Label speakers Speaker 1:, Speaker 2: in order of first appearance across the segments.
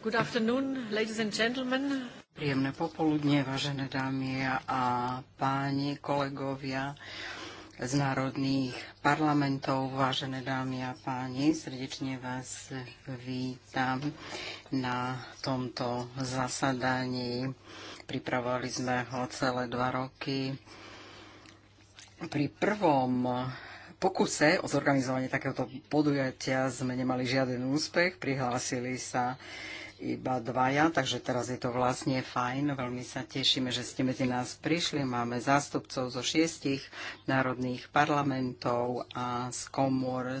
Speaker 1: Good afternoon, ladies and gentlemen. Príjemné popoludne, vážené dámy a páni, kolegovia z národných parlamentov, vážené dámy a páni, srdečne vás vítam na tomto zasadaní. Pripravovali sme ho celé dva roky. Pri prvom pokuse o zorganizovanie takéhoto podujatia sme nemali žiaden úspech. Prihlásili sa iba dvaja, takže teraz je to vlastne fajn. Veľmi sa tešíme, že ste medzi nás prišli. Máme zástupcov zo šiestich národných parlamentov a z komor e,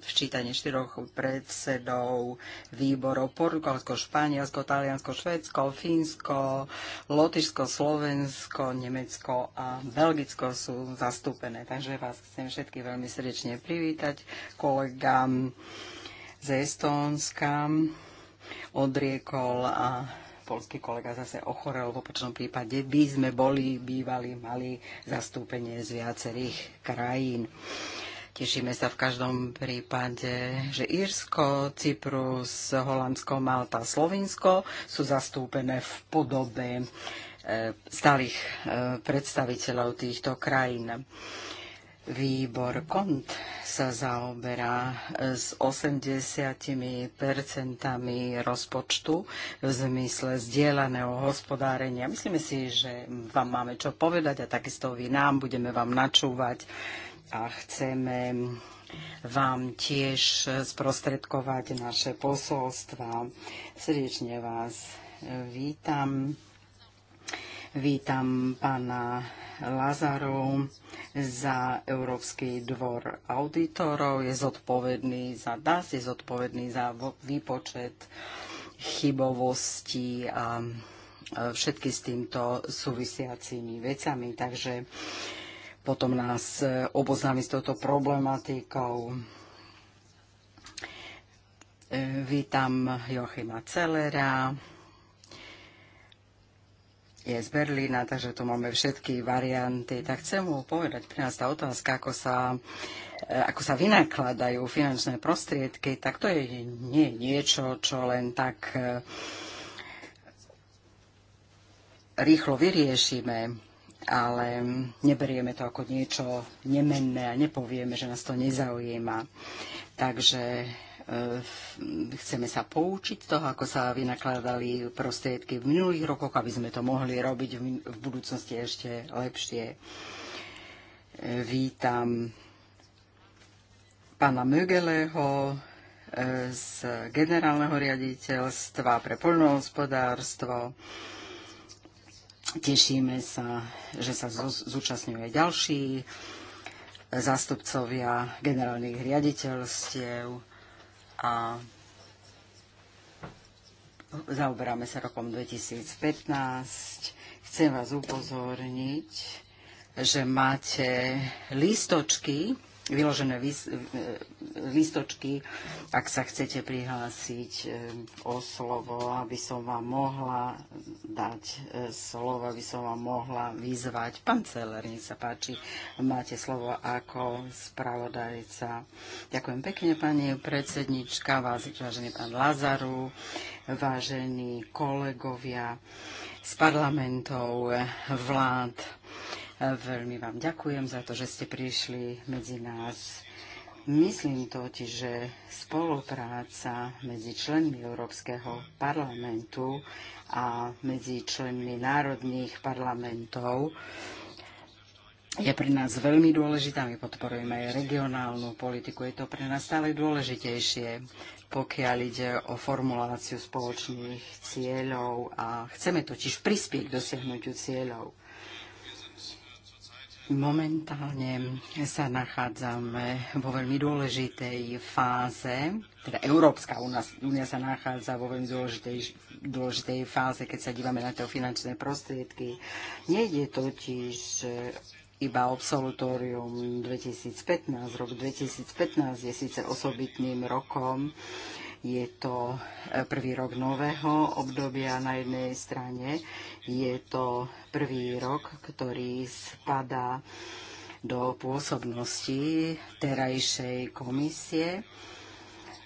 Speaker 1: včítanie štyroch predsedov výborov Portugalsko, Španielsko, Taliansko, Švedsko, Fínsko, Lotyšsko, Slovensko, Nemecko a Belgicko sú zastúpené. Takže vás chcem všetky veľmi srdečne privítať kolegám z Estónska odriekol a polský kolega zase ochorel. V opačnom prípade by sme boli, bývali, mali zastúpenie z viacerých krajín. Tešíme sa v každom prípade, že Írsko, Cyprus, Holandsko, Malta, Slovinsko sú zastúpené v podobe eh, stálych eh, predstaviteľov týchto krajín. Výbor KONT sa zaoberá e, s 80 percentami rozpočtu v zmysle zdieľaného hospodárenia. Myslíme si, že vám máme čo povedať a takisto vy nám budeme vám načúvať a chceme vám tiež sprostredkovať naše posolstva. Srdečne vás vítam. Vítam pána Lazarov za Európsky dvor auditorov, je zodpovedný za DAS, je zodpovedný za výpočet chybovosti a všetky s týmto súvisiacimi vecami. Takže potom nás oboznámi s touto problematikou. E, vítam Joachima Celera, je z Berlína, takže tu máme všetky varianty. Tak chcem mu povedať, tá otázka, ako sa, e, ako sa vynakladajú finančné prostriedky, tak to je nie niečo, čo len tak e, rýchlo vyriešime ale neberieme to ako niečo nemenné a nepovieme, že nás to nezaujíma. Takže Eh, chceme sa poučiť z toho, ako sa vynakladali prostriedky v minulých rokoch, aby sme to mohli robiť v budúcnosti ešte lepšie. Eh, vítam pána Mögeleho eh, z generálneho riaditeľstva pre poľnohospodárstvo. Tešíme sa, že sa zúčastňuje ďalší zástupcovia generálnych riaditeľstiev a zaoberáme sa rokom 2015. Chcem vás upozorniť, že máte lístočky vyložené e, listočky, ak sa chcete prihlásiť e, o slovo, aby som vám mohla dať e, slovo, aby som vám mohla vyzvať. Pán Celer, nech sa páči, máte slovo ako spravodajca. Ďakujem pekne, pani predsednička, vás, vážený pán Lazaru, vážení kolegovia z parlamentov, vlád, Veľmi vám ďakujem za to, že ste prišli medzi nás. Myslím totiž, že spolupráca medzi členmi Európskeho parlamentu a medzi členmi národných parlamentov je pre nás veľmi dôležitá. My podporujeme aj regionálnu politiku. Je to pre nás stále dôležitejšie, pokiaľ ide o formuláciu spoločných cieľov a chceme totiž prispieť k dosiahnutiu cieľov. Momentálne sa nachádzame vo veľmi dôležitej fáze, teda Európska únia sa nachádza vo veľmi dôležitej, dôležitej fáze, keď sa dívame na to finančné prostriedky. Nejde totiž e, iba absolutórium 2015. Rok 2015 je síce osobitným rokom, je to e, prvý rok nového obdobia na jednej strane. Je to prvý rok, ktorý spadá do pôsobnosti terajšej komisie.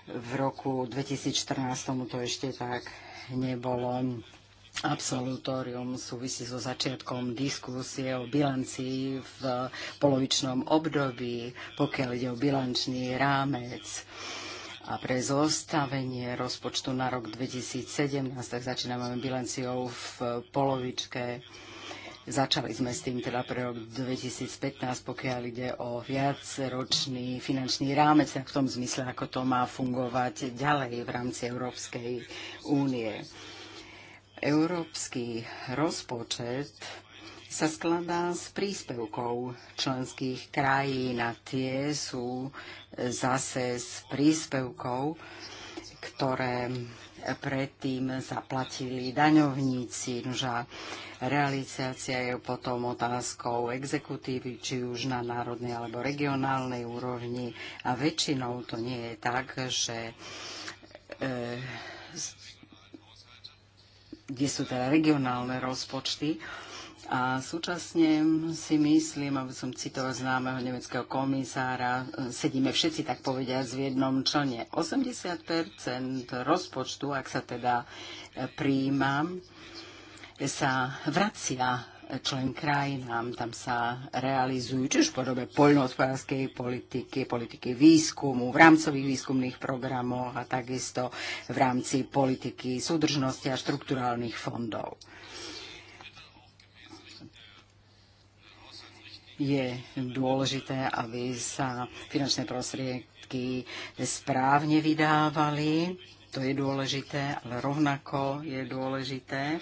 Speaker 1: V roku 2014 tomu to ešte tak nebolo. Absolutórium súvisí so začiatkom diskusie o bilancii v polovičnom období, pokiaľ ide o bilančný rámec a pre zostavenie rozpočtu na rok 2017, tak začíname bilanciou v polovičke. Začali sme s tým teda pre rok 2015, pokiaľ ide o viacročný finančný rámec, v tom zmysle, ako to má fungovať ďalej v rámci Európskej únie. Európsky rozpočet sa skladá z príspevkov členských krajín a tie sú zase z príspevkov, ktoré predtým zaplatili daňovníci. Nože realizácia je potom otázkou exekutívy, či už na národnej alebo regionálnej úrovni. A väčšinou to nie je tak, že e, kde sú teda regionálne rozpočty, a súčasne si myslím, aby som citoval známeho nemeckého komisára, e, sedíme všetci tak povediať v jednom člne. 80 rozpočtu, ak sa teda e, príjmam, sa vracia člen krajinám, tam sa realizujú čiž v podobe poľnohospodárskej politiky, politiky výskumu, v rámcových výskumných programoch a takisto v rámci politiky súdržnosti a štrukturálnych fondov. je dôležité, aby sa finančné prostriedky správne vydávali. To je dôležité, ale rovnako je dôležité.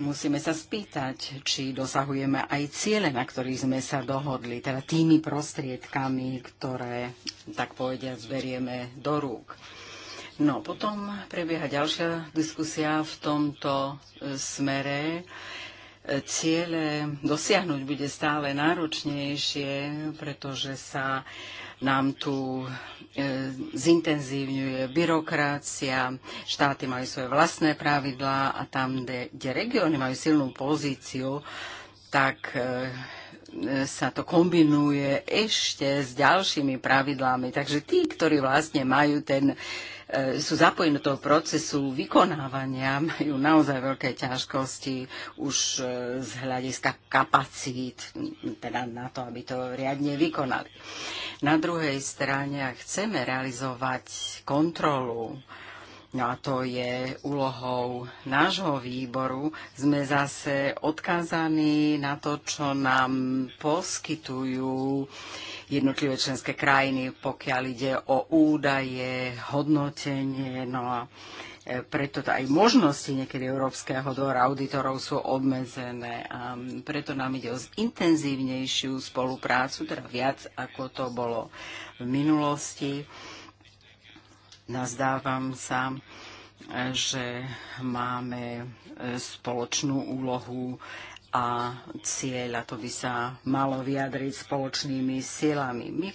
Speaker 1: Musíme sa spýtať, či dosahujeme aj ciele, na ktorých sme sa dohodli, teda tými prostriedkami, ktoré, tak povediať, zberieme do rúk. No, potom prebieha ďalšia diskusia v tomto smere ciele dosiahnuť bude stále náročnejšie, pretože sa nám tu e, zintenzívňuje byrokracia, štáty majú svoje vlastné pravidlá a tam, kde, kde regióny majú silnú pozíciu, tak e, sa to kombinuje ešte s ďalšími pravidlami. Takže tí, ktorí vlastne majú ten e, sú zapojení do toho procesu vykonávania, majú naozaj veľké ťažkosti už e, z hľadiska kapacít, teda na to, aby to riadne vykonali. Na druhej strane, ak chceme realizovať kontrolu, No a to je úlohou nášho výboru, sme zase odkázaní na to, čo nám poskytujú jednotlivé členské krajiny, pokiaľ ide o údaje, hodnotenie, no a e, preto aj možnosti niekedy Európskeho dvora auditorov sú obmedzené a preto nám ide o intenzívnejšiu spoluprácu, teda viac ako to bolo v minulosti. Nazdávam sa, že máme e, spoločnú úlohu a cieľ, a to by sa malo vyjadriť spoločnými silami. My,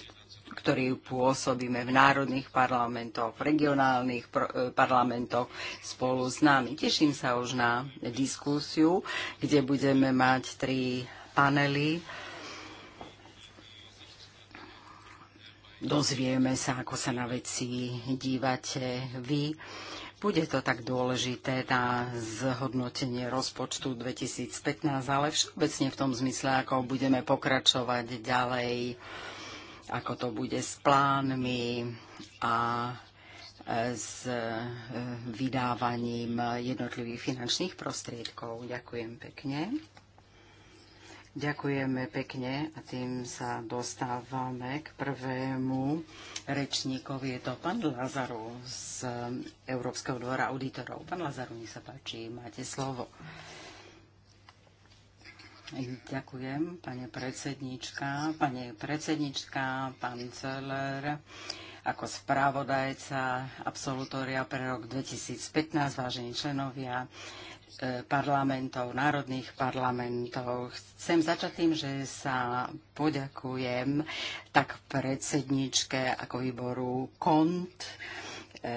Speaker 1: ktorí pôsobíme v národných parlamentoch, v regionálnych e, parlamentoch spolu s nami. Teším sa už na diskusiu, kde budeme mať tri panely dozvieme sa, ako sa na veci dívate vy. Bude to tak dôležité na zhodnotenie rozpočtu 2015, ale všeobecne v tom zmysle, ako budeme pokračovať ďalej, ako to bude s plánmi a e, s e, vydávaním jednotlivých finančných prostriedkov. Ďakujem pekne. Ďakujeme pekne a tým sa dostávame k prvému rečníkovi. Je to pán Lazaru z Európskeho dvora auditorov. Pán Lazaru, mi sa páči, máte slovo. Ďakujem, pani predsednička, pani predsednička, pán Celer ako správodajca absolutória pre rok 2015, vážení členovia E, parlamentov, národných parlamentov. Chcem začať tým, že sa poďakujem tak predsedničke ako výboru KONT e,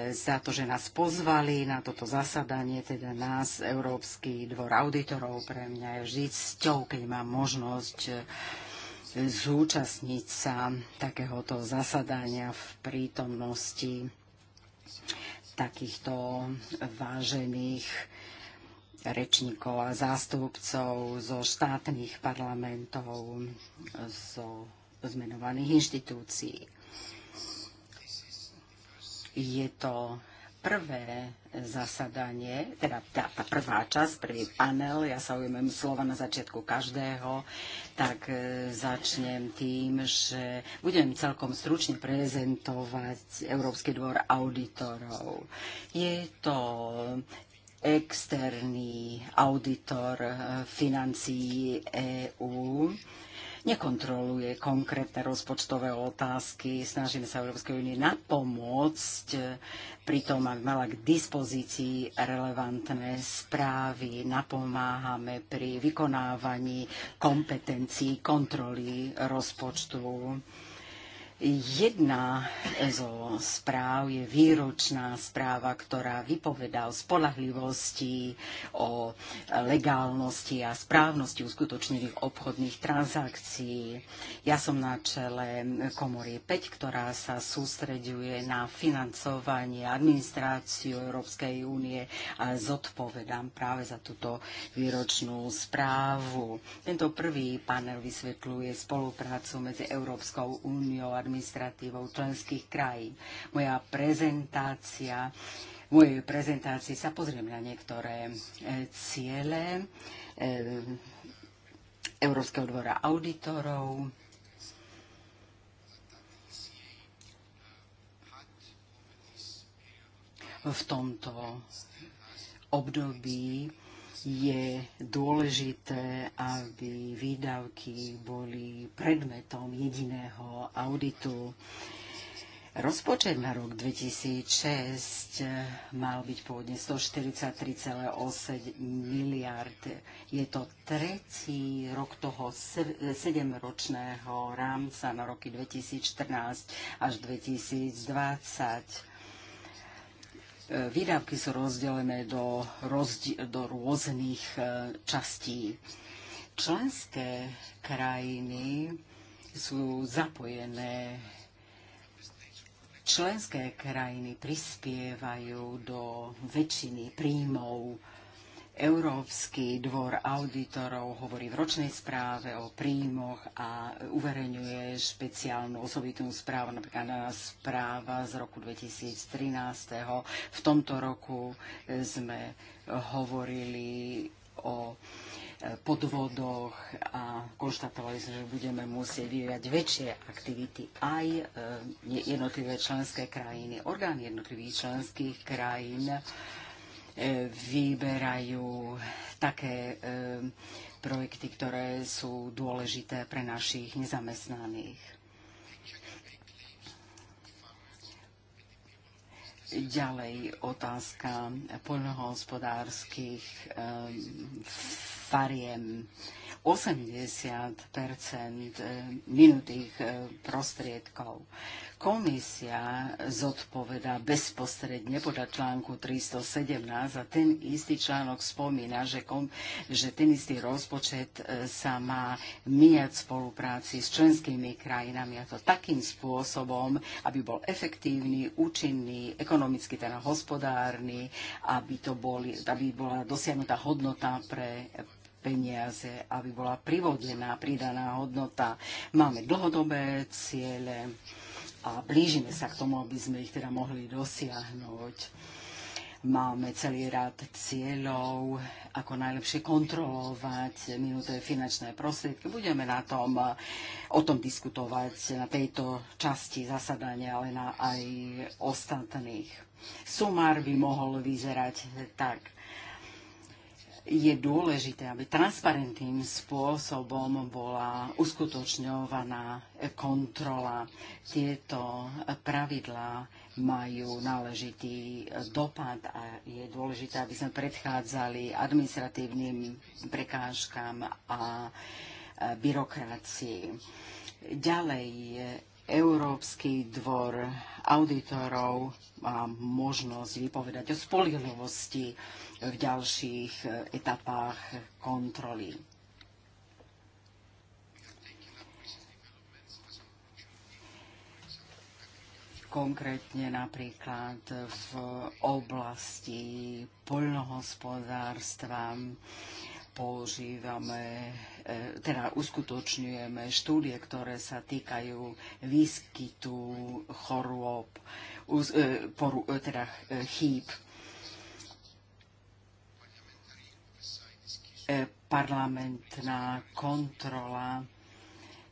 Speaker 1: za to, že nás pozvali na toto zasadanie, teda nás, Európsky dvor auditorov. Pre mňa je vždy cťou, keď mám možnosť e, zúčastniť sa takéhoto zasadania v prítomnosti takýchto vážených rečníkov a zástupcov zo štátnych parlamentov, zo zmenovaných inštitúcií. Je to prvé zasadanie, teda tá, tá prvá časť, prvý panel, ja sa ujmem slova na začiatku každého, tak e, začnem tým, že budem celkom stručne prezentovať Európsky dvor auditorov. Je to externý auditor eh, financií EÚ nekontroluje konkrétne rozpočtové otázky. Snažíme sa Európskej únie napomôcť eh, tom, aby mala k dispozícii relevantné správy. Napomáhame pri vykonávaní kompetencií kontroly rozpočtu Jedna zo správ je výročná správa, ktorá vypovedá o spolahlivosti, o legálnosti a správnosti uskutočnených obchodných transakcií. Ja som na čele komory 5, ktorá sa sústreďuje na financovanie administráciu Európskej únie a zodpovedám práve za túto výročnú správu. Tento prvý panel vysvetľuje spoluprácu medzi Európskou úniou a administratívou členských krajín. Moja prezentácia v mojej prezentácii sa pozriem na niektoré e, ciele e, Európskeho dvora auditorov, v tomto období je dôležité, aby výdavky boli predmetom jediného auditu. Rozpočet na rok 2006 eh, mal byť pôvodne 143,8 miliard. Je to tretí rok toho sedemročného rámca na roky 2014 až 2020. Výdavky sú rozdelené do, rozdi- do rôznych e, častí. Členské krajiny sú zapojené členské krajiny prispievajú do väčšiny príjmov Európsky dvor auditorov hovorí v ročnej správe o príjmoch a uverejňuje špeciálnu osobitnú správu, napríklad správa z roku 2013. V tomto roku e, sme hovorili o e, podvodoch a konštatovali sme, že budeme musieť vyvíjať väčšie aktivity aj e, jednotlivé členské krajiny. Orgány jednotlivých členských krajín E, vyberajú také e, projekty, ktoré sú dôležité pre našich nezamestnaných. Ďalej otázka poľnohospodárskych e, fariem 80 eh, minutých eh, prostriedkov. Komisia zodpoveda bezposredne podľa článku 317 a ten istý článok spomína, že, kom, že ten istý rozpočet eh, sa má míjať spolupráci s členskými krajinami a to takým spôsobom, aby bol efektívny, účinný, ekonomicky teda hospodárny, aby, to boli, aby bola dosiahnutá hodnota pre peniaze, aby bola privodená pridaná hodnota. Máme dlhodobé ciele a blížime sa k tomu, aby sme ich teda mohli dosiahnuť. Máme celý rad cieľov, ako najlepšie kontrolovať minuté finančné prostriedky. Budeme na tom, o tom diskutovať na tejto časti zasadania, ale na aj ostatných. Sumár by mohol vyzerať tak je dôležité, aby transparentným spôsobom bola uskutočňovaná kontrola. Tieto pravidlá majú náležitý dopad a je dôležité, aby sme predchádzali administratívnym prekážkam a byrokracii. Ďalej Európsky dvor auditorov má možnosť vypovedať o spolihlivosti v ďalších e, etapách kontroly. konkrétne napríklad v oblasti poľnohospodárstva používame, e, teda uskutočňujeme štúdie, ktoré sa týkajú výskytu chorôb, e, teda chýb E, parlamentná kontrola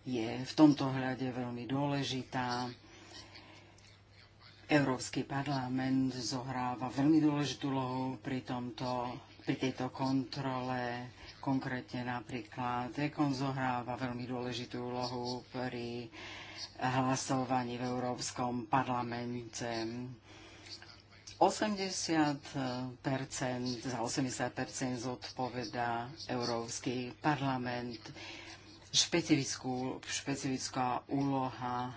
Speaker 1: je v tomto hľade veľmi dôležitá. Európsky parlament zohráva veľmi dôležitú lohu pri, tomto, pri tejto kontrole. Konkrétne napríklad EKON zohráva veľmi dôležitú úlohu pri hlasovaní v Európskom parlamente. 80 za 80 zodpovedá Európsky parlament. Špecifickú, špecifická úloha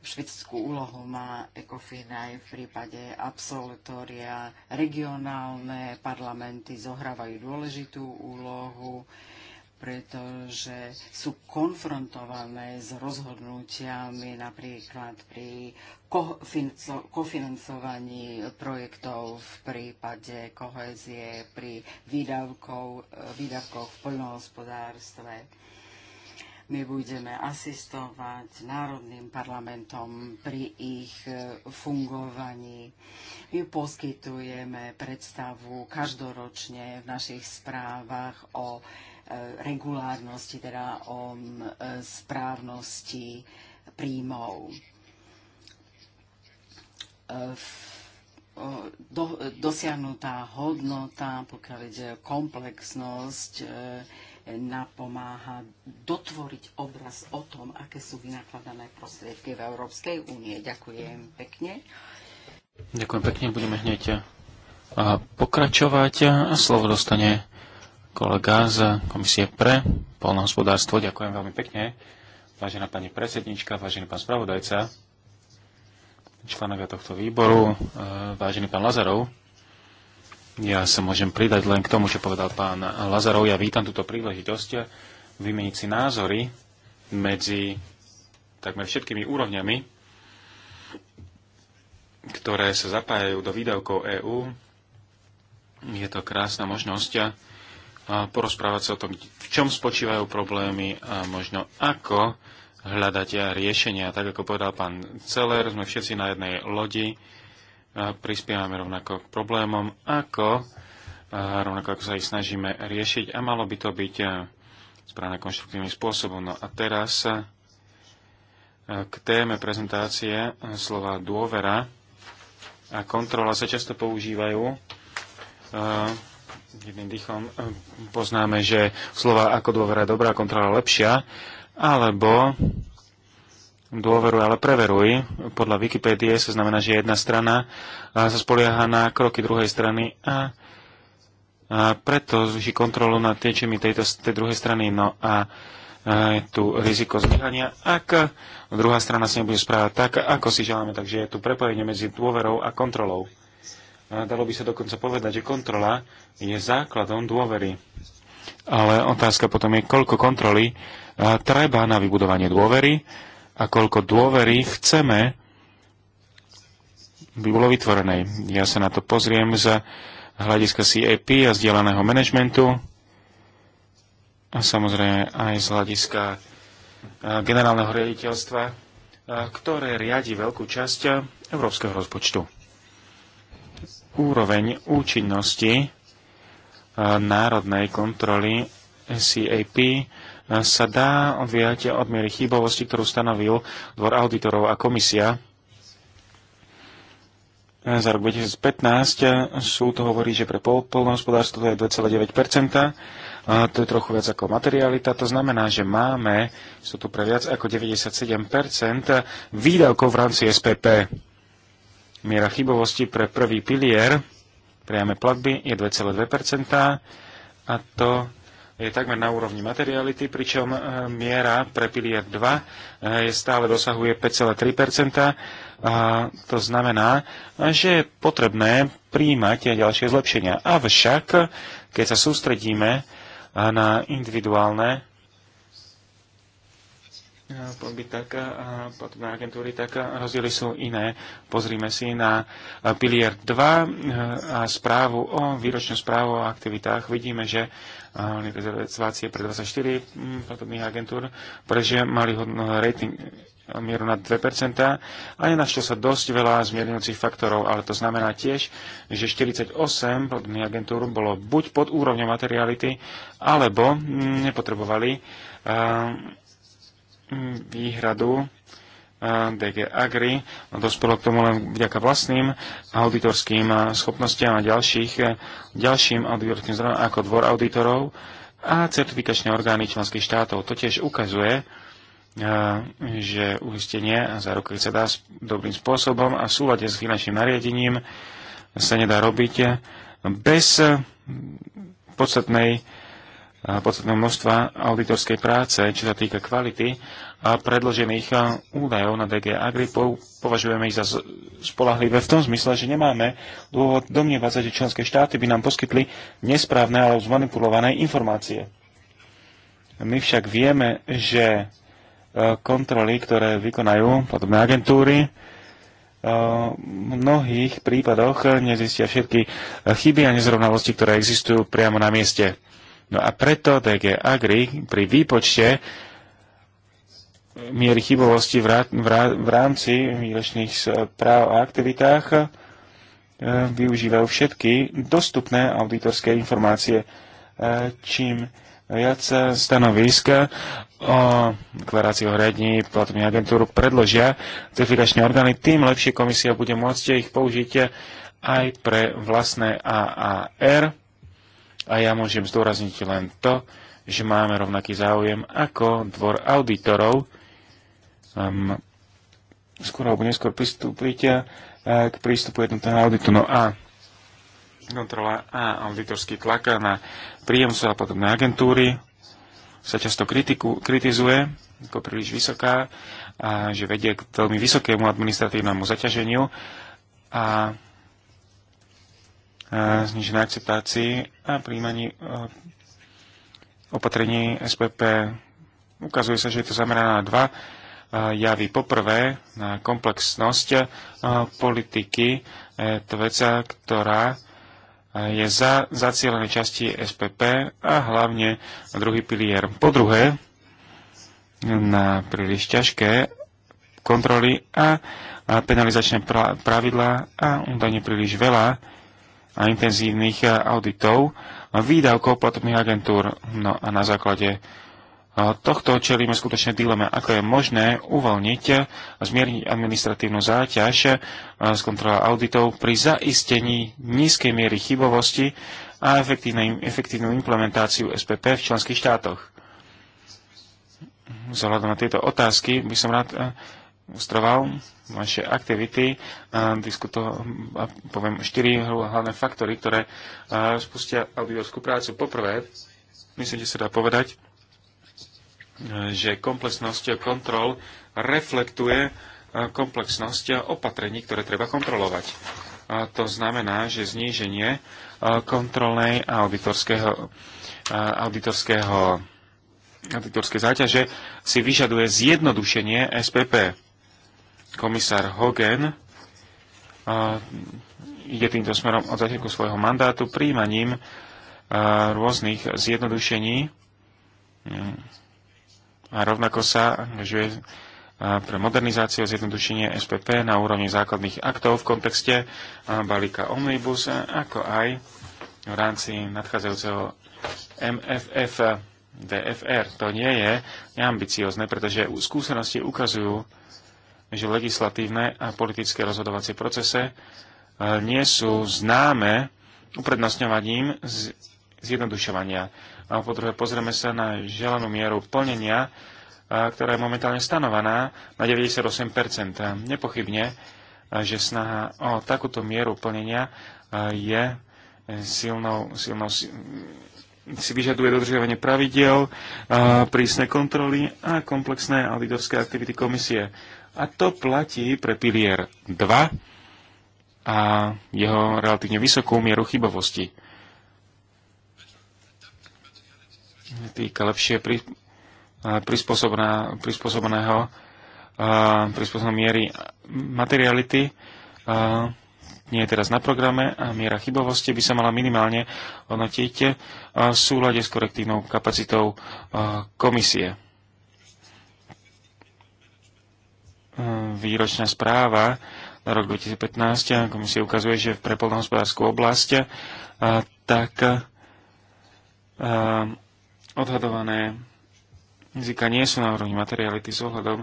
Speaker 1: švedskú úlohu má ECOFIN aj v prípade absolutória. Regionálne parlamenty zohrávajú dôležitú úlohu pretože sú konfrontované s rozhodnutiami napríklad pri kofinancovaní projektov v prípade kohezie, pri eh, výdavkoch v poľnohospodárstve. My budeme asistovať národným parlamentom pri ich eh, fungovaní. My poskytujeme predstavu každoročne v našich správach o regulárnosti, teda o správnosti príjmov. E, do, dosiahnutá hodnota, pokiaľ ide o komplexnosť, e, napomáha dotvoriť obraz o tom, aké sú vynakladané prostriedky v Európskej únie. Ďakujem pekne.
Speaker 2: Ďakujem pekne, budeme hneď pokračovať a slovo dostane kolega z Komisie pre polnohospodárstvo. Ďakujem veľmi pekne. Vážená pani predsednička, vážený pán spravodajca, členovia tohto výboru, e, vážený pán Lazarov. Ja sa môžem pridať len k tomu, čo povedal pán Lazarov. Ja vítam túto príležitosť vymeniť si názory medzi takmer všetkými úrovňami, ktoré sa zapájajú do výdavkov EÚ. Je to krásna možnosť porozprávať sa o tom, v čom spočívajú problémy a možno ako hľadať riešenia. Tak ako povedal pán Celer, sme všetci na jednej lodi, prispievame rovnako k problémom, ako, rovnako ako sa ich snažíme riešiť a malo by to byť správne konštruktívnym spôsobom. No a teraz k téme prezentácie slova dôvera a kontrola sa často používajú jedným dýchom eh, poznáme, že slova ako dôvera dobrá, kontrola lepšia, alebo dôveruj, ale preveruj. Podľa Wikipédie sa znamená, že jedna strana eh, sa spolieha na kroky druhej strany a, a preto zvýši kontrolu nad tiečemi tejto, tej druhej strany. No a eh, je tu riziko zlyhania, ak druhá strana sa nebude správať tak, ako si želáme. Takže je tu prepojenie medzi dôverou a kontrolou. A dalo by sa dokonca povedať, že kontrola je základom dôvery. Ale otázka potom je, koľko kontroly e, treba na vybudovanie dôvery a koľko dôvery chceme by bolo vytvorené. Ja sa na to pozriem z hľadiska CAP a zdieľaného manažmentu a samozrejme aj z hľadiska e, generálneho riaditeľstva, e, ktoré riadi veľkú časť európskeho rozpočtu úroveň účinnosti e, národnej kontroly SCAP e, sa dá odvíjať od miery chybovosti, ktorú stanovil dvor auditorov a komisia. E, za rok 2015 sú to hovorí, že pre polnohospodárstvo to je 2,9 to je trochu viac ako materialita. To znamená, že máme, sú tu pre viac ako 97 výdavkov v rámci SPP. Miera chybovosti pre prvý pilier priame platby je 2,2% a to je takmer na úrovni materiality, pričom e, miera pre pilier 2 e, je stále dosahuje 5,3%. A to znamená, že je potrebné príjmať ďalšie zlepšenia. Avšak, keď sa sústredíme e, na individuálne pobyt tak, potom agentúry, tak rozdiely sú iné. Pozrime si na pilier 2 a správu o výročnú správu o aktivitách. Vidíme, že rezervácie pre 24 platobných agentúr, pretože mali hodnú rating mieru na 2% a nenašlo sa dosť veľa zmierňujúcich faktorov, ale to znamená tiež, že 48 platobných agentúr bolo buď pod úrovňou materiality, alebo nepotrebovali uh, výhradu DG Agri no, dospelo k tomu len vďaka vlastným auditorským schopnostiam a ďalších, ďalším auditorským zdrojom ako dvor auditorov a certifikačné orgány členských štátov. To tiež ukazuje, že uistenie a záruky sa dá dobrým spôsobom a v súlade s finančným nariadením sa nedá robiť bez podstatnej podstatného množstva auditorskej práce, čo sa týka kvality a predložených eh, údajov na DG Agri. Považujeme ich za spolahlivé v tom zmysle, že nemáme dôvod domnievať sa, že členské štáty by nám poskytli nesprávne alebo zmanipulované informácie. My však vieme, že eh, kontroly, ktoré vykonajú podobné agentúry, eh, v mnohých prípadoch nezistia všetky chyby a nezrovnalosti, ktoré existujú priamo na mieste. No a preto DG Agri pri výpočte miery chybovosti v rámci výročných práv a aktivitách e, využívajú všetky dostupné auditorské informácie. E, čím viac stanoviska o deklarácii o hradní platobní agentúru predložia certifikačné orgány, tým lepšie komisia bude môcť ich použiť aj pre vlastné AAR a ja môžem zdôrazniť len to, že máme rovnaký záujem ako dvor auditorov. Um, skôr alebo neskôr pristúpite eh, k prístupu jednotného auditu. No a kontrola a auditorský tlak na príjemcov a podobné agentúry sa často kritiku, kritizuje ako príliš vysoká a že vedie k veľmi vysokému administratívnemu zaťaženiu a znižené akceptácii a príjmaní e, opatrení SPP. Ukazuje sa, že je to zamerané na dva e, javy. Poprvé na komplexnosť e, politiky tveca, ktorá je za zacielené časti SPP a hlavne druhý pilier. Po druhé, na príliš ťažké kontroly a penalizačné pravidlá a údajne príliš veľa a intenzívnych eh, auditov eh, výdavkov platobných agentúr. No a na základe eh, tohto čelíme skutočne dileme, ako je možné uvoľniť a zmierniť administratívnu záťaž z kontrola auditov pri zaistení nízkej miery chybovosti a efektívnu implementáciu SPP v členských štátoch. Vzhľadom na tieto otázky by som rád ustroval naše aktivity a, diskuto, a poviem štyri hlavné faktory, ktoré spustia auditorskú prácu. Poprvé, myslím, že sa dá povedať, že komplexnosť kontrol reflektuje komplexnosť opatrení, ktoré treba kontrolovať. A to znamená, že zníženie kontrolnej a auditorského, auditorského auditorskej záťaže si vyžaduje zjednodušenie SPP komisár Hogan ide týmto smerom od začiatku svojho mandátu príjmaním rôznych zjednodušení a rovnako sa angažuje pre modernizáciu a zjednodušenie SPP na úrovni základných aktov v kontexte balíka Omnibus, ako aj v rámci nadchádzajúceho MFF DFR. To nie je neambiciozne, pretože skúsenosti ukazujú, že legislatívne a politické rozhodovacie procese e, nie sú známe uprednostňovaním zjednodušovania. A po druhé, pozrieme sa na želanú mieru plnenia, e, ktorá je momentálne stanovaná na 98 Nepochybne, e, že snaha o takúto mieru plnenia je silnou, silnou si vyžaduje dodržiavanie pravidel, prísne kontroly a komplexné auditorské aktivity komisie. A to platí pre pilier 2 a jeho relatívne vysokú mieru chybovosti. Týka lepšie pri, prispôsobená, prispôsobeného prispôsobenej miery materiality. A, nie je teraz na programe a miera chybovosti by sa mala minimálne hodnotiť v súlade s korektívnou kapacitou komisie. výročná správa na rok 2015 ako si ukazuje, že pre prepolnohospodárskú oblasť tak odhadované rizika nie sú na úrovni materiality s ohľadom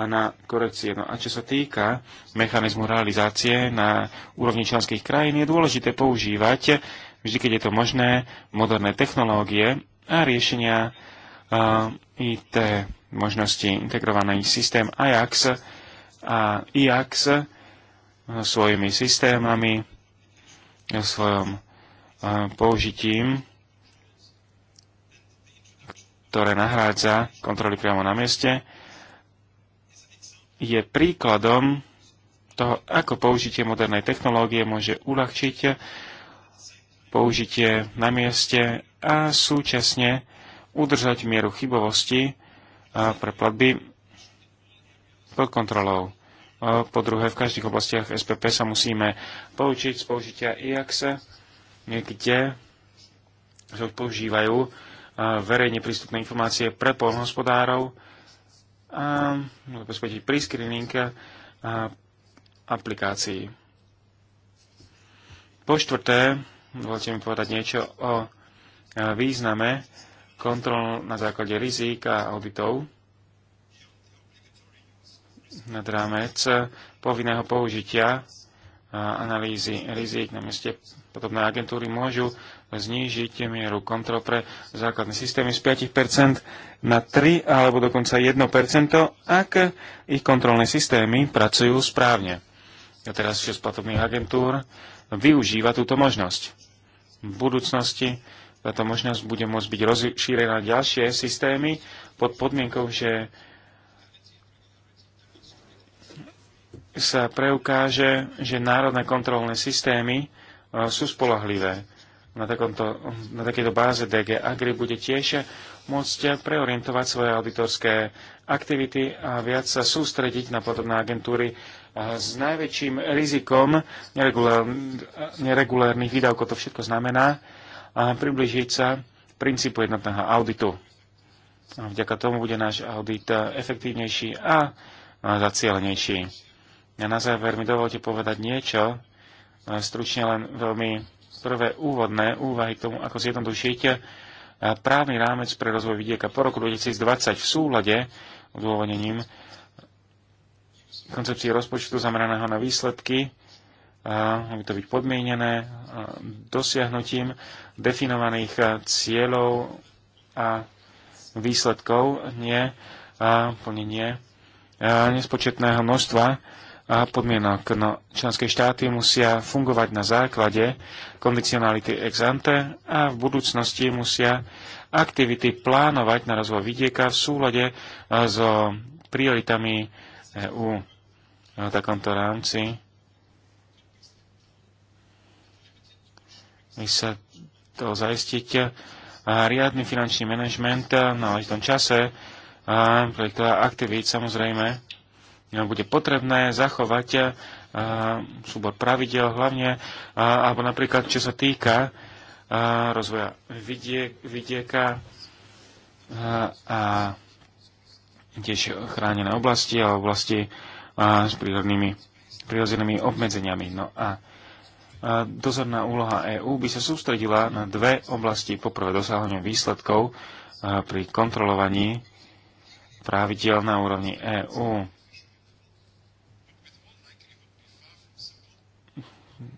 Speaker 2: na korekcie. No a čo sa týka mechanizmu realizácie na úrovni členských krajín, je dôležité používať vždy, keď je to možné, moderné technológie a riešenia IT možnosti integrovaný systém Ajax a IAX svojimi systémami, svojom použitím, ktoré nahrádza kontroly priamo na mieste, je príkladom toho, ako použitie modernej technológie môže uľahčiť použitie na mieste a súčasne udržať mieru chybovosti pre platby pod kontrolou. Po druhé, v každých oblastiach SPP sa musíme poučiť z použitia IAX, kde sa používajú verejne prístupné informácie pre polnohospodárov a no, zabezpečiť pre-screening aplikácií. Po štvrté, dovolte mi povedať niečo o význame kontrol na základe rizík a auditov nad rámec povinného použitia analýzy rizik na meste podobné agentúry môžu znížiť mieru kontrol pre základné systémy z 5% na 3 alebo dokonca 1%, ak ich kontrolné systémy pracujú správne. A teraz 6 platobných agentúr využíva túto možnosť. V budúcnosti táto možnosť bude môcť byť rozšírená ďalšie systémy pod podmienkou, že sa preukáže, že národné kontrolné systémy e, sú spolahlivé. Na, takomto, na takejto báze DG Agri bude tiež môcť preorientovať svoje auditorské aktivity a viac sa sústrediť na podobné agentúry e, s najväčším rizikom neregulárnych výdavkov. To všetko znamená, a približiť sa princípu jednotného auditu. A vďaka tomu bude náš audit e, efektívnejší a zacielenejší. A na záver mi dovolte povedať niečo, e, stručne len veľmi prvé úvodné úvahy k tomu, ako zjednodušiť e, právny rámec pre rozvoj vidieka po roku 2020 v súlade dôvodením koncepcie rozpočtu zameraného na výsledky aby to byť podmienené dosiahnutím definovaných cieľov a výsledkov, nie plnenie nespočetného množstva a podmienok. No, členské štáty musia fungovať na základe kondicionality ex ante a v budúcnosti musia aktivity plánovať na rozvoj vidieka v súlade so prioritami EU v takomto rámci sa to zaistiť riadny finančný manažment v tom čase projektová aktivít samozrejme bude potrebné zachovať súbor pravidel hlavne, alebo napríklad čo sa týka rozvoja vidiek, vidieka a tiež chránené oblasti a oblasti s prírodnými, prírodzenými obmedzeniami. No a dozorná úloha EÚ by sa sústredila na dve oblasti. Poprvé dosahovanie výsledkov pri kontrolovaní pravidiel na úrovni EÚ.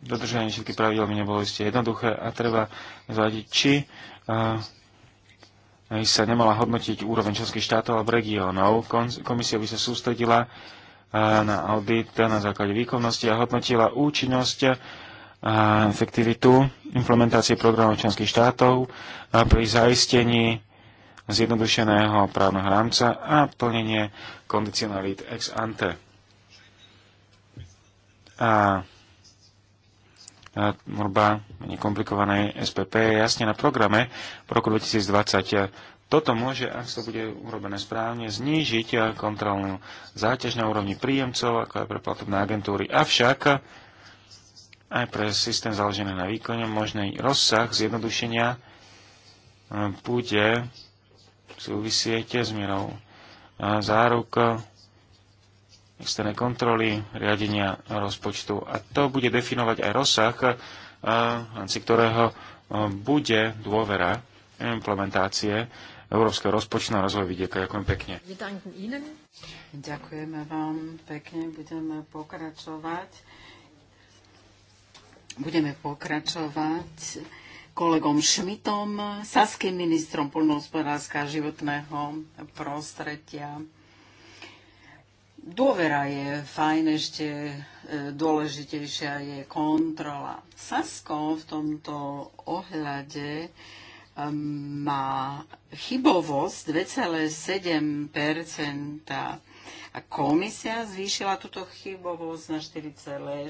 Speaker 2: Dodržanie všetkých pravidel by nebolo isté jednoduché a treba zvadiť, či sa nemala hodnotiť úroveň členských štátov alebo regiónov. Komisia by sa sústredila na audit na základe výkonnosti a hodnotila účinnosť a efektivitu implementácie programov členských štátov pri zaistení zjednodušeného právneho rámca a plnenie kondicionalít ex ante. A tvorba nekomplikovanej SPP je jasne na programe v roku 2020. Toto môže, ak to bude urobené správne, znížiť kontrolnú záťaž na úrovni príjemcov, ako aj pre platobné agentúry. Avšak aj pre systém založený na výkone. Možný rozsah zjednodušenia e, bude súvisieť s mierou e, záruk, e, externé kontroly, riadenia rozpočtu. A to bude definovať aj rozsah, v rámci ktorého bude dôvera implementácie Európskeho rozpočtu na rozvoj vidieka. Ďakujem pekne.
Speaker 1: Ďakujeme vám pekne. Budeme pokračovať Budeme pokračovať kolegom Šmitom, saským ministrom poľnohospodárska a životného prostredia. Dôvera je fajn, ešte e, dôležitejšia je kontrola. Sasko v tomto ohľade má chybovosť 2,7 a komisia zvýšila túto chybovosť na 4,4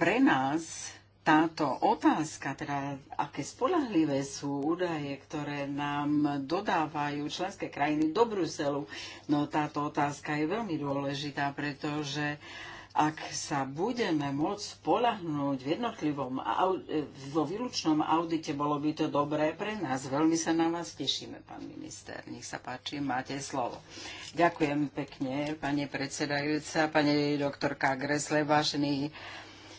Speaker 1: pre nás táto otázka, teda aké spolahlivé sú údaje, ktoré nám dodávajú členské krajiny do Bruselu, no táto otázka je veľmi dôležitá, pretože ak sa budeme môcť spolahnúť v jednotlivom, vo výlučnom audite, bolo by to dobré pre nás. Veľmi sa na vás tešíme, pán minister. Nech sa páči, máte slovo. Ďakujem pekne, pani predsedajúca, pani doktorka Gresle, vážení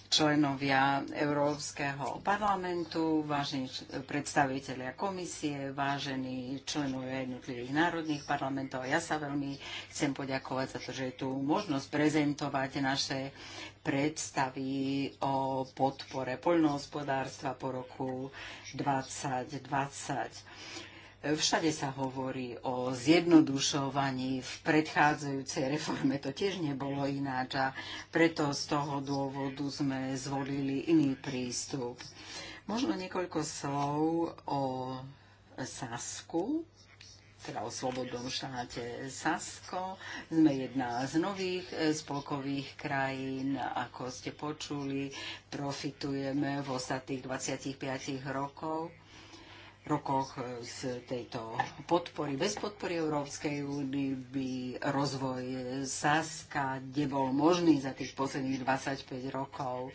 Speaker 1: členovia Európskeho parlamentu, vážení predstavitelia komisie, vážení členovia jednotlivých národných parlamentov. Ja sa veľmi chcem poďakovať za to, že je tu možnosť prezentovať naše predstavy o podpore poľnohospodárstva po roku 2020. Všade sa hovorí o zjednodušovaní. V predchádzajúcej reforme to tiež nebolo ináč a preto z toho dôvodu sme zvolili iný prístup. Možno niekoľko slov o Sasku, teda o slobodnom štáte Sasko. Sme jedna z nových e, spolkových krajín, ako ste počuli, profitujeme v ostatných 25 rokov rokoch e, z tejto podpory. Bez podpory Európskej únie by rozvoj Saska nebol možný za tých posledných 25 rokov.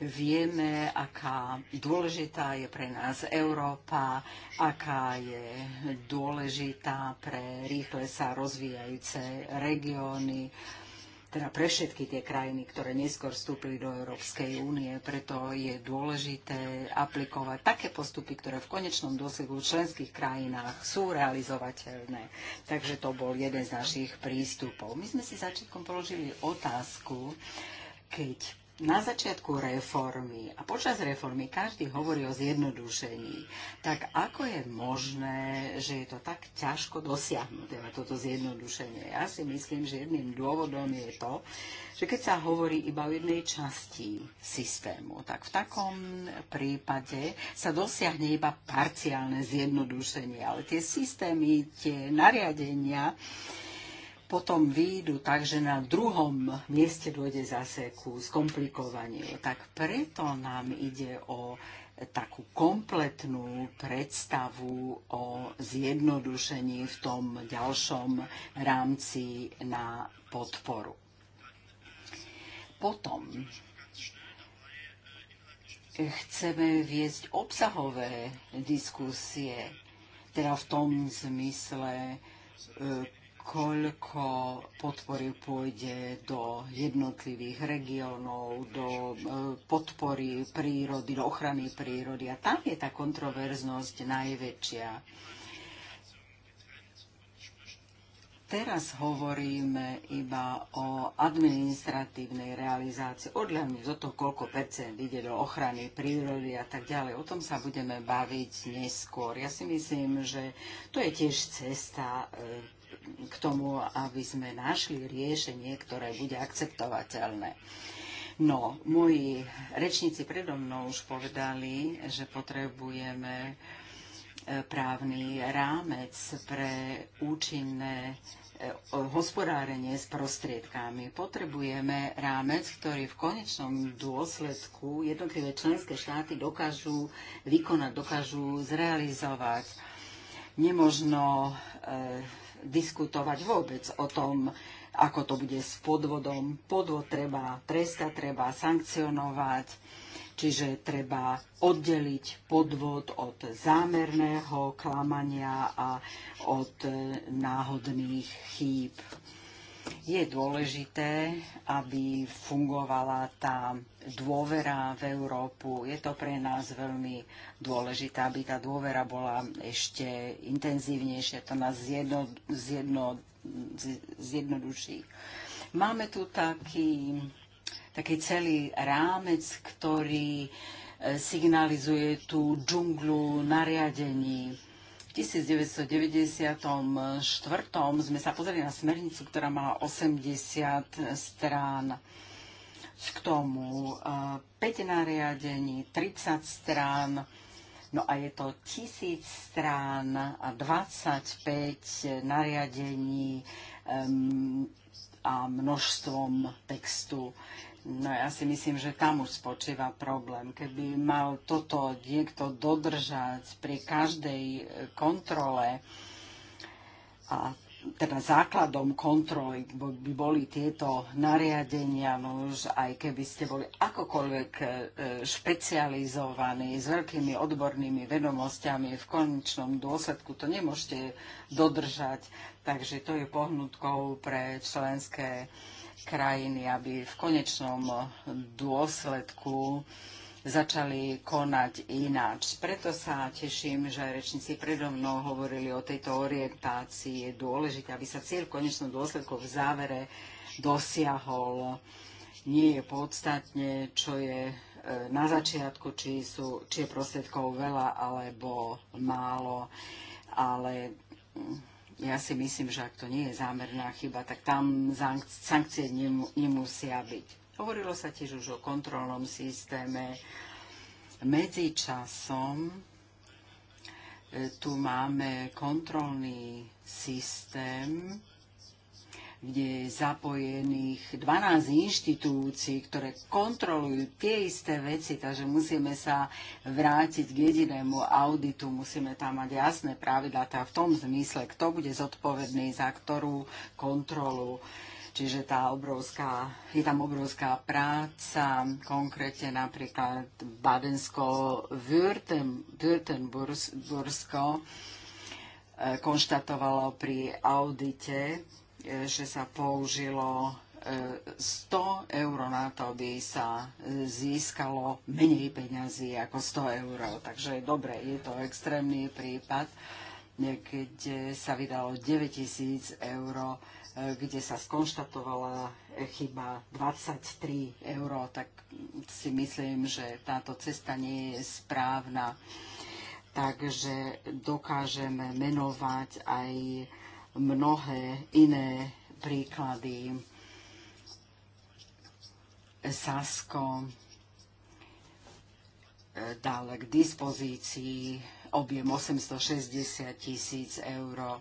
Speaker 1: Vieme, aká dôležitá je pre nás Európa, aká je dôležitá pre rýchle sa rozvíjajúce regióny teda pre všetky tie krajiny, ktoré neskôr vstúpili do Európskej únie. Preto je dôležité aplikovať také postupy, ktoré v konečnom dôsledku v členských krajinách sú realizovateľné. Takže to bol jeden z našich prístupov. My sme si začiatkom položili otázku, keď na začiatku reformy a počas reformy každý hovorí o zjednodušení, tak ako je možné, že je to tak ťažko dosiahnuť, teda toto zjednodušenie? Ja si myslím, že jedným dôvodom je to, že keď sa hovorí iba o jednej časti systému, tak v takom prípade sa dosiahne iba parciálne zjednodušenie, ale tie systémy, tie nariadenia, potom výjdu takže na druhom mieste dôjde zase ku skomplikovaniu. Tak preto nám ide o takú kompletnú predstavu o zjednodušení v tom ďalšom rámci na podporu. Potom chceme viesť obsahové diskusie, teda v tom zmysle, e, koľko podpory pôjde do jednotlivých regiónov, do e, podpory prírody, do ochrany prírody. A tam je tá kontroverznosť najväčšia. Teraz hovoríme iba o administratívnej realizácii, odľahnuť do toho, koľko percent ide do ochrany prírody a tak ďalej. O tom sa budeme baviť neskôr. Ja si myslím, že to je tiež cesta e, k tomu, aby sme našli riešenie, ktoré bude akceptovateľné. No, moji rečníci predo mnou už povedali, že potrebujeme e, právny rámec pre účinné e, hospodárenie s prostriedkami. Potrebujeme rámec, ktorý v konečnom dôsledku jednotlivé členské štáty dokážu vykonať, dokážu zrealizovať. Nemožno e, diskutovať vôbec o tom, ako to bude s podvodom. Podvod treba trestať, treba sankcionovať, čiže treba oddeliť podvod od zámerného klamania a od e, náhodných chýb. Je dôležité, aby fungovala tá dôvera v Európu. Je to pre nás veľmi dôležité, aby tá dôvera bola ešte intenzívnejšia, to nás zjedno, zjedno, zjednoduší. Máme tu taký, taký celý rámec, ktorý e, signalizuje tú džunglu nariadení. V 1994 sme sa pozreli na smernicu, ktorá mala 80 strán k tomu 5 e, nariadení, 30 strán, no a je to 1000 strán a 25 nariadení a množstvom textu. No ja si myslím, že tam už spočíva problém. Keby mal toto niekto dodržať pri každej e, kontrole a teda základom kontroly by boli tieto nariadenia, no už aj keby ste boli akokoľvek e, špecializovaní s veľkými odbornými vedomosťami, v konečnom dôsledku to nemôžete dodržať, takže to je pohnutkou pre členské krajiny, aby v konečnom dôsledku začali konať ináč. Preto sa teším, že aj rečníci predo mnou hovorili o tejto orientácii. Je dôležité, aby sa cieľ v konečnom dôsledku v závere dosiahol. Nie je podstatne, čo je e, na začiatku, či, sú, či je prostriedkov veľa alebo málo, ale mm, ja si myslím, že ak to nie je zámerná chyba, tak tam sankcie nemusia byť. Hovorilo sa tiež už o kontrolnom systéme. Medzi časom e, tu máme kontrolný systém, kde je zapojených 12 inštitúcií, ktoré kontrolujú tie isté veci, takže musíme sa vrátiť k jedinému auditu, musíme tam mať jasné pravidlá, tá v tom zmysle, kto bude zodpovedný za ktorú kontrolu. E, Čiže tá obrovská, je tam obrovská práca, konkrétne napríklad Badensko-Württembursko eh, konštatovalo pri audite, eh, že sa použilo 100 eh, eur na to, aby sa získalo menej peňazí ako 100 eur. Takže dobre, je to extrémny prípad, keď sa vydalo 9000 eur E, kde sa skonštatovala e, chyba 23 eur, tak si myslím, že táto cesta nie je správna. Takže dokážeme menovať aj mnohé iné príklady. Sasko e, dal k dispozícii objem 860 tisíc eur.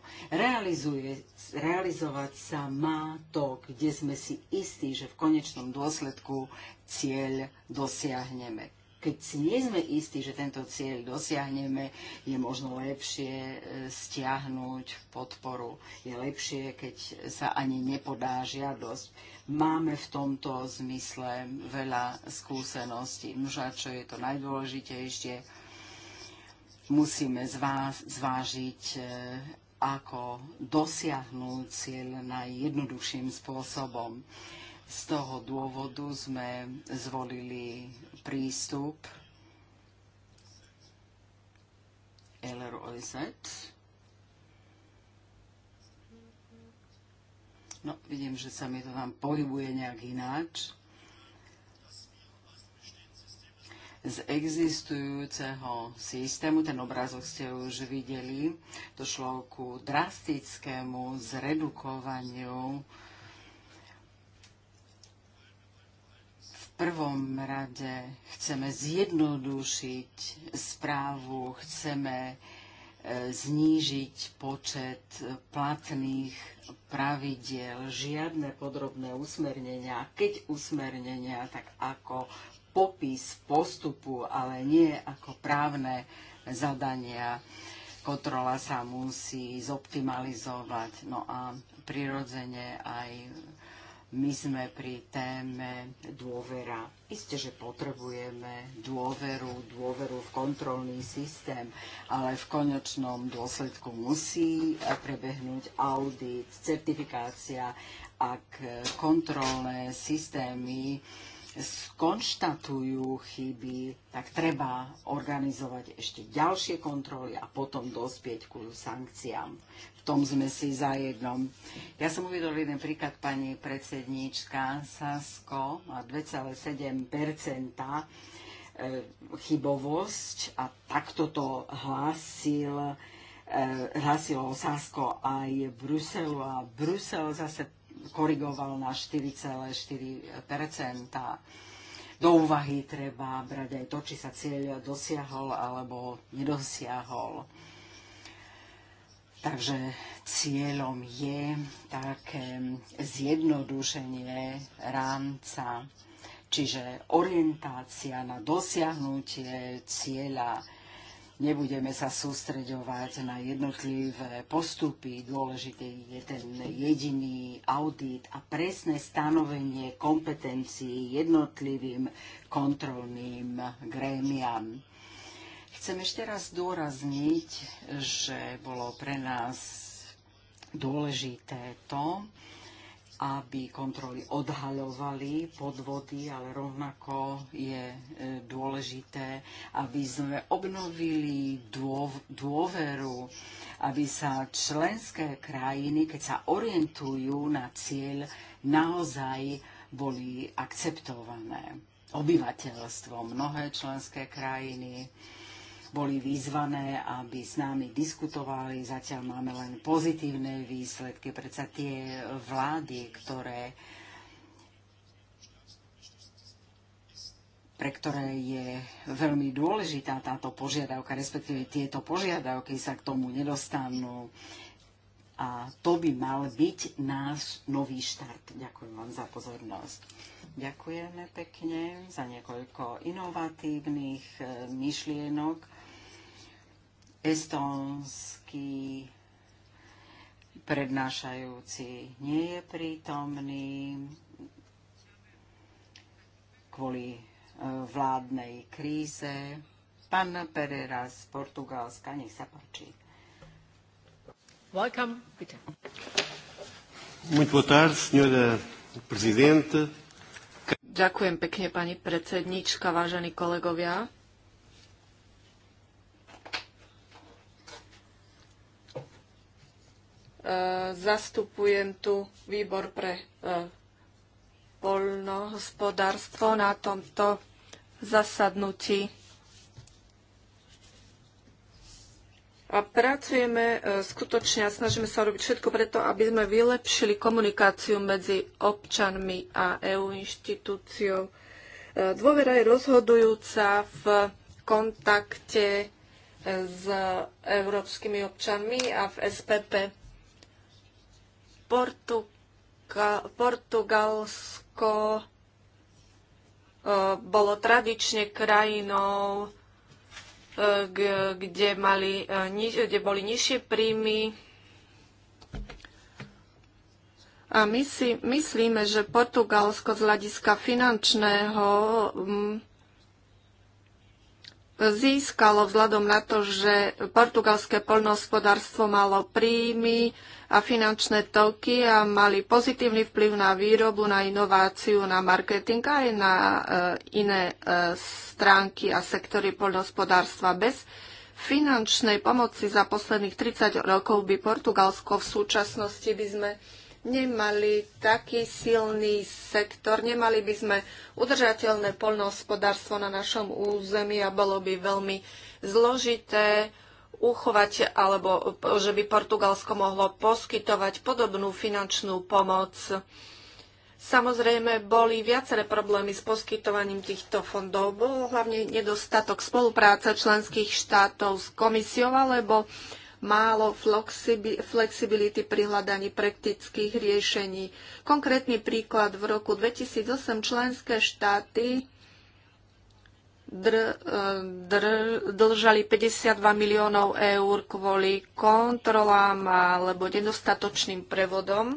Speaker 1: realizovať sa má to, kde sme si istí, že v konečnom dôsledku cieľ dosiahneme. Keď si nie sme istí, že tento cieľ dosiahneme, je možno lepšie e, stiahnuť podporu. Je lepšie, keď sa ani nepodá žiadosť máme v tomto zmysle veľa skúseností. Mža, čo je to najdôležitejšie, musíme zvážiť, e, ako dosiahnuť cieľ najjednoduchším spôsobom. Z toho dôvodu sme zvolili prístup LROZ. No, vidím, že sa mi to tam pohybuje nejak ináč. z existujúceho systému. Ten obrázok ste už videli. Došlo ku drastickému zredukovaniu V prvom rade chceme zjednodušiť správu, chceme e, znížiť počet platných pravidiel, žiadne podrobné usmernenia. Keď usmernenia, tak ako popis postupu, ale nie ako právne zadania. Kontrola sa musí zoptimalizovať. No a prirodzene aj my sme pri téme dôvera. Isté, že potrebujeme dôveru, dôveru v kontrolný systém, ale v konečnom dôsledku musí prebehnúť audit, certifikácia, ak kontrolné systémy skonštatujú chyby, tak treba organizovať ešte ďalšie kontroly a potom dospieť ku sankciám. V tom sme si zajednom. Ja som uvedol jeden príklad pani predsedníčka Sasko má 2,7 e, chybovosť a takto to hlásil e, hlásilo Sasko aj Bruselu a Brusel zase korigoval na 4,4 do úvahy treba brať aj to, či sa cieľ dosiahol alebo nedosiahol. Takže cieľom je také zjednodušenie rámca, čiže orientácia na dosiahnutie cieľa Nebudeme sa sústreďovať na jednotlivé postupy, dôležité je ten jediný audit a presné stanovenie kompetencií jednotlivým kontrolným grémiam. Chcem ešte raz zdôrazniť, že bolo pre nás dôležité to, aby kontroly odhaľovali podvody, ale rovnako je e, dôležité, aby sme obnovili dôveru, aby sa členské krajiny, keď sa orientujú na cieľ, naozaj boli akceptované obyvateľstvo. Mnohé členské krajiny boli vyzvané, aby s nami diskutovali. Zatiaľ máme len pozitívne výsledky. Predsa tie vlády, ktoré pre ktoré je veľmi dôležitá táto požiadavka, respektíve tieto požiadavky sa k tomu nedostanú. A to by mal byť náš nový štart. Ďakujem vám za pozornosť. Ďakujeme pekne za niekoľko inovatívnych eh, myšlienok estónsky prednášajúci nie je prítomný kvôli e, vládnej kríze. Pán Pereira z Portugalska, nech sa páči. Welcome, Peter.
Speaker 2: Muito boa tarde, senhora presidente.
Speaker 3: Ďakujem pekne, pani predsednička, vážení kolegovia. Eh, zastupujem tu výbor pre eh, poľnohospodárstvo na tomto zasadnutí. A pracujeme eh, skutočne a snažíme sa robiť všetko preto, aby sme vylepšili komunikáciu medzi občanmi a EU inštitúciou. Dôvera je rozhodujúca v kontakte s európskymi občanmi a v SPP. Portuga- Portugalsko e, bolo tradične krajinou, e, kde, mali, e, kde boli nižšie príjmy. A my si myslíme, že Portugalsko z hľadiska finančného získalo vzhľadom na to, že portugalské poľnohospodárstvo malo príjmy a finančné toky a mali pozitívny vplyv na výrobu, na inováciu, na marketing a aj na e, iné e, stránky a sektory poľnohospodárstva. Bez finančnej pomoci za posledných 30 rokov by Portugalsko v súčasnosti by sme nemali taký silný sektor, nemali by sme udržateľné poľnohospodárstvo na našom území a bolo by veľmi zložité uchovať, alebo že by Portugalsko mohlo poskytovať podobnú finančnú pomoc. Samozrejme, boli viaceré problémy s poskytovaním týchto fondov. Bol hlavne nedostatok spolupráce členských štátov s komisiou alebo málo flexibility pri hľadaní praktických riešení. Konkrétny príklad v roku 2008 členské štáty dr, dr, dlžali 52 miliónov eur kvôli kontrolám alebo nedostatočným prevodom.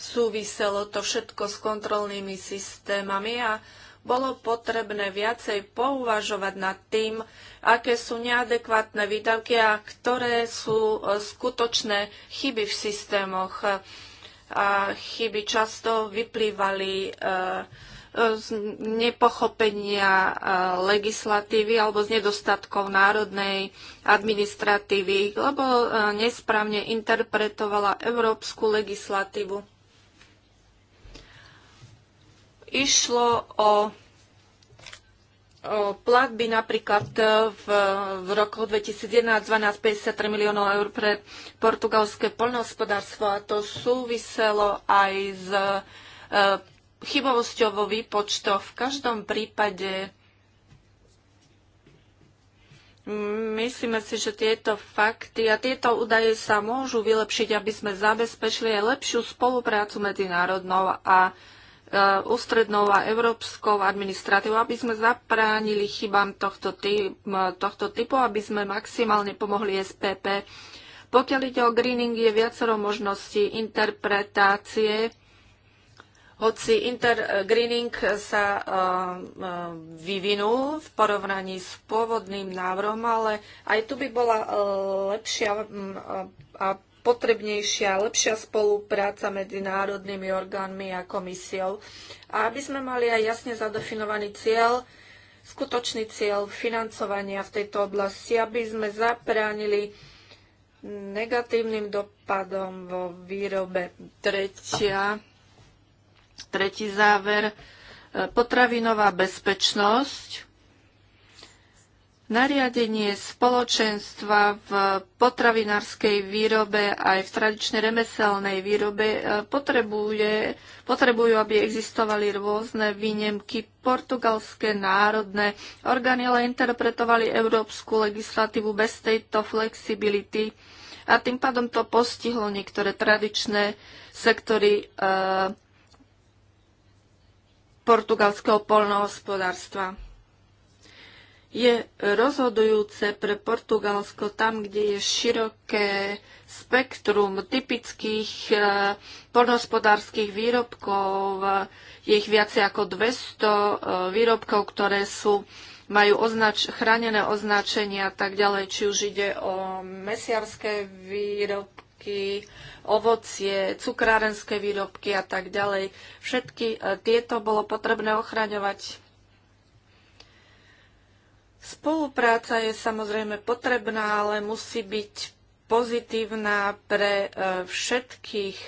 Speaker 3: Súviselo to všetko s kontrolnými systémami a bolo potrebné viacej pouvažovať nad tým, aké sú neadekvátne výdavky a ktoré sú e, skutočné chyby v systémoch. A chyby často vyplývali e, e, z nepochopenia legislatívy alebo z nedostatkov národnej administratívy, lebo nesprávne interpretovala európsku legislatívu. Išlo o, o platby napríklad v, v roku 2011 12 53 miliónov eur pre portugalské poľnohospodárstvo a to súviselo aj s e, chybovosťou vo výpočtoch. V každom prípade Myslíme si, že tieto fakty a tieto údaje sa môžu vylepšiť, aby sme zabezpečili aj lepšiu spoluprácu medzinárodnou a E, ústrednou a európskou administratívou, aby sme zapránili chybám tohto, ty- tohto typu, aby sme maximálne pomohli SPP. Pokiaľ ide o greening, je viacero možností interpretácie, hoci inter, e, greening sa uh, vyvinul v porovnaní s pôvodným návrhom, ale aj tu by bola lepšia a potrebnejšia, lepšia spolupráca medzi národnými orgánmi a komisiou. A aby sme mali aj jasne zadefinovaný cieľ, skutočný cieľ financovania v tejto oblasti, aby sme zapránili negatívnym dopadom vo výrobe. Tretia, tretí záver, potravinová bezpečnosť Nariadenie spoločenstva v potravinárskej výrobe aj v tradičnej remeselnej výrobe e, potrebuje, potrebujú, aby existovali rôzne výnimky. Portugalské národné orgány ale interpretovali európsku legislatívu bez tejto flexibility a tým pádom to postihlo niektoré tradičné sektory e, portugalského polnohospodárstva je rozhodujúce pre Portugalsko tam, kde je široké spektrum typických e, polnospodárských výrobkov. Je ich viacej ako 200 e, výrobkov, ktoré sú majú označ- chránené označenia a tak ďalej, či už ide o mesiarské výrobky, ovocie, cukrárenské výrobky a tak ďalej. Všetky e, tieto bolo potrebné ochraňovať Spolupráca je samozrejme potrebná, ale musí byť pozitívna pre e, všetkých.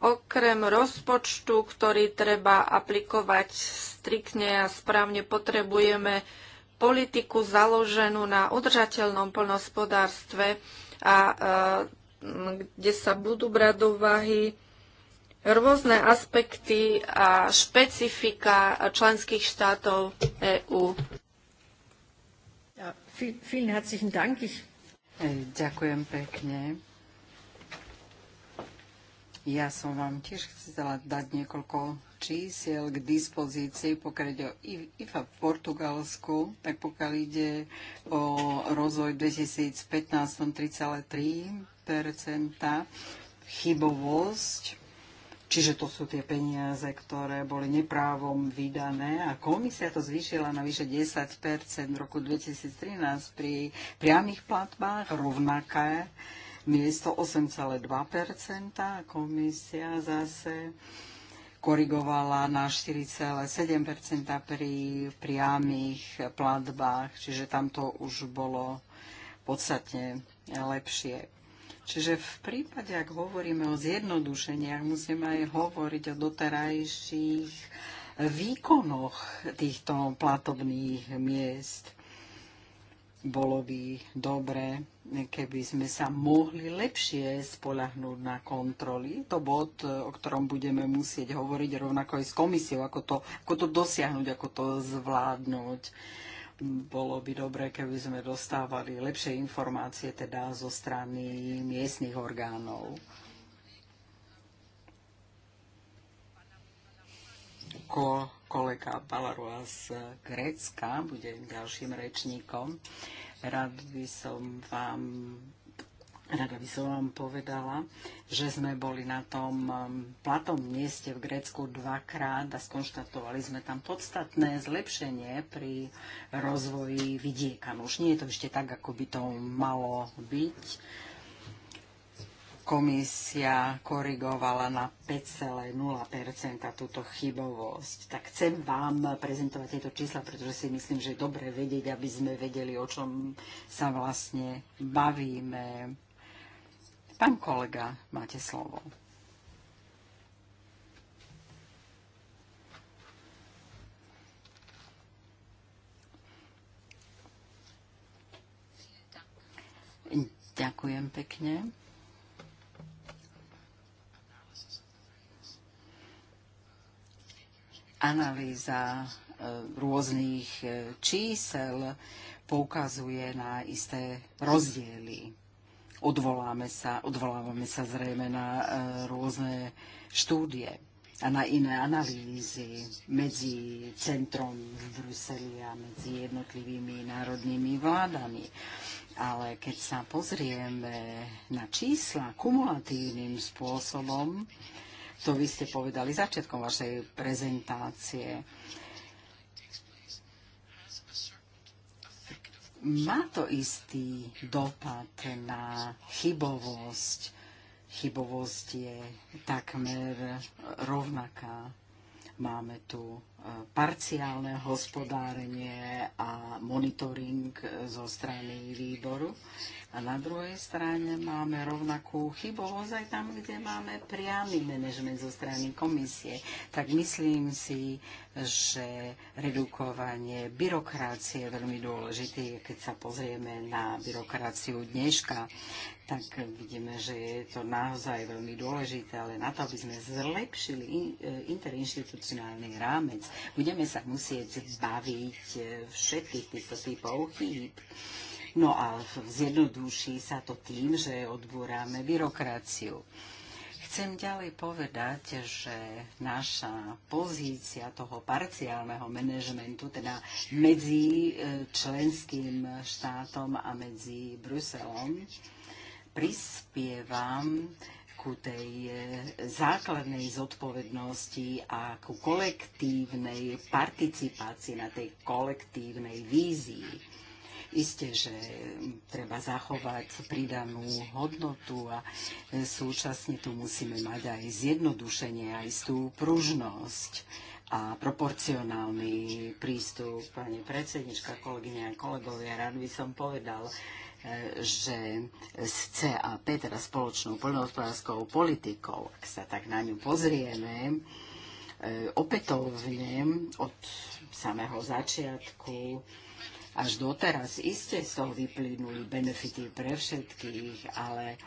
Speaker 3: Okrem rozpočtu, ktorý treba aplikovať striktne a správne, potrebujeme politiku založenú na udržateľnom plnospodárstve, a, a e, kde sa budú brať do vahy rôzne aspekty a špecifika členských štátov EÚ. Ja,
Speaker 1: vielen herzlichen Dank. Ďakujem pekne. Ja som vám tiež chcela dať niekoľko čísiel k dispozícii, pokiaľ ide o IFA v Portugalsku, tak pokiaľ ide o rozvoj 2015 3,3 chybovosť Čiže to sú tie peniaze, ktoré boli neprávom vydané a komisia to zvýšila na vyše 10 v roku 2013 pri priamých platbách, rovnaké miesto 8,2 a komisia zase korigovala na 4,7 pri priamých platbách, čiže tam to už bolo podstatne lepšie. Čiže v prípade, ak hovoríme o zjednodušeniach, musíme aj hovoriť o doterajších výkonoch týchto platobných miest. Bolo by dobre, keby sme sa mohli lepšie spolahnúť na kontroly. To bod, o ktorom budeme musieť hovoriť rovnako aj s komisiou, ako to, ako to dosiahnuť, ako to zvládnuť bolo by dobre, keby sme dostávali lepšie informácie teda zo strany miestnych orgánov. Ko, kolega Palarua z Grécka bude ďalším rečníkom. Rád by som vám Rada by som vám povedala, že sme boli na tom um, platom mieste v Grécku dvakrát a skonštatovali sme tam podstatné zlepšenie pri rozvoji vidieka. No už nie je to ešte tak, ako by to malo byť. Komisia korigovala na 5,0 túto chybovosť. Tak chcem vám prezentovať tieto čísla, pretože si myslím, že je dobre vedieť, aby sme vedeli, o čom sa vlastne bavíme Pán kolega, máte slovo. Ďakujem pekne. Analýza e, rôznych e, čísel poukazuje na isté rozdiely Odvoláme sa, odvolávame sa zrejme na e, rôzne štúdie a na iné analýzy medzi centrom v Bruseli a medzi jednotlivými národnými vládami. Ale keď sa pozrieme na čísla kumulatívnym spôsobom, to vy ste povedali začiatkom vašej prezentácie, Má to istý dopad na chybovosť. Chybovosť je takmer rovnaká. Máme tu parciálne hospodárenie a monitoring zo strany výboru. A na druhej strane máme rovnakú chybovosť aj tam, kde máme priamy manažment zo strany komisie. Tak myslím si, že redukovanie byrokracie je veľmi dôležité. Keď sa pozrieme na byrokraciu dneška, tak vidíme, že je to naozaj veľmi dôležité, ale na to, aby sme zlepšili eh, interinstitucionálny rámec, Budeme sa musieť zbaviť e, všetkých týchto typov chýb. No a zjednoduší sa to tým, že odbúrame byrokraciu. Chcem ďalej povedať, že naša pozícia toho parciálneho manažmentu, teda medzi e, členským štátom a medzi Bruselom, prispievam ku tej e, základnej zodpovednosti a ku kolektívnej participácii na tej kolektívnej vízii. Isté, že treba zachovať pridanú hodnotu a e, súčasne tu musíme mať aj zjednodušenie, aj istú pružnosť a proporcionálny prístup. Pani predsednička, kolegyne a kolegovia, rád by som povedal, E, že s CAP, teda spoločnou poľnohospodárskou politikou, ak sa tak na ňu pozrieme, e, opätovne od samého začiatku až doteraz iste z toho vyplynuli benefity pre všetkých, ale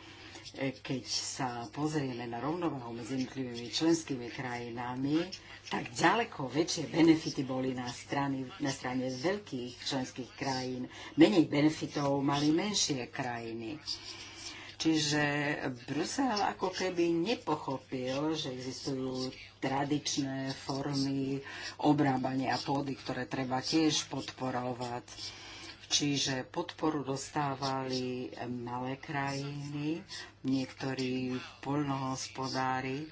Speaker 1: E, keď sa pozrieme na rovnováhu medzi jednotlivými členskými krajinami, tak ďaleko väčšie benefity boli na, strany, na strane veľkých členských krajín. Menej benefitov mali menšie krajiny. Čiže Brusel ako keby nepochopil, že existujú tradičné formy obrábania pôdy, ktoré treba tiež podporovať. Čiže podporu dostávali malé krajiny, niektorí poľnohospodári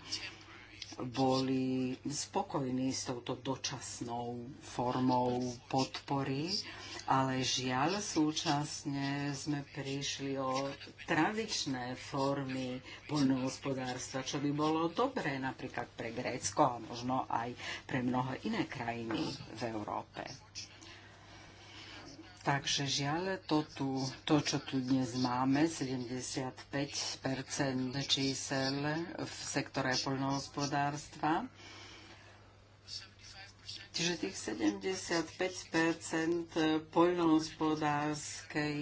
Speaker 1: boli spokojní s touto dočasnou formou podpory, ale žiaľ súčasne sme prišli o tradičné formy poľnohospodárstva, čo by bolo dobré napríklad pre Grécko a možno aj pre mnohé iné krajiny v Európe. Takže žiaľ, to, tu, to, čo tu dnes máme, 75 čísel v sektore poľnohospodárstva, Čiže tých 75 poľnohospodárskej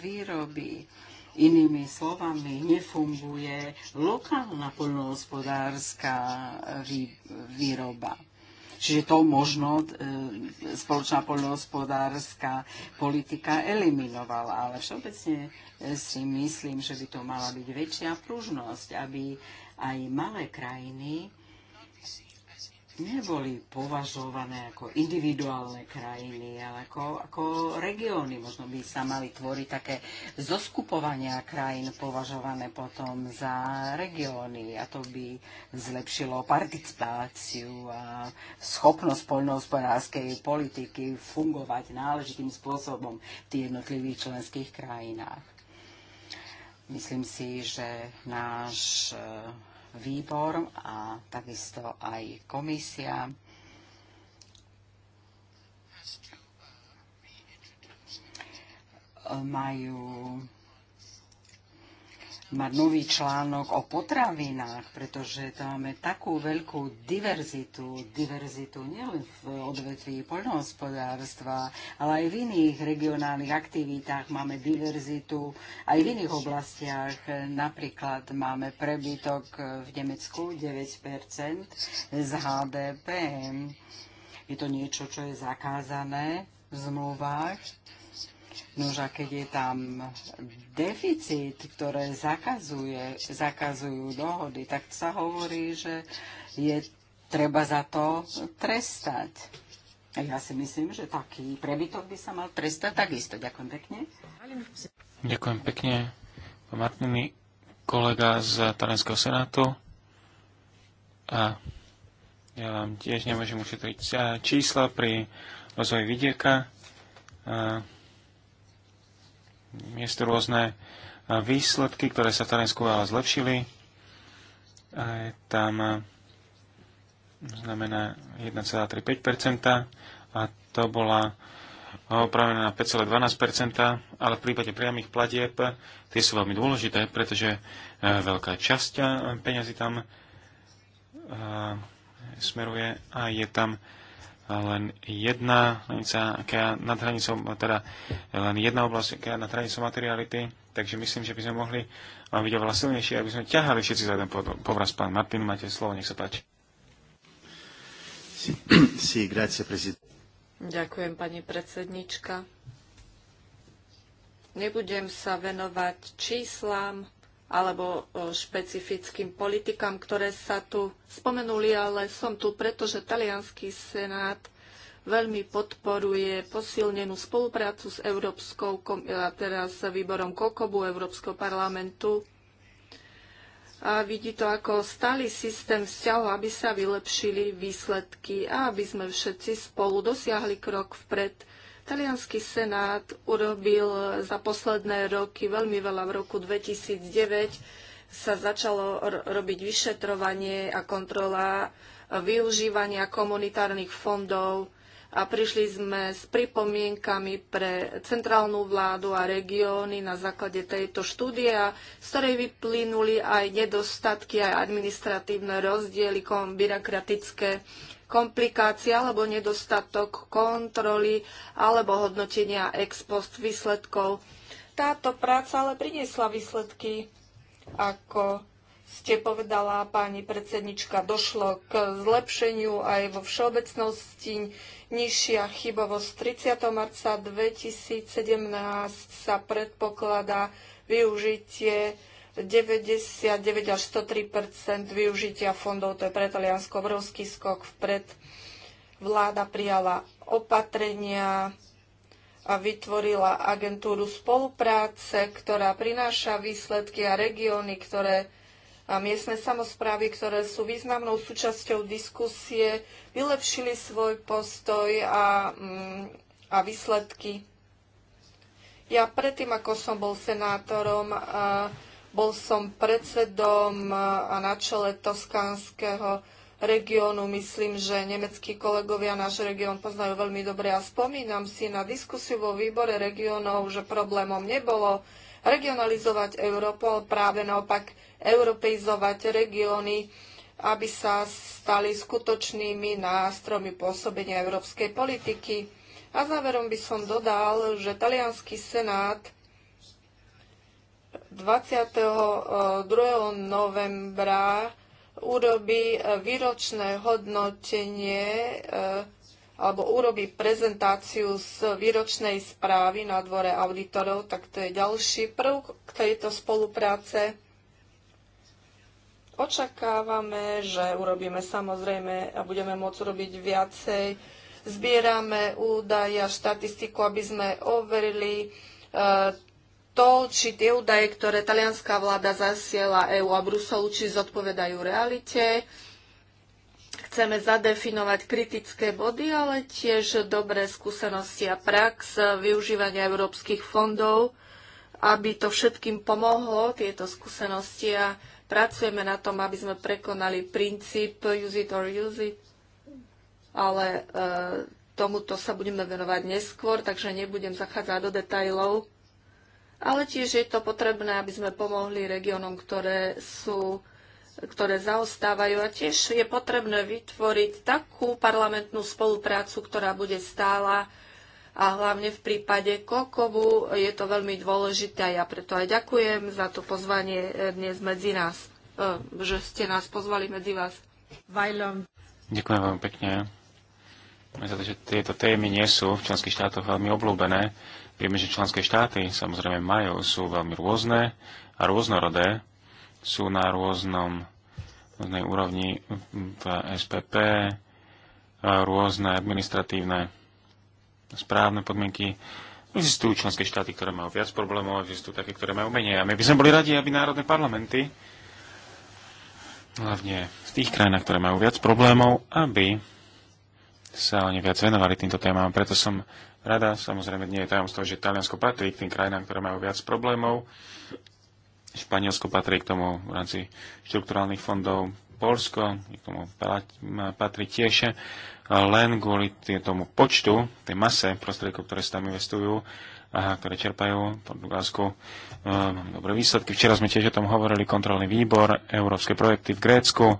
Speaker 1: výroby. Inými slovami, nefunguje lokálna poľnohospodárska výroba. Čiže to možno e, spoločná poľnohospodárska politika eliminovala, ale všeobecne e, si myslím, že by to mala byť väčšia pružnosť, aby aj malé krajiny neboli považované ako individuálne krajiny, ale ako, ako regióny. Možno by sa mali tvoriť také zoskupovania krajín považované potom za regióny a to by zlepšilo participáciu a schopnosť poľnohospodárskej politiky fungovať náležitým spôsobom v tých jednotlivých členských krajinách. Myslím si, že náš výbor a takisto aj komisia majú mať nový článok o potravinách, pretože tam máme takú veľkú diverzitu, diverzitu nielen v odvetví poľnohospodárstva, ale aj v iných regionálnych aktivitách máme diverzitu, aj v iných oblastiach. Napríklad máme prebytok v Nemecku 9% z HDP. Je to niečo, čo je zakázané v zmluvách Nož a keď je tam deficit, ktoré zakazuje, zakazujú dohody, tak sa hovorí, že je treba za to trestať. A ja si myslím, že taký prebytok by sa mal trestať takisto. Ďakujem pekne.
Speaker 2: Ďakujem pekne. Martiny, kolega z Talenského senátu. A ja vám tiež nemôžem ušetriť eh, čísla pri rozvoji vidieka. A je rôzne výsledky, ktoré sa v Taliansku ale zlepšili. A je tam znamená 1,35%, a to bola opravená na 5,12%, ale v prípade priamých platieb tie sú veľmi dôležité, pretože veľká časť peňazí tam smeruje a je tam len jedna hranica, aká nad hranicou, teda len jedna oblasť aká nad hranicou materiality, takže myslím, že by sme mohli vám byť oveľa silnejšie, aby sme ťahali všetci za jeden povraz. Pán Martin, máte slovo, nech sa páči. Sí, grazie, prezident.
Speaker 3: Ďakujem, pani predsednička. Nebudem sa venovať číslám, alebo e, špecifickým politikám, ktoré sa tu spomenuli, ale som tu, pretože talianský senát veľmi podporuje posilnenú spoluprácu s Európskou, a teraz s výborom Kokobu Európskeho parlamentu a vidí to ako stály systém vzťahov, aby sa vylepšili výsledky a aby sme všetci spolu dosiahli krok vpred Talianský senát urobil za posledné roky veľmi veľa. V roku 2009 sa začalo robiť vyšetrovanie a kontrola využívania komunitárnych fondov a prišli sme s pripomienkami pre centrálnu vládu a regióny na základe tejto štúdie, z ktorej vyplynuli aj nedostatky, aj administratívne rozdiely, kom, byrokratické komplikácie alebo nedostatok kontroly alebo hodnotenia ex post výsledkov. Táto práca ale priniesla výsledky ako ste povedala, pani predsednička, došlo k zlepšeniu aj vo všeobecnosti. Nižšia chybovosť 30. marca 2017 sa predpokladá využitie 99 až 103 využitia fondov. To je pre Taliansko obrovský skok vpred. Vláda prijala opatrenia a vytvorila agentúru spolupráce, ktorá prináša výsledky a regióny, ktoré miestne samozprávy, ktoré sú významnou súčasťou diskusie, vylepšili svoj postoj a, mm, a výsledky. Ja predtým, ako som bol senátorom, bol som predsedom a na čele toskánskeho regiónu. Myslím, že nemeckí kolegovia náš región poznajú veľmi dobre a spomínam si na diskusiu vo výbore regiónov, že problémom nebolo regionalizovať Európu, ale práve naopak europeizovať regióny, aby sa stali skutočnými nástromy pôsobenia európskej politiky. A záverom by som dodal, že talianský senát 22. novembra urobí výročné hodnotenie e, alebo urobí prezentáciu z výročnej správy na dvore auditorov, tak to je ďalší prvk k tejto spolupráce. Očakávame, že urobíme samozrejme a budeme môcť robiť viacej. Zbierame údaje a štatistiku, aby sme overili e, to, či tie údaje, ktoré talianská vláda zasiela EÚ a Bruselu, či zodpovedajú realite. E, chceme zadefinovať kritické body, ale tiež dobré skúsenosti a prax využívania európskych fondov, aby to všetkým pomohlo, tieto skúsenosti a pracujeme na tom, aby sme prekonali princíp use it or use it, ale e, tomuto sa budeme venovať neskôr, takže nebudem zachádzať do detajlov. Ale tiež je to potrebné, aby sme pomohli regiónom, ktoré sú ktoré zaostávajú a tiež je potrebné vytvoriť takú parlamentnú spoluprácu, ktorá bude stála a hlavne v prípade Kokovu je to veľmi dôležité a ja preto aj ďakujem za to pozvanie eh, dnes medzi nás, eh, že ste nás pozvali medzi vás. Vajlom.
Speaker 2: Ďakujem veľmi pekne Myslím, že tieto témy nie sú v členských štátoch veľmi obľúbené. Vieme, že členské štáty samozrejme majú, sú veľmi rôzne a rôznorodé sú na rôznom, rôznej úrovni v SPP, e, rôzne administratívne správne podmienky. Existujú členské štáty, ktoré majú viac problémov, existujú také, ktoré majú menej. A my by sme boli radi, aby národné parlamenty, hlavne v tých krajinách, ktoré majú viac problémov, aby sa oni viac venovali týmto témam. Preto som rada, samozrejme nie je tajomstvo, že Taliansko patrí k tým krajinám, ktoré majú viac problémov. Španielsko patrí k tomu v rámci štrukturálnych fondov, Polsko k tomu patrí tiež e, len kvôli tomu počtu, tej mase prostriedkov, ktoré sa tam investujú, a ktoré čerpajú v Portugalsku. E, máme dobré výsledky. Včera sme tiež o tom hovorili, kontrolný výbor, európske projekty v Grécku,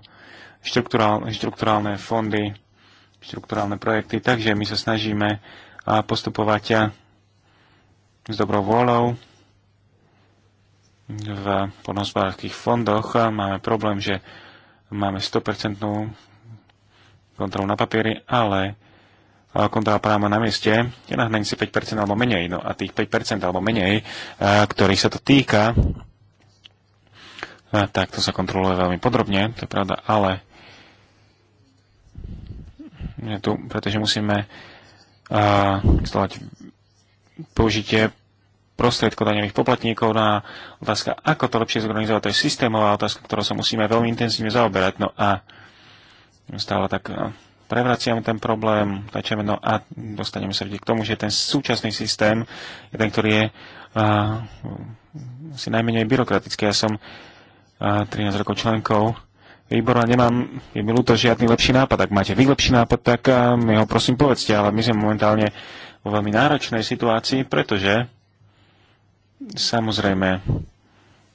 Speaker 2: štrukturálne fondy, štrukturálne projekty. Takže my sa snažíme postupovať s dobrou vôľou v podnospodárských fondoch eh, máme problém, že máme 100% kontrolu na papieri, ale eh, kontrola práva na mieste je na hranici 5% alebo menej. No a tých 5% alebo menej, eh, ktorých sa to týka, tak to sa kontroluje veľmi podrobne, to je pravda, ale je tu, pretože musíme uh, použitie prostriedkov daňových poplatníkov na otázka, ako to lepšie zorganizovať, to je systémová otázka, ktorou sa musíme veľmi intenzívne zaoberať. No a stále tak no, prevraciame ten problém, tačeme, no a dostaneme sa k tomu, že ten súčasný systém je ten, ktorý je a, si najmenej byrokratický. Ja som a, 13 rokov členkou výboru a nemám, je mi ľúto, žiadny lepší nápad. Ak máte vy lepší nápad, tak mi ho prosím povedzte, ale my sme momentálne vo veľmi náročnej situácii, pretože Samozrejme,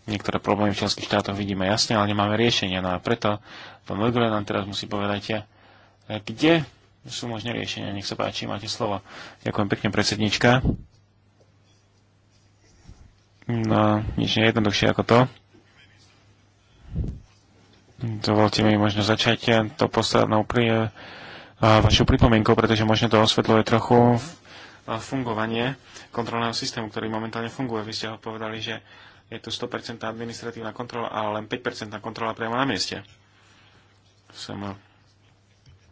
Speaker 2: niektoré problémy v členských štátoch vidíme jasne, ale nemáme riešenia. No a preto pán Legule nám teraz musí povedať, kde sú možné riešenia. Nech sa páči, máte slovo. Ďakujem pekne, predsednička. No, nič nie je jednoduchšie ako to. Dovolte mi možno začať to poslednou pri, vašu pripomienku, pretože možno to osvetľuje trochu fungovanie kontrolného systému, ktorý momentálne funguje. Vy ste ho povedali, že je tu 100% administratívna kontrola, ale len 5% kontrola priamo na mieste. Som eh,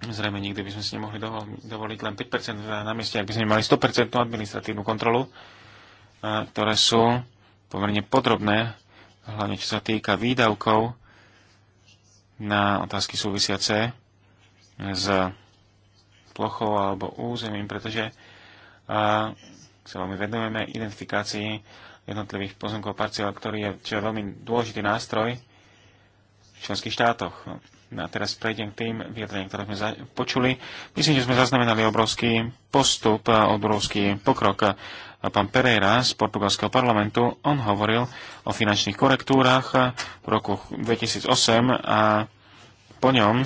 Speaker 2: Zrejme nikdy by sme si nemohli dovoliť len 5% na mieste, ak by sme mali 100% administratívnu kontrolu, eh, ktoré sú pomerne podrobné, hlavne čo sa týka výdavkov na otázky súvisiace s plochou alebo územím, pretože a sa veľmi venujeme identifikácii jednotlivých pozemkov parciál, ktorý je, čo je veľmi dôležitý nástroj v členských štátoch. No a teraz prejdem k tým vyjadreniam, ktoré sme počuli. Myslím, že sme zaznamenali obrovský postup, obrovský pokrok. A pán Pereira z portugalského parlamentu, on hovoril o finančných korektúrach v roku 2008 a po ňom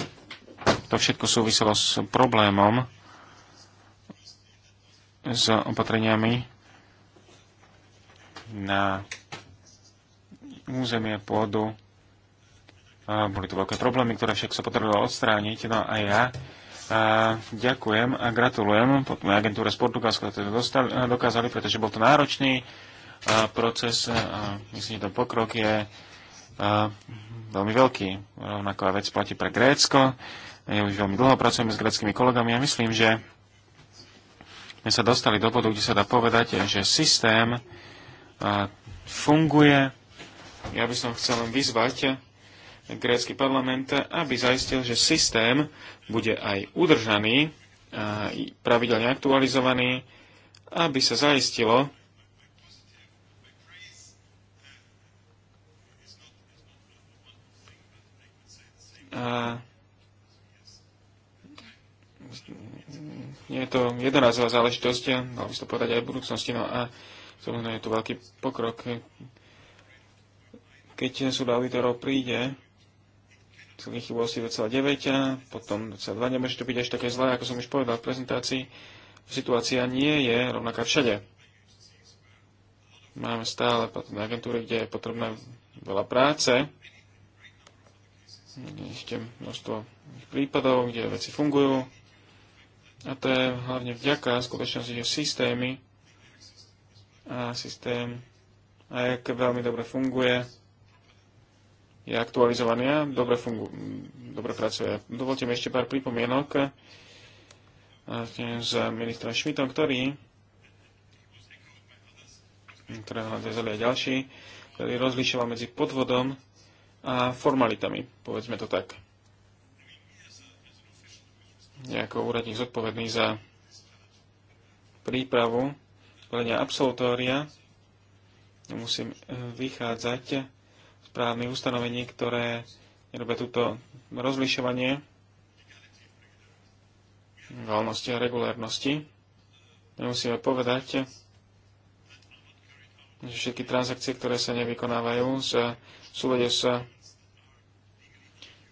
Speaker 2: to všetko súviselo s problémom s opatreniami na územie pôdu. Boli tu veľké problémy, ktoré však sa potrebovalo odstrániť. No a ja a ďakujem a gratulujem agentúre z Portugalska, ktoré dostali, dokázali, pretože bol to náročný a proces a myslím, že ten pokrok je a, veľmi veľký. Rovnaká vec platí pre Grécko. Ja už veľmi dlho pracujeme s gréckými kolegami a myslím, že sme sa dostali do bodu, kde sa dá povedať, že systém funguje. Ja by som chcel len vyzvať grécky parlament, aby zaistil, že systém bude aj udržaný, a pravidelne aktualizovaný, aby sa zaistilo, uh nie je to jednorazová záležitosť, mal by sa to povedať aj v budúcnosti. No a samozrejme je tu veľký pokrok. Keď do auditorov príde, celých si 2,9, potom 2,2, nemôže to byť až také zlé, ako som už povedal v prezentácii. Situácia nie je rovnaká všade. Máme stále patentné agentúry, kde je potrebné veľa práce, ešte množstvo prípadov, kde veci fungujú, a to je hlavne vďaka skutočnosti, že systémy a systém a jak e veľmi dobre funguje, je aktualizovaný a dobre, fungu, dobre pracuje. Dovolte mi ešte pár pripomienok s ministrom Šmitom, ktorý ktoré nadviazali aj ďalší, ktorý rozlišoval medzi podvodom a formalitami, povedzme to tak ako úradník zodpovedný za prípravu plenia absolutória, musím e, vychádzať z právnych ustanovení, ktoré robia túto rozlišovanie valnosti a regulárnosti. Musíme povedať, že všetky transakcie, ktoré sa nevykonávajú, sa súvedia s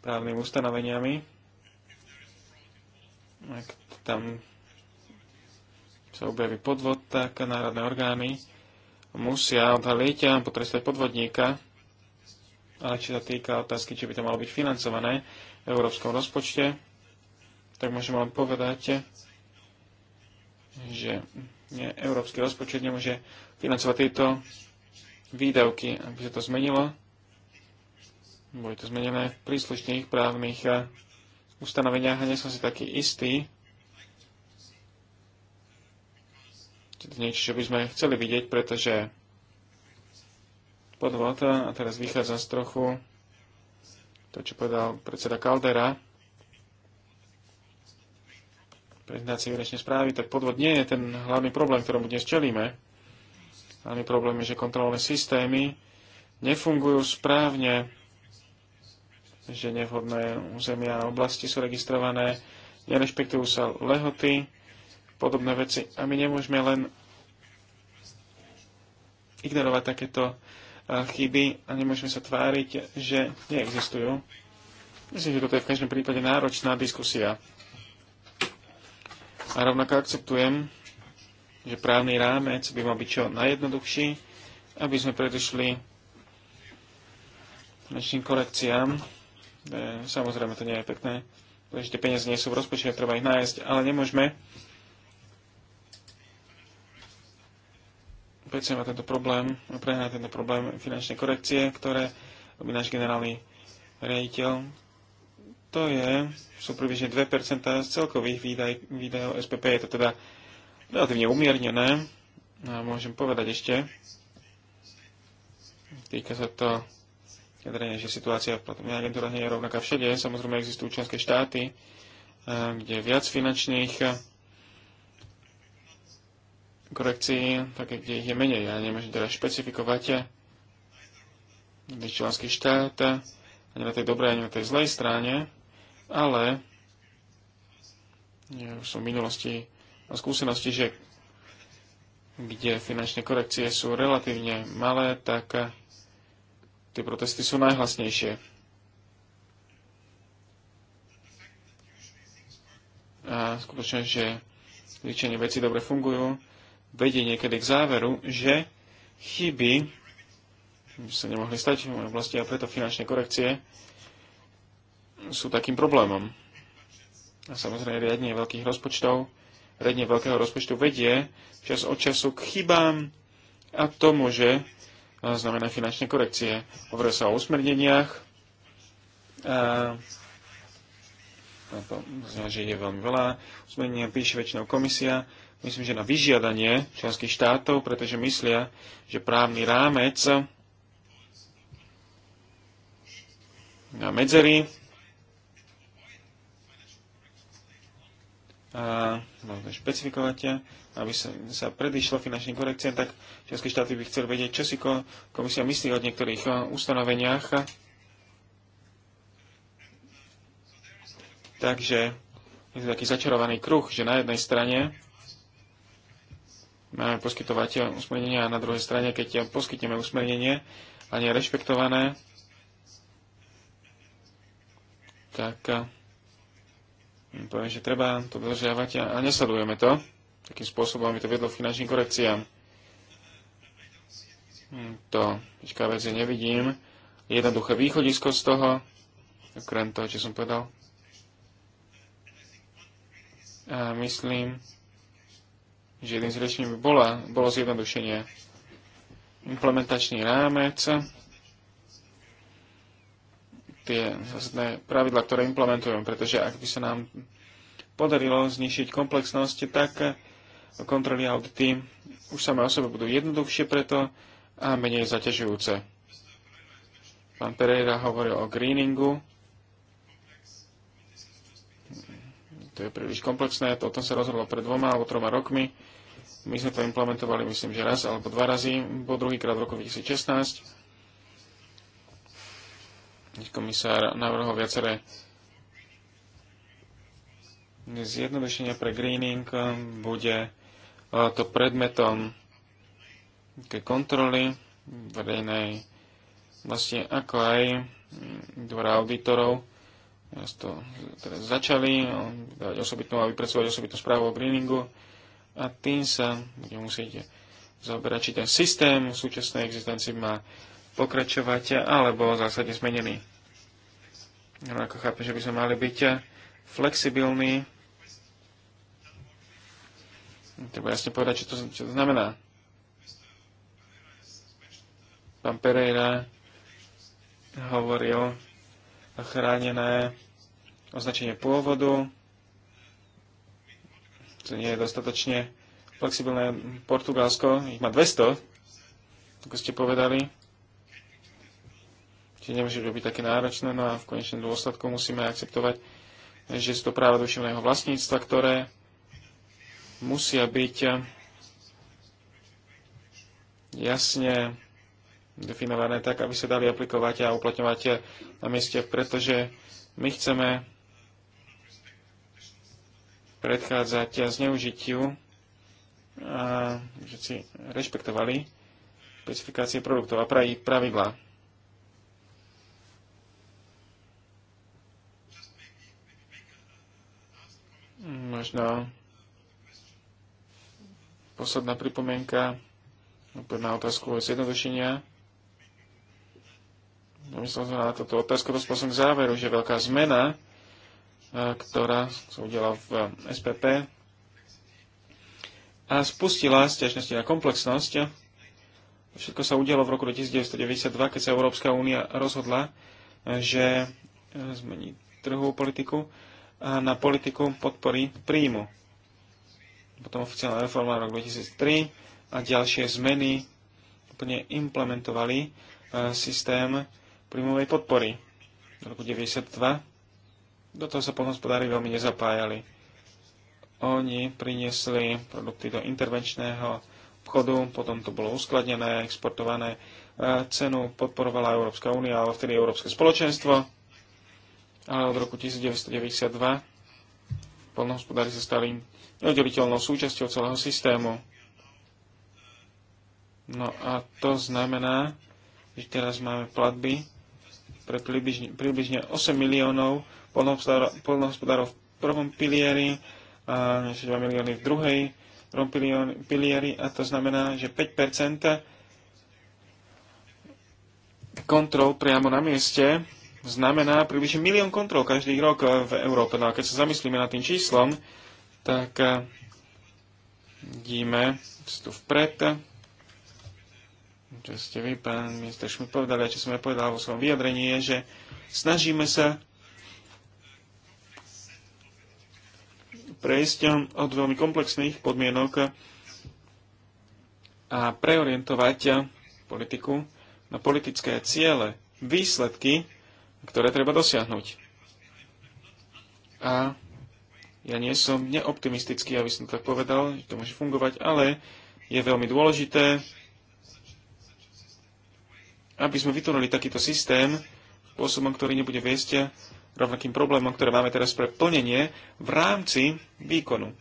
Speaker 2: právnymi ustanoveniami, ak tam sa objaví podvod, tak národné orgány musia odhaliť a potrestať podvodníka. Ale či sa týka otázky, či by to malo byť financované v európskom rozpočte, tak môžem len povedať, že nie, európsky rozpočet nemôže financovať tieto výdavky. Aby sa to zmenilo, bude to zmenené v príslušných právnych ustanoveniach a nie som si taký istý, či to niečo, čo by sme chceli vidieť, pretože podvod, a teraz vychádzam z trochu to, čo povedal predseda Caldera, prezentácii výročnej správy, tak podvod nie je ten hlavný problém, ktorému dnes čelíme. Hlavný problém je, že kontrolné systémy nefungujú správne, že nevhodné územia a oblasti sú registrované, nerešpektujú sa lehoty, podobné veci. A my nemôžeme len ignorovať takéto e, chyby a nemôžeme sa tváriť, že neexistujú. Myslím, že toto je v každom prípade náročná diskusia. A rovnako akceptujem, že právny rámec by mal byť čo najjednoduchší, aby sme predošli našim korekciám E, samozrejme, to nie je pekné. tie peniaze nie sú v rozpočte, treba ich nájsť, ale nemôžeme prečo má tento problém, prehnať tento problém finančnej korekcie, ktoré robí náš generálny rejiteľ. To je, sú približne 2% z celkových výdaj, výdajov SPP. Je to teda relatívne umiernené. A môžem povedať ešte, týka sa to vyjadrenie, že situácia v platobných agentúrach nie je rovnaká všade. Samozrejme existujú členské štáty, eh, kde viac finančných eh, korekcií, také, kde ich je menej. Ja nemôžem teda špecifikovať eh, členský štát, ani na tej dobrej, ani na tej zlej strane, ale ja už som v minulosti a skúsenosti, že kde finančné korekcie sú relatívne malé, tak tie protesty sú najhlasnejšie. A skutočne, že zvyčajne veci dobre fungujú, vedie niekedy k záveru, že chyby by sa nemohli stať v mojej oblasti a preto finančné korekcie sú takým problémom. A samozrejme riadne veľkých rozpočtov, riadne veľkého rozpočtu vedie čas od času k chybám a to môže znamená finančné korekcie. Hovorí sa o usmerneniach. A to znamená, že je veľmi veľa. Usmernenia píše väčšinou komisia. Myslím, že na vyžiadanie členských štátov, pretože myslia, že právny rámec na medzery a možné špecifikovať, aby sa, sa predišlo finančným korekciám, tak České štáty by chceli vedieť, čo si komisia myslí o niektorých eh, ustanoveniach. Takže je to taký začarovaný kruh, že na jednej strane máme poskytovať usmernenia a na druhej strane, keď poskytneme usmernenie a nie rešpektované, tak eh, poviem, že treba to dodržiavať a, a nesledujeme to. Takým spôsobom by to vedlo finančným korekciám. Hm, to počká vec nevidím. Jednoduché východisko z toho, okrem toho, čo som povedal. A myslím, že jedným z riešení by bola, bolo zjednodušenie. Implementačný rámec, tie vlastné pravidla, ktoré implementujeme, pretože ak by sa nám podarilo znišiť komplexnosť, tak kontroly a audity už samé o sebe budú jednoduchšie preto a menej zaťažujúce. Pán Pereira hovoril o greeningu. To je príliš komplexné, to o tom sa rozhodlo pred dvoma alebo troma rokmi. My sme to implementovali, myslím, že raz alebo dva razy, po druhýkrát v roku 2016 komisár navrhol viaceré zjednodušenia pre greening bude e, to predmetom kontroly verejnej vlastne ako aj mm, dvora auditorov. Teraz to teraz začali dávať osobitnú a vypracovať osobitnú správu o greeningu a tým sa bude musieť zaoberať, či ten systém v súčasnej existencii má pokračovať alebo zásadne zmenený. No ako chápem, že by sme mali byť flexibilní. Treba jasne povedať, čo to, čo to znamená. Pán Pereira hovoril chránené označenie pôvodu. To nie je dostatočne flexibilné Portugalsko. Ich má 200, ako ste povedali že nemôže byť také náročné, no a v konečnom dôsledku musíme akceptovať, že sú to práva duševného vlastníctva, ktoré musia byť jasne definované tak, aby sa dali aplikovať a uplatňovať na mieste, pretože my chceme predchádzať zneužitiu a že si rešpektovali specifikácie produktov a pravidlá. Možno posledná pripomienka na otázku zjednodušenia. Myslel som na túto otázku, dospel k záveru, že veľká zmena, e, ktorá sa udiala v SPP a spustila stiažnosti na komplexnosť. Všetko sa udialo v roku 1992, keď sa Európska únia rozhodla, e, že e, zmení trhovú politiku na politiku podpory príjmu. Potom oficiálna reforma rok 2003 a ďalšie zmeny úplne implementovali e, systém príjmovej podpory. V roku 1992 do toho sa pohospodári veľmi nezapájali. Oni priniesli produkty do intervenčného obchodu, potom to bolo uskladnené, exportované, cenu podporovala Európska únia, ale vtedy Európske spoločenstvo ale od roku 1992 polnohospodári sa stali neoddeliteľnou súčasťou celého systému. No a to znamená, že teraz máme platby pre približne, približne 8 miliónov polnohospodárov v prvom pilieri a 2 milióny v druhej prvom pilieri a to znamená, že 5 kontrol priamo na mieste znamená približne milión kontrol každý rok v Európe. No a keď sa zamyslíme nad tým číslom, tak eh, vidíme tu vpred, čo ste vy, pán minister Šmit, povedali, a čo som ja povedal vo svojom vyjadrení, je, že snažíme sa prejsť od veľmi komplexných podmienok a preorientovať politiku na politické ciele, výsledky, ktoré treba dosiahnuť. A ja nie som neoptimistický, aby som tak povedal, že to môže fungovať, ale je veľmi dôležité, aby sme vytvorili takýto systém spôsobom, ktorý nebude viesť rovnakým problémom, ktoré máme teraz pre plnenie v rámci výkonu.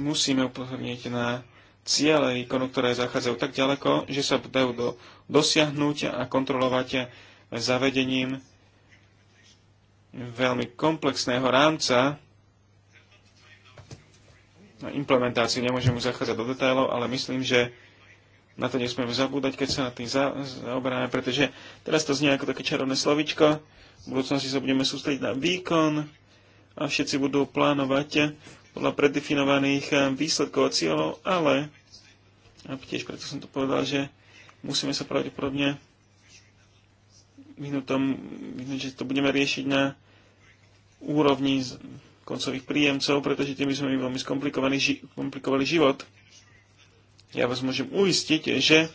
Speaker 2: Musíme upozorniť na ciele výkonu, ktoré zachádzajú tak ďaleko, že sa dajú do dosiahnuť a kontrolovať zavedením veľmi komplexného rámca na implementáciu. Nemôžem už zachádzať do detailov, ale myslím, že na to nesmieme zabúdať, keď sa na tým za, zaoberáme, pretože teraz to znie ako také čarovné slovičko. V budúcnosti sa budeme sústrediť na výkon a všetci budú plánovať podľa predefinovaných eh, výsledkov a cieľov, ale a tiež preto som to povedal, že musíme sa pravdepodobne vyhnúť tomu, že to budeme riešiť na úrovni koncových príjemcov, pretože tým by sme im veľmi ži komplikovali život. Ja vás môžem uistiť, že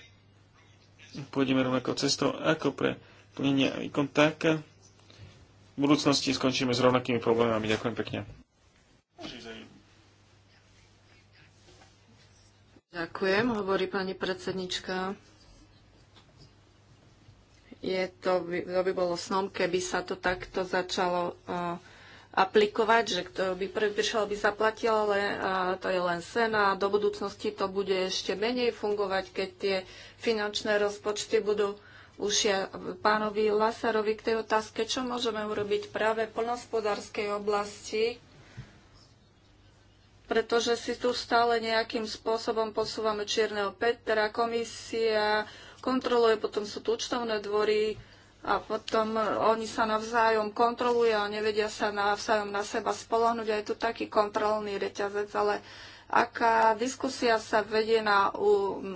Speaker 2: pôjdeme rovnako cestou ako pre plnenie výkon, tak v budúcnosti skončíme s rovnakými problémami. Ďakujem pekne.
Speaker 3: Ďakujem, hovorí pani predsednička je to, to by bolo snom, keby sa to takto začalo uh, aplikovať, že kto by prvý prišiel, by zaplatil, ale uh, to je len sen a do budúcnosti to bude ešte menej fungovať, keď tie finančné rozpočty budú už ja pánovi Lasarovi k tej otázke, čo môžeme urobiť práve v plnospodárskej oblasti, pretože si tu stále nejakým spôsobom posúvame Čierneho Petra, komisia, kontroluje, potom sú tu účtovné dvory a potom oni sa navzájom kontrolujú a nevedia sa navzájom na seba spolohnúť A je tu taký kontrolný reťazec, ale aká diskusia sa vedie na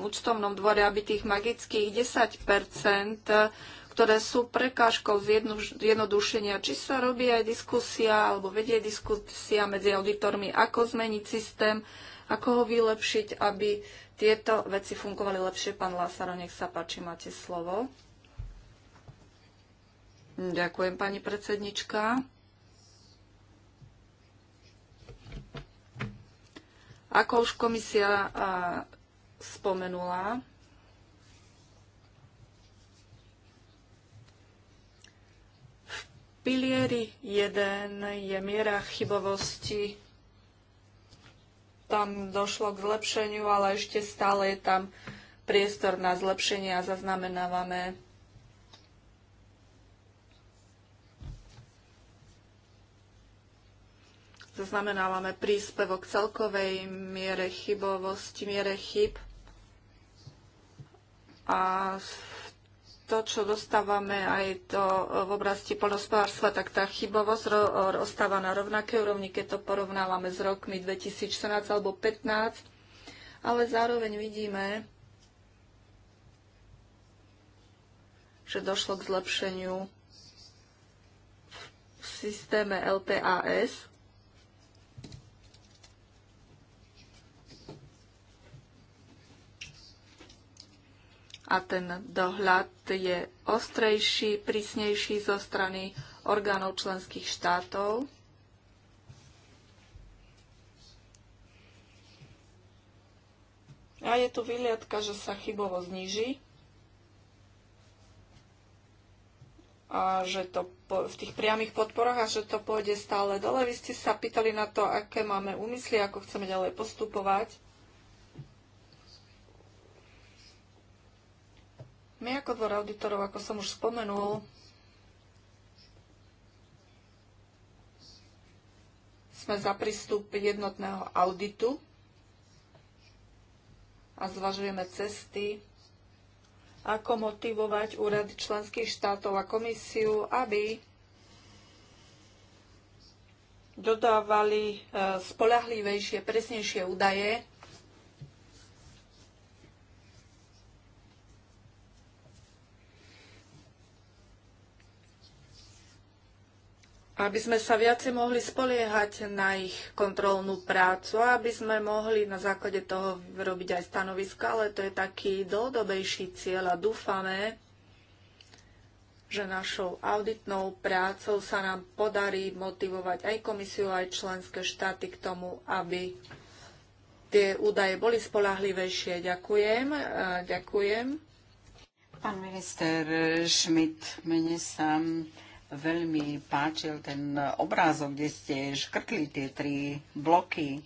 Speaker 3: účtovnom dvore, aby tých magických 10 ktoré sú prekážkou zjednodušenia, či sa robí aj diskusia alebo vedie diskusia medzi auditormi, ako zmeniť systém, ako ho vylepšiť, aby tieto veci fungovali lepšie. Pán Lásaro, nech sa páči, máte slovo. Ďakujem, pani predsednička. Ako už komisia spomenula, v pilieri 1 je miera chybovosti tam došlo k zlepšeniu, ale ešte stále je tam priestor na zlepšenie a zaznamenávame zaznamenávame príspevok celkovej miere chybovosti, miere chyb a to, čo dostávame aj to e, v oblasti poľnospodárstva, tak tá chybovosť e, ostáva na rovnaké úrovni, keď to porovnávame s rokmi 2014 alebo 2015. Ale zároveň vidíme, že došlo k zlepšeniu v systéme LPAS a ten dohľad je ostrejší, prísnejší zo strany orgánov členských štátov. A je tu vyliadka, že sa chybovo zniží a že to po, v tých priamých podporách a že to pôjde stále dole. Vy ste sa pýtali na to, aké máme úmysly, ako chceme ďalej postupovať. My ako dvor auditorov, ako som už spomenul, sme za prístup jednotného auditu a zvažujeme cesty, ako motivovať úrady členských štátov a komisiu, aby dodávali e, spolahlivejšie, presnejšie údaje aby sme sa viacej mohli spoliehať na ich kontrolnú prácu, aby sme mohli na základe toho robiť aj stanoviska, ale to je taký dlhodobejší cieľ a dúfame, že našou auditnou prácou sa nám podarí motivovať aj komisiu, aj členské štáty k tomu, aby tie údaje boli spolahlivejšie. Ďakujem.
Speaker 1: Ďakujem. Pán minister Schmidt, mene sa veľmi páčil ten obrázok, kde ste škrtli tie tri bloky.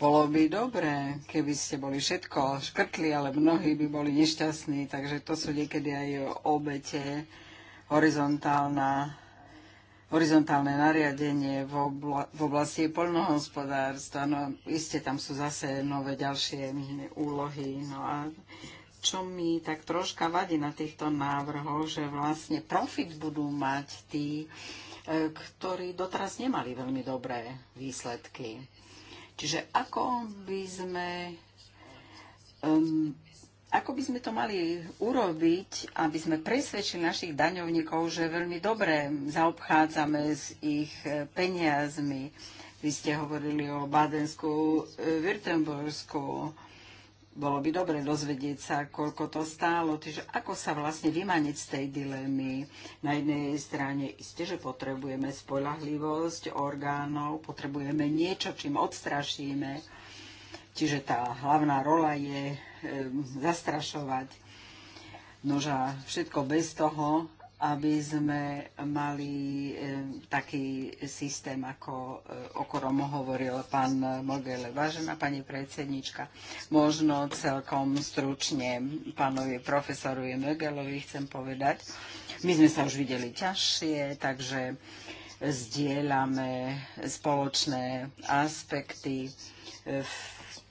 Speaker 1: Bolo by dobré, keby ste boli všetko škrtli, ale mnohí by boli nešťastní, takže to sú niekedy aj obete, horizontálna horizontálne nariadenie v, obla, v oblasti poľnohospodárstva. No iste tam sú zase nové ďalšie úlohy. No a čo mi tak troška vadí na týchto návrhoch, že vlastne profit budú mať tí, e, ktorí doteraz nemali veľmi dobré výsledky. Čiže ako by sme um, ako by sme to mali urobiť, aby sme presvedčili našich daňovníkov, že veľmi dobre zaobchádzame s ich e, peniazmi. Vy ste hovorili o Badensku, e, Württembersku, bolo by dobre dozvedieť sa, koľko to stálo. Čiže ako sa vlastne vymaniť z tej dilemy. Na jednej strane isté, že potrebujeme spolahlivosť orgánov, potrebujeme niečo, čím odstrašíme. Čiže tá hlavná rola je e, zastrašovať. Noža, všetko bez toho, aby sme mali e, taký systém, ako e, o ktorom hovoril pán Mogele. Vážená pani predsednička, možno celkom stručne pánovi profesorovi Mogelovi chcem povedať. My sme sa už videli ťažšie, takže zdieľame spoločné aspekty v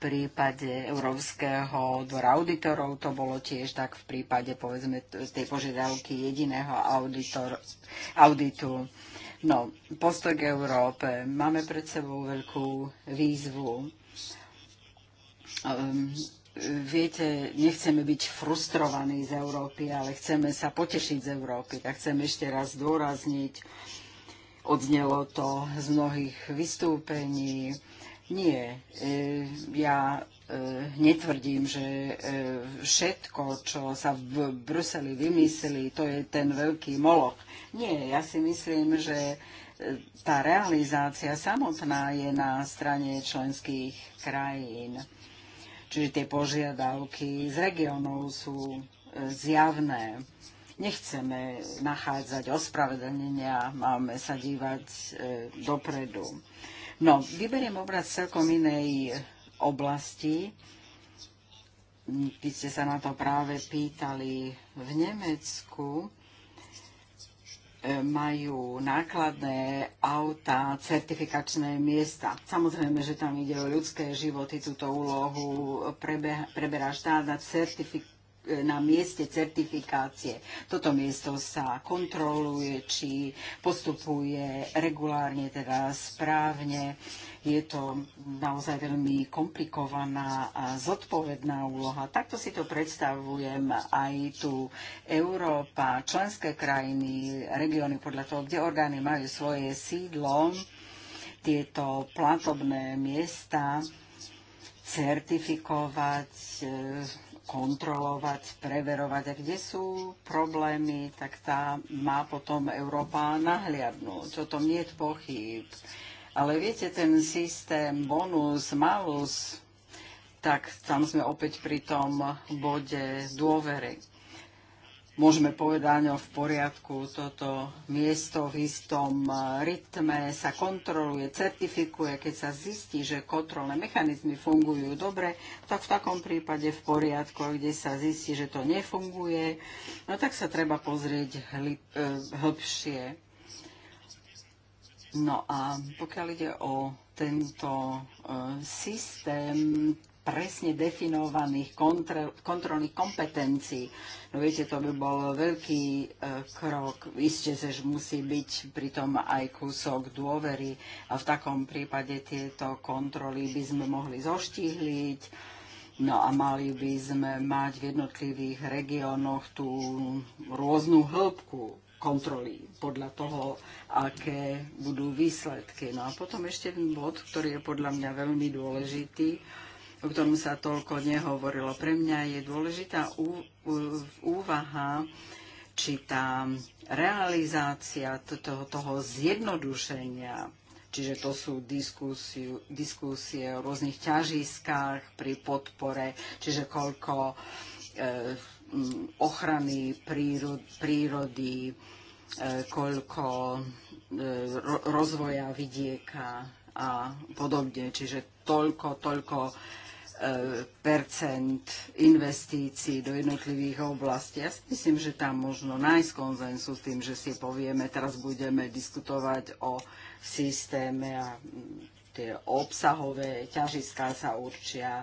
Speaker 1: prípade Európskeho dvora auditorov, to bolo tiež tak v prípade povedzme tej požiadavky jediného auditor, auditu. No, postoj k Európe. Máme pred sebou veľkú výzvu. Um, viete, nechceme byť frustrovaní z Európy, ale chceme sa potešiť z Európy. Tak chcem ešte raz zdôrazniť, odznelo to z mnohých vystúpení, nie, e, ja e, netvrdím, že e, všetko, čo sa v Bruseli vymyslí, to je ten veľký moloch. Nie, ja si myslím, že tá realizácia samotná je na strane členských krajín. Čiže tie požiadavky z regionov sú zjavné. Nechceme nachádzať ospravedlnenia, máme sa dívať dopredu. No, vyberiem obraz celkom inej oblasti. Vy ste sa na to práve pýtali v Nemecku e, majú nákladné auta, certifikačné miesta. Samozrejme, že tam ide o ľudské životy, túto úlohu preberá štát a certifi- na mieste certifikácie. Toto miesto sa kontroluje, či postupuje regulárne, teda správne. Je to naozaj veľmi komplikovaná a zodpovedná úloha. Takto si to predstavujem aj tu Európa, členské krajiny, regióny podľa toho, kde orgány majú svoje sídlo, tieto platobné miesta certifikovať e, kontrolovať, preverovať. A kde sú problémy, tak tá má potom Európa nahliadnúť. O tom nie je pochyb. Ale viete, ten systém bonus, malus, tak tam sme opäť pri tom bode dôvery môžeme povedať, ňo no, v poriadku, toto miesto v istom e, rytme sa kontroluje, certifikuje, keď sa zistí, že kontrolné mechanizmy fungujú dobre, tak v takom prípade v poriadku, kde sa zistí, že to nefunguje, no tak sa treba pozrieť hĺbšie. E, no a pokiaľ ide o tento e, systém, presne definovaných kontrol, kontrolných kompetencií. No viete, to by bol veľký e, krok. Isté, že musí byť pritom aj kúsok dôvery a v takom prípade tieto kontroly by sme mohli zoštihliť. No a mali by sme mať v jednotlivých regiónoch tú rôznu hĺbku kontroly podľa toho, aké budú výsledky. No a potom ešte jeden bod, ktorý je podľa mňa veľmi dôležitý o ktorom sa toľko nehovorilo. Pre mňa je dôležitá úvaha, či tá realizácia toho, toho zjednodušenia, čiže to sú diskusie o rôznych ťažiskách pri podpore, čiže koľko e, mm, ochrany prírody, e, koľko e, rozvoja vidieka a podobne. Čiže toľko, toľko percent investícií do jednotlivých oblastí. Ja si myslím, že tam možno nájsť konzensus tým, že si povieme, teraz budeme diskutovať o systéme a tie obsahové ťažiská sa určia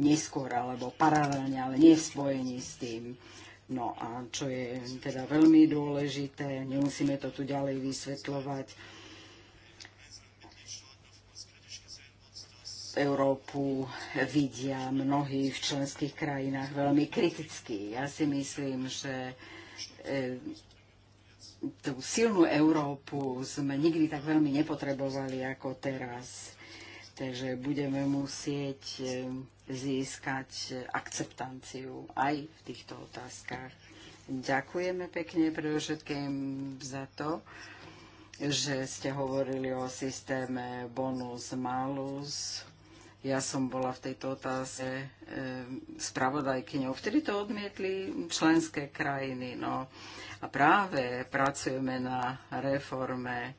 Speaker 1: neskôr alebo paralelne, ale nie v spojení s tým. No a čo je teda veľmi dôležité, nemusíme to tu ďalej vysvetľovať, Európu vidia mnohí v členských krajinách veľmi kriticky. Ja si myslím, že e, tú silnú Európu sme nikdy tak veľmi nepotrebovali ako teraz. Takže budeme musieť e, získať akceptanciu aj v týchto otázkach. Ďakujeme pekne predovšetkým za to, že ste hovorili o systéme bonus-malus. Ja som bola v tejto e, spravodajkyňou. Vtedy to odmietli členské krajiny. No. A práve pracujeme na reforme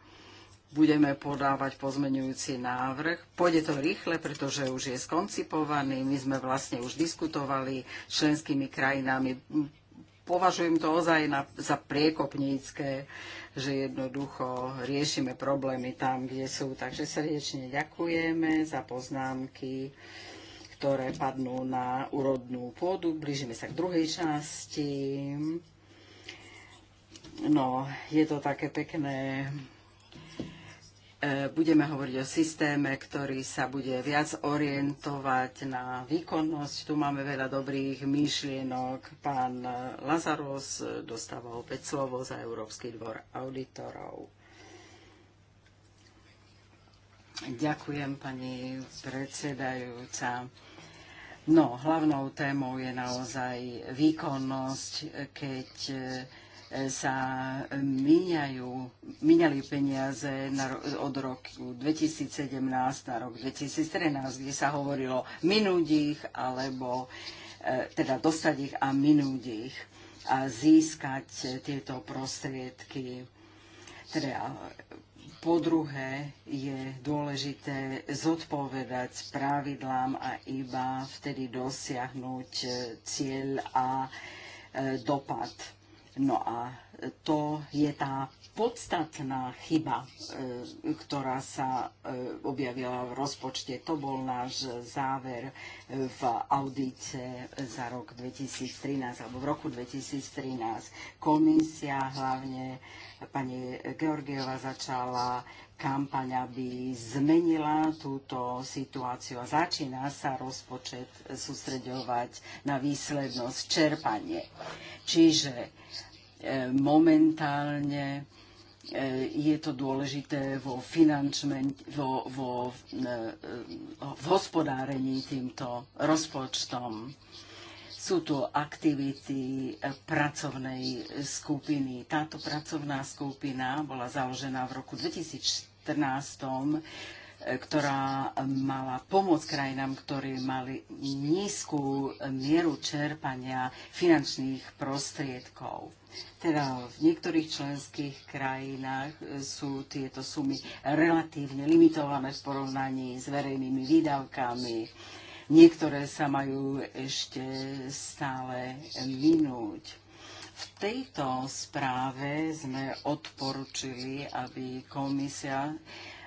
Speaker 1: budeme podávať pozmenujúci návrh. Pôjde to rýchle, pretože už je skoncipovaný. My sme vlastne už diskutovali s členskými krajinami považujem to ozaj na, za priekopnícke, že jednoducho riešime problémy tam, kde sú. Takže srdečne ďakujeme za poznámky, ktoré padnú na úrodnú pôdu. Blížime sa k druhej časti. No, je to také pekné E, budeme hovoriť o systéme, ktorý sa bude viac orientovať na výkonnosť. Tu máme veľa dobrých myšlienok. Pán Lazaros e, dostáva opäť slovo za Európsky dvor auditorov. Ďakujem, pani predsedajúca. No, hlavnou témou je naozaj výkonnosť, keď e, sa míňajú, míňali peniaze na, od roku 2017 na rok 2013, kde sa hovorilo minúť ich, alebo e, teda dostať ich a minúť ich a získať tieto prostriedky. Teda po druhé je dôležité zodpovedať pravidlám a iba vtedy dosiahnuť e, cieľ a e, dopad No a to je tá podstatná chyba, e, ktorá sa e, objavila v rozpočte. To bol náš záver e, v audite za rok 2013 alebo v roku 2013. Komisia hlavne pani Georgieva začala kampaň, aby zmenila túto situáciu a začína sa rozpočet sústreďovať na výslednosť čerpanie. Čiže e, momentálne e, je to dôležité vo, vo, vo, e, v hospodárení týmto rozpočtom. Sú tu aktivity pracovnej skupiny. Táto pracovná skupina bola založená v roku 2004 E, ktorá mala pomôcť krajinám, ktorí mali nízku mieru čerpania finančných prostriedkov. Teda v niektorých členských krajinách e, sú tieto sumy relatívne limitované v porovnaní s verejnými výdavkami. Niektoré sa majú ešte stále minúť v tejto správe sme odporučili, aby komisia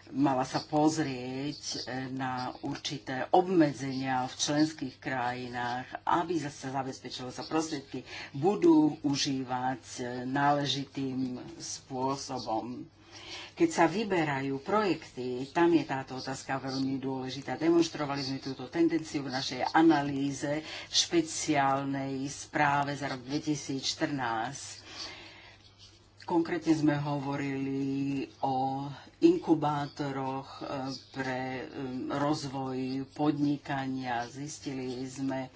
Speaker 1: mala sa pozrieť e, na určité obmedzenia v členských krajinách, aby zase zabezpečilo sa prostriedky, budú užívať e, náležitým spôsobom keď sa vyberajú projekty, tam je táto otázka veľmi dôležitá. Demonstrovali sme túto tendenciu v našej analýze v špeciálnej správe za rok 2014. Konkrétne sme hovorili o inkubátoroch eh, pre eh, rozvoj podnikania. Zistili sme,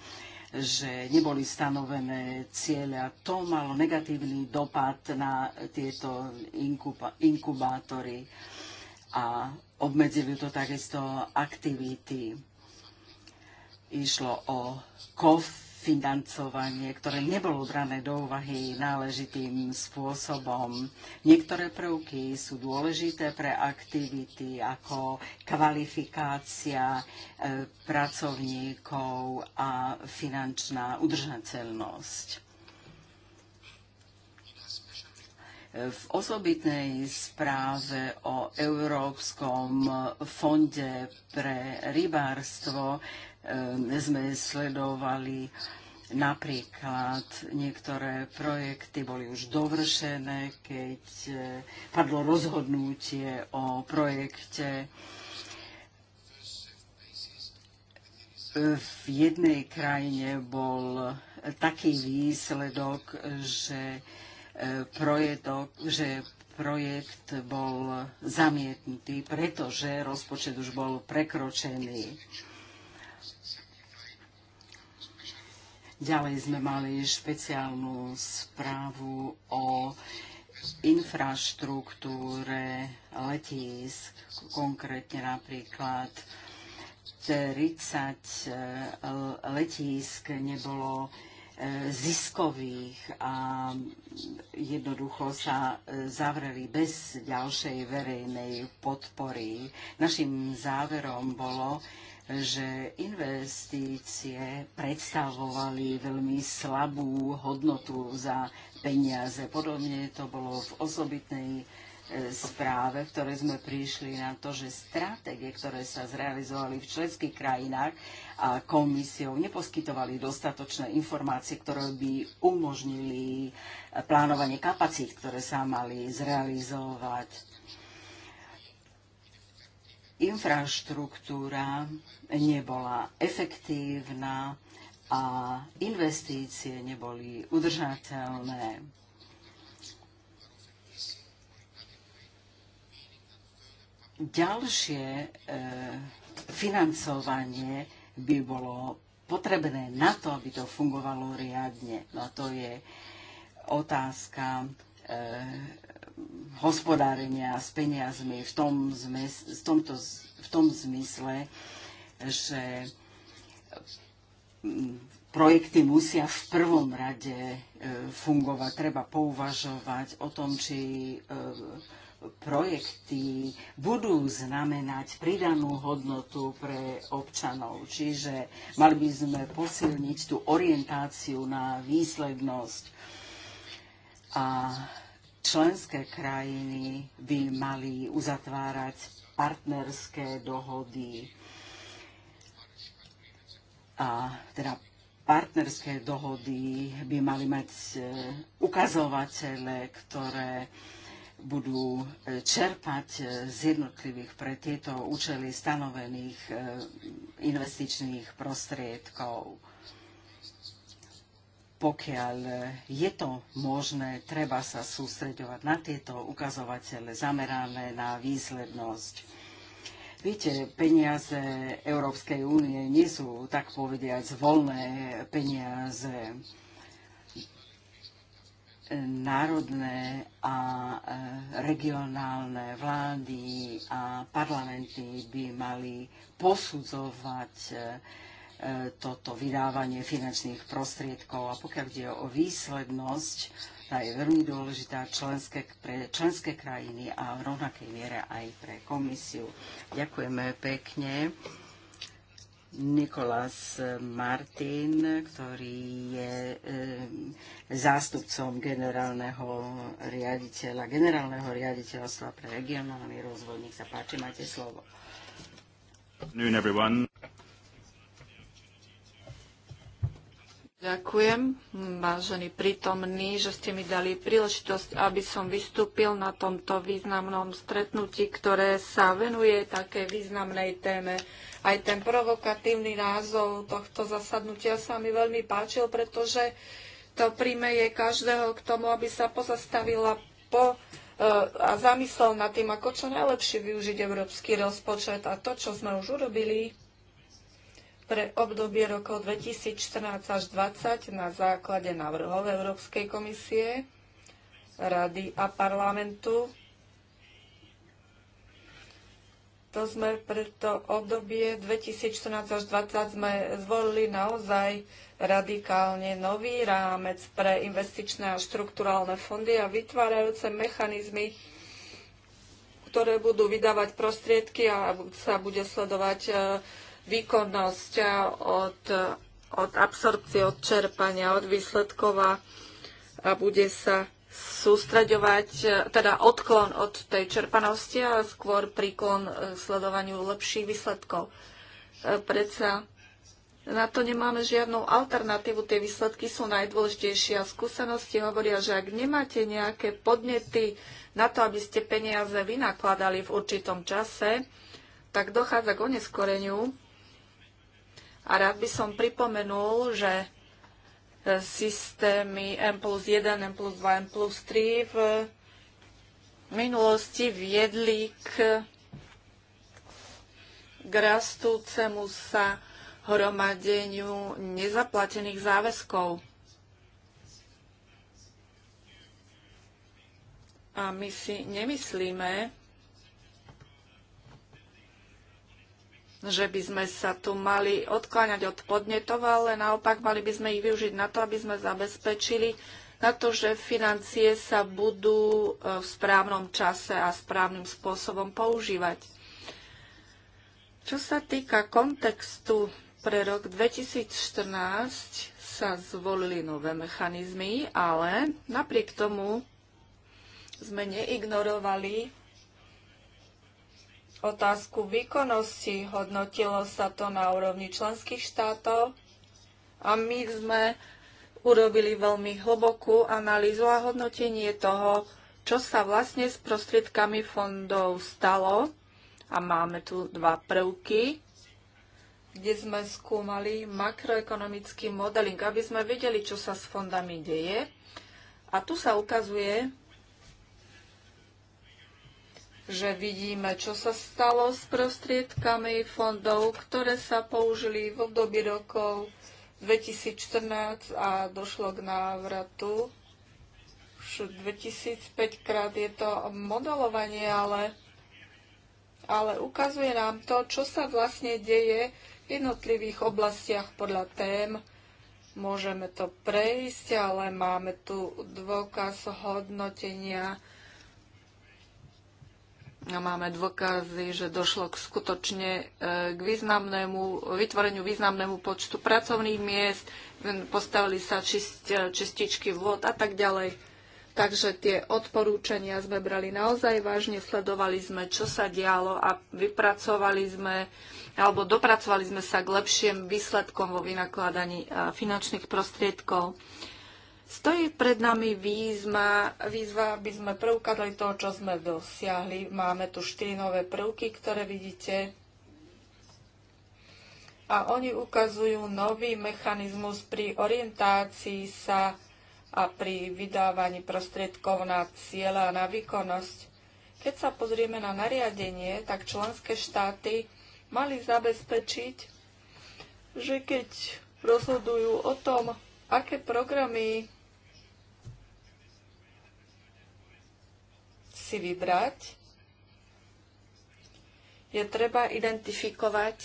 Speaker 1: že neboli stanovené ciele a to malo negatívny dopad na tieto inkubátory a obmedzili to takisto aktivity. Išlo o KOF financovanie, ktoré nebolo brané do úvahy náležitým spôsobom. Niektoré prvky sú dôležité pre aktivity ako kvalifikácia e, pracovníkov a finančná udržateľnosť. v osobitnej správe o Európskom fonde pre rybárstvo Ehm, sme sledovali Napríklad niektoré projekty boli už dovršené, keď eh, padlo rozhodnutie o projekte v jednej krajine bol taký výsledok, že eh, projektok, že projekt bol zamietnutý, pretože rozpočet už bol prekročený. Ďalej sme mali špeciálnu správu o infraštruktúre letísk, konkrétne napríklad 30 eh, letísk nebolo eh, ziskových a jednoducho sa eh, zavreli bez ďalšej verejnej podpory. Našim záverom bolo, že investície predstavovali veľmi slabú hodnotu za peniaze. Podobne to bolo v osobitnej e, správe, v ktorej sme prišli na to, že stratégie, ktoré sa zrealizovali v členských krajinách a komisiou, neposkytovali dostatočné informácie, ktoré by umožnili e, plánovanie kapacít, ktoré sa mali zrealizovať infraštruktúra nebola efektívna a investície neboli udržateľné. Ďalšie e, financovanie by bolo potrebné na to, aby to fungovalo riadne. No a to je otázka e, hospodárenia s peniazmi v tom, zmes, v, tomto, v tom zmysle, že mm, projekty musia v prvom rade e, fungovať. Treba pouvažovať o tom, či e, projekty budú znamenať pridanú hodnotu pre občanov. Čiže mali by sme posilniť tú orientáciu na výslednosť. A členské krajiny by mali uzatvárať partnerské dohody a teda partnerské dohody by mali mať e, ukazovatele, ktoré budú e, čerpať e, z jednotlivých pre tieto účely stanovených investičných prostriedkov pokiaľ eh, je to možné, treba sa sústreďovať na tieto ukazovatele zamerané na výslednosť. Viete, peniaze Európskej únie nie sú, tak povediať, voľné peniaze. Národné a eh, regionálne vlády a parlamenty by mali posudzovať eh, toto vydávanie finančných prostriedkov. A pokiaľ ide o výslednosť, tá je veľmi dôležitá členské, pre členské krajiny a v rovnakej miere aj pre komisiu. Ďakujeme pekne. Nikolás Martin, ktorý je e, zástupcom generálneho riaditeľa, generálneho riaditeľstva pre regionálny rozvoj. Nech sa páči, máte slovo.
Speaker 3: Ďakujem, vážený prítomný, že ste mi dali príležitosť, aby som vystúpil na tomto významnom stretnutí, ktoré sa venuje také významnej téme. Aj ten provokatívny názov tohto zasadnutia sa mi veľmi páčil, pretože to príjme je každého k tomu, aby sa pozastavila po e, a zamyslel nad tým, ako čo najlepšie využiť európsky rozpočet a to, čo sme už urobili pre obdobie rokov 2014 až 2020 na základe návrhov Európskej komisie, Rady a parlamentu. To sme pre to obdobie 2014 až 2020 sme zvolili naozaj radikálne nový rámec pre investičné a štrukturálne fondy a vytvárajúce mechanizmy, ktoré budú vydávať prostriedky a sa bude sledovať e, výkonnosť od, od absorpcie, od čerpania, od výsledkov a bude sa sústreďovať, e, teda odklon od tej čerpanosti, a skôr príklon e, sledovaniu lepších výsledkov. E, predsa na to nemáme žiadnu alternatívu, tie výsledky sú najdôležitejšie a skúsenosti hovoria, že ak nemáte nejaké podnety na to, aby ste peniaze vynakladali v určitom čase, tak dochádza k oneskoreniu a rád by som pripomenul, že e, systémy M plus 1, M plus 2, M plus 3 v minulosti viedli k, k rastúcemu sa hromadeniu nezaplatených záväzkov. A my si nemyslíme, že by sme sa tu mali odkláňať od podnetov, ale naopak mali by sme ich využiť na to, aby sme zabezpečili na to, že financie sa budú e, v správnom čase a správnym spôsobom používať. Čo sa týka kontextu pre rok 2014 sa zvolili nové mechanizmy, ale napriek tomu sme neignorovali otázku výkonnosti. Hodnotilo sa to na úrovni členských štátov a my sme urobili veľmi hlbokú analýzu a hodnotenie toho, čo sa vlastne s prostriedkami fondov stalo. A máme tu dva prvky, kde sme skúmali makroekonomický modeling, aby sme vedeli, čo sa s fondami deje. A tu sa ukazuje, že vidíme, čo sa stalo s prostriedkami fondov, ktoré sa použili v období rokov 2014 a došlo k návratu. Už 2005 krát je to modelovanie, ale, ale ukazuje nám to, čo sa vlastne deje v jednotlivých oblastiach podľa tém. Môžeme to prejsť, ale máme tu dôkaz hodnotenia No, máme dôkazy, že došlo k skutočne e, k významnému, vytvoreniu významnému počtu pracovných miest, postavili sa čist, e, čističky vôd a tak ďalej. Takže tie odporúčania sme brali naozaj vážne, sledovali sme, čo sa dialo a vypracovali sme, alebo dopracovali sme sa k lepším výsledkom vo vynakladaní e, finančných prostriedkov. Stojí pred nami výzva, výzva, aby sme preukázali to, čo sme dosiahli. Máme tu štyri nové prvky, ktoré vidíte. A oni ukazujú nový mechanizmus pri orientácii sa a pri vydávaní prostriedkov na cieľa a na výkonnosť. Keď sa pozrieme na nariadenie, tak členské štáty mali zabezpečiť, že keď rozhodujú o tom, aké programy si vybrať, je treba identifikovať,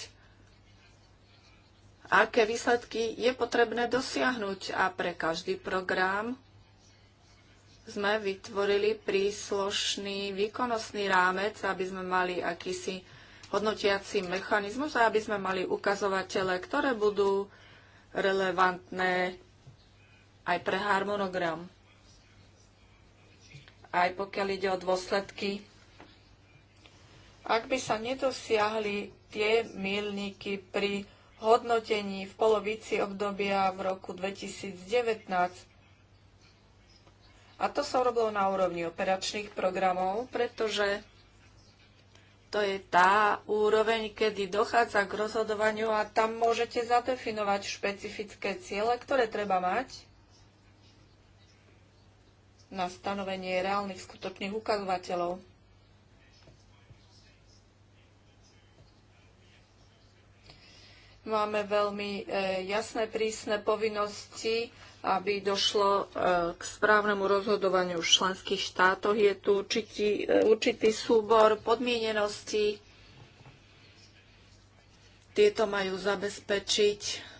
Speaker 3: aké výsledky je potrebné dosiahnuť a pre každý program sme vytvorili príslušný výkonnostný rámec, aby sme mali akýsi hodnotiaci mechanizmus a aby sme mali ukazovatele, ktoré budú relevantné aj pre harmonogram aj pokiaľ ide o dôsledky. Ak by sa nedosiahli tie milníky pri hodnotení v polovici obdobia v roku 2019, a to sa urobilo na úrovni operačných programov, pretože to je tá úroveň, kedy dochádza k rozhodovaniu a tam môžete zadefinovať špecifické ciele, ktoré treba mať na stanovenie reálnych skutočných ukazovateľov. Máme veľmi e, jasné, prísne povinnosti, aby došlo e, k správnemu rozhodovaniu v členských štátoch. Je tu určitý, e, určitý súbor podmieneností. Tieto majú zabezpečiť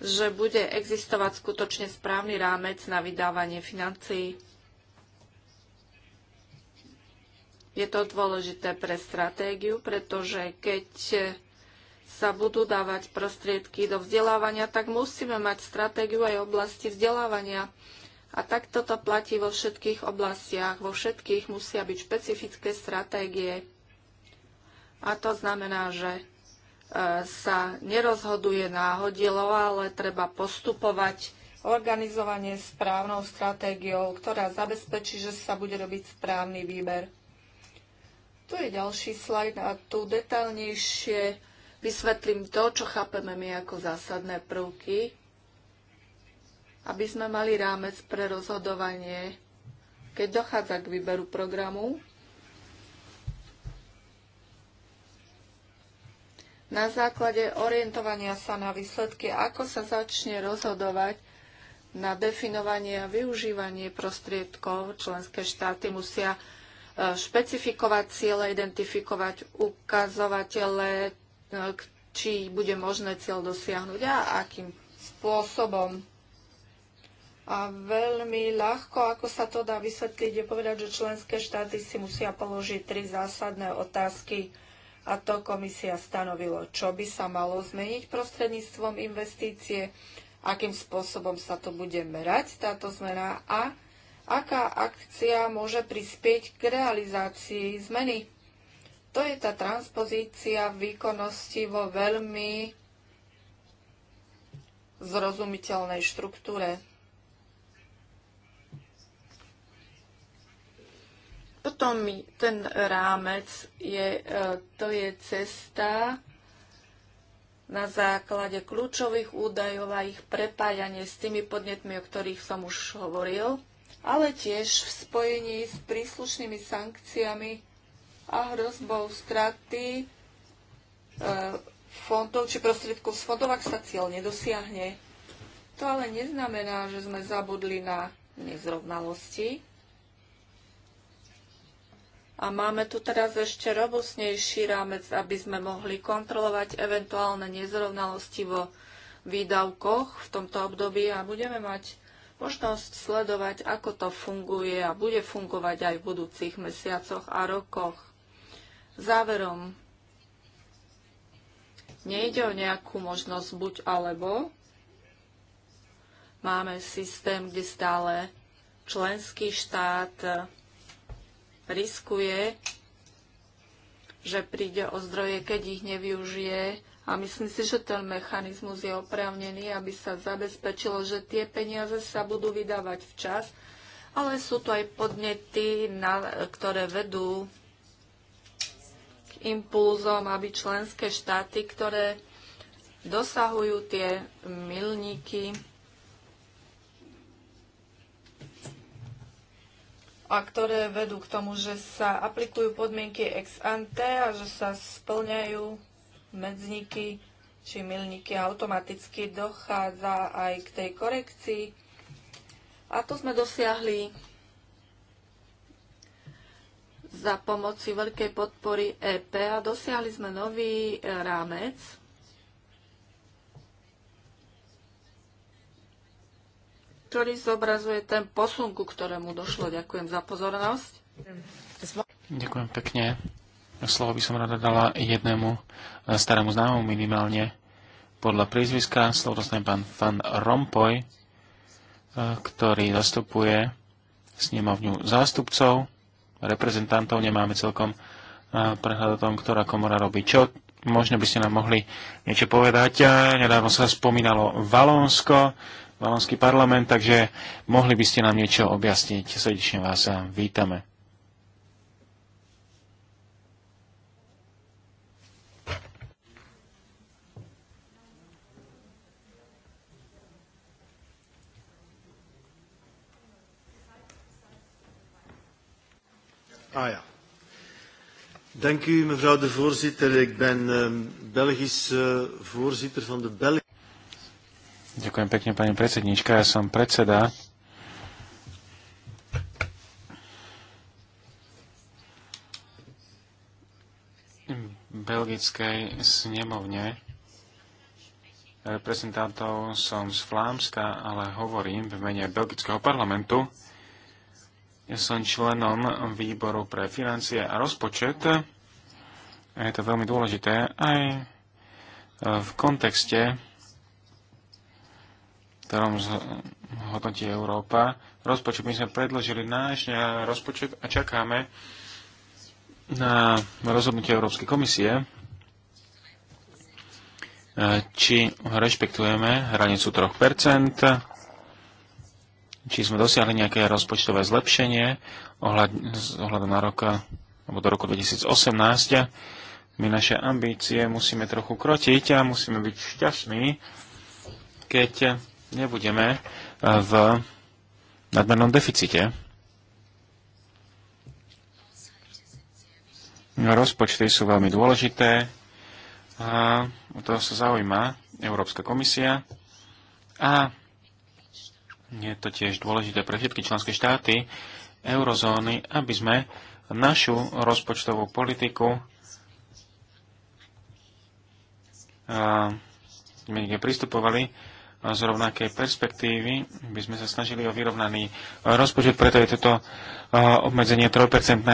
Speaker 3: že bude existovať skutočne správny rámec na vydávanie financií. Je to dôležité pre stratégiu, pretože keď sa budú dávať prostriedky do vzdelávania, tak musíme mať stratégiu aj oblasti vzdelávania. A tak toto platí vo všetkých oblastiach. Vo všetkých musia byť špecifické stratégie. A to znamená, že sa nerozhoduje náhodilo, ale treba postupovať organizovanie správnou stratégiou, ktorá zabezpečí, že sa bude robiť správny výber. Tu je ďalší slajd a tu detailnejšie vysvetlím to, čo chápeme my ako zásadné prvky, aby sme mali rámec pre rozhodovanie, keď dochádza k výberu programu na základe orientovania sa na výsledky, ako sa začne rozhodovať na definovanie a využívanie prostriedkov. Členské štáty musia e, špecifikovať ciele, identifikovať ukazovatele, e, či bude možné cieľ dosiahnuť a akým spôsobom. A veľmi ľahko, ako sa to dá vysvetliť, je povedať, že členské štáty si musia položiť tri zásadné otázky a to komisia stanovilo, čo by sa malo zmeniť prostredníctvom investície, akým spôsobom sa to bude merať, táto zmena a aká akcia môže prispieť k realizácii zmeny. To je tá transpozícia výkonnosti vo veľmi zrozumiteľnej štruktúre. Potom ten rámec je, e, to je cesta na základe kľúčových údajov a ich prepájanie s tými podnetmi, o ktorých som už hovoril, ale tiež v spojení s príslušnými sankciami a hrozbou straty e, fondov či prostriedkov z fondov, ak sa cieľ nedosiahne. To ale neznamená, že sme zabudli na nezrovnalosti, a máme tu teraz ešte robustnejší rámec, aby sme mohli kontrolovať eventuálne nezrovnalosti vo výdavkoch v tomto období a budeme mať možnosť sledovať, ako to funguje a bude fungovať aj v budúcich mesiacoch a rokoch. Záverom, nejde o nejakú možnosť buď alebo. Máme systém, kde stále členský štát riskuje, že príde o zdroje, keď ich nevyužije. A myslím si, že ten mechanizmus je oprávnený, aby sa zabezpečilo, že tie peniaze sa budú vydávať včas, ale sú tu aj podnety, na, ktoré vedú k impulzom, aby členské štáty, ktoré dosahujú tie milníky, a ktoré vedú k tomu, že sa aplikujú podmienky ex ante a že sa splňajú medzníky či milníky automaticky dochádza aj k tej korekcii. A to sme dosiahli za pomoci veľkej podpory EP a dosiahli sme nový eh, rámec ktorý zobrazuje ten posun, ku ktorému došlo. Ďakujem za pozornosť.
Speaker 2: Ďakujem pekne. Slovo by som rada dala jednému e, starému známu minimálne. Podľa prízviska, slovo dostane pán Van Rompuy, e, ktorý zastupuje snemovňu zástupcov, reprezentantov. Nemáme celkom e, prehľad o tom, ktorá komora robí čo. Možno by ste nám mohli niečo povedať. Nedávno sa spomínalo Valónsko, Valonský parlament, takže mohli by ste nám niečo objasniť. Srdečne vás a eh, vítame.
Speaker 1: Ah ja. Dank u mevrouw de voorzitter. Ik ben um, Belgisch uh, voorzitter van de Belgische...
Speaker 2: Ďakujem pekne, pani predsednička. Ja som predseda belgickej snemovne reprezentantov som z Flámska, ale hovorím v mene belgického parlamentu. Ja som členom výboru pre financie a rozpočet. A je to veľmi dôležité aj v kontexte ktorom hodnotí Európa. Rozpočet my sme predložili náš rozpočet a čakáme na rozhodnutie Európskej komisie, či rešpektujeme hranicu 3%, či sme dosiahli nejaké rozpočtové zlepšenie z ohľadu na roka, alebo do roku 2018. My naše ambície musíme trochu krotiť a musíme byť šťastní, keď nebudeme eh, v nadmernom deficite. Rozpočty sú veľmi dôležité a o toho sa zaujíma Európska komisia a je to tiež dôležité pre všetky členské štáty eurozóny, aby sme našu rozpočtovú politiku eh, sme pristupovali z rovnakej perspektívy by sme sa snažili o vyrovnaný rozpočet, preto je toto eh, obmedzenie 3%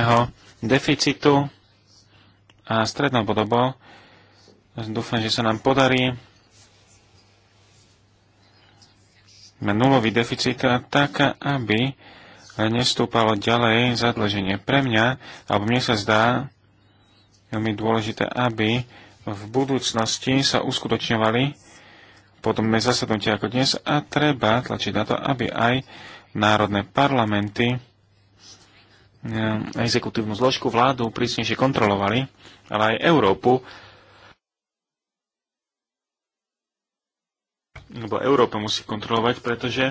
Speaker 2: deficitu a strednou podobou. Dúfam, že sa nám podarí nulový deficit tak, aby nestúpalo ďalej zadlženie. Pre mňa, alebo mne sa zdá je mi dôležité, aby v budúcnosti sa uskutočňovali podobné zasadnutie ako dnes a treba tlačiť na to, aby aj národné parlamenty eh, exekutívnu zložku vládu prísnejšie kontrolovali, ale aj Európu, lebo Európa musí kontrolovať, pretože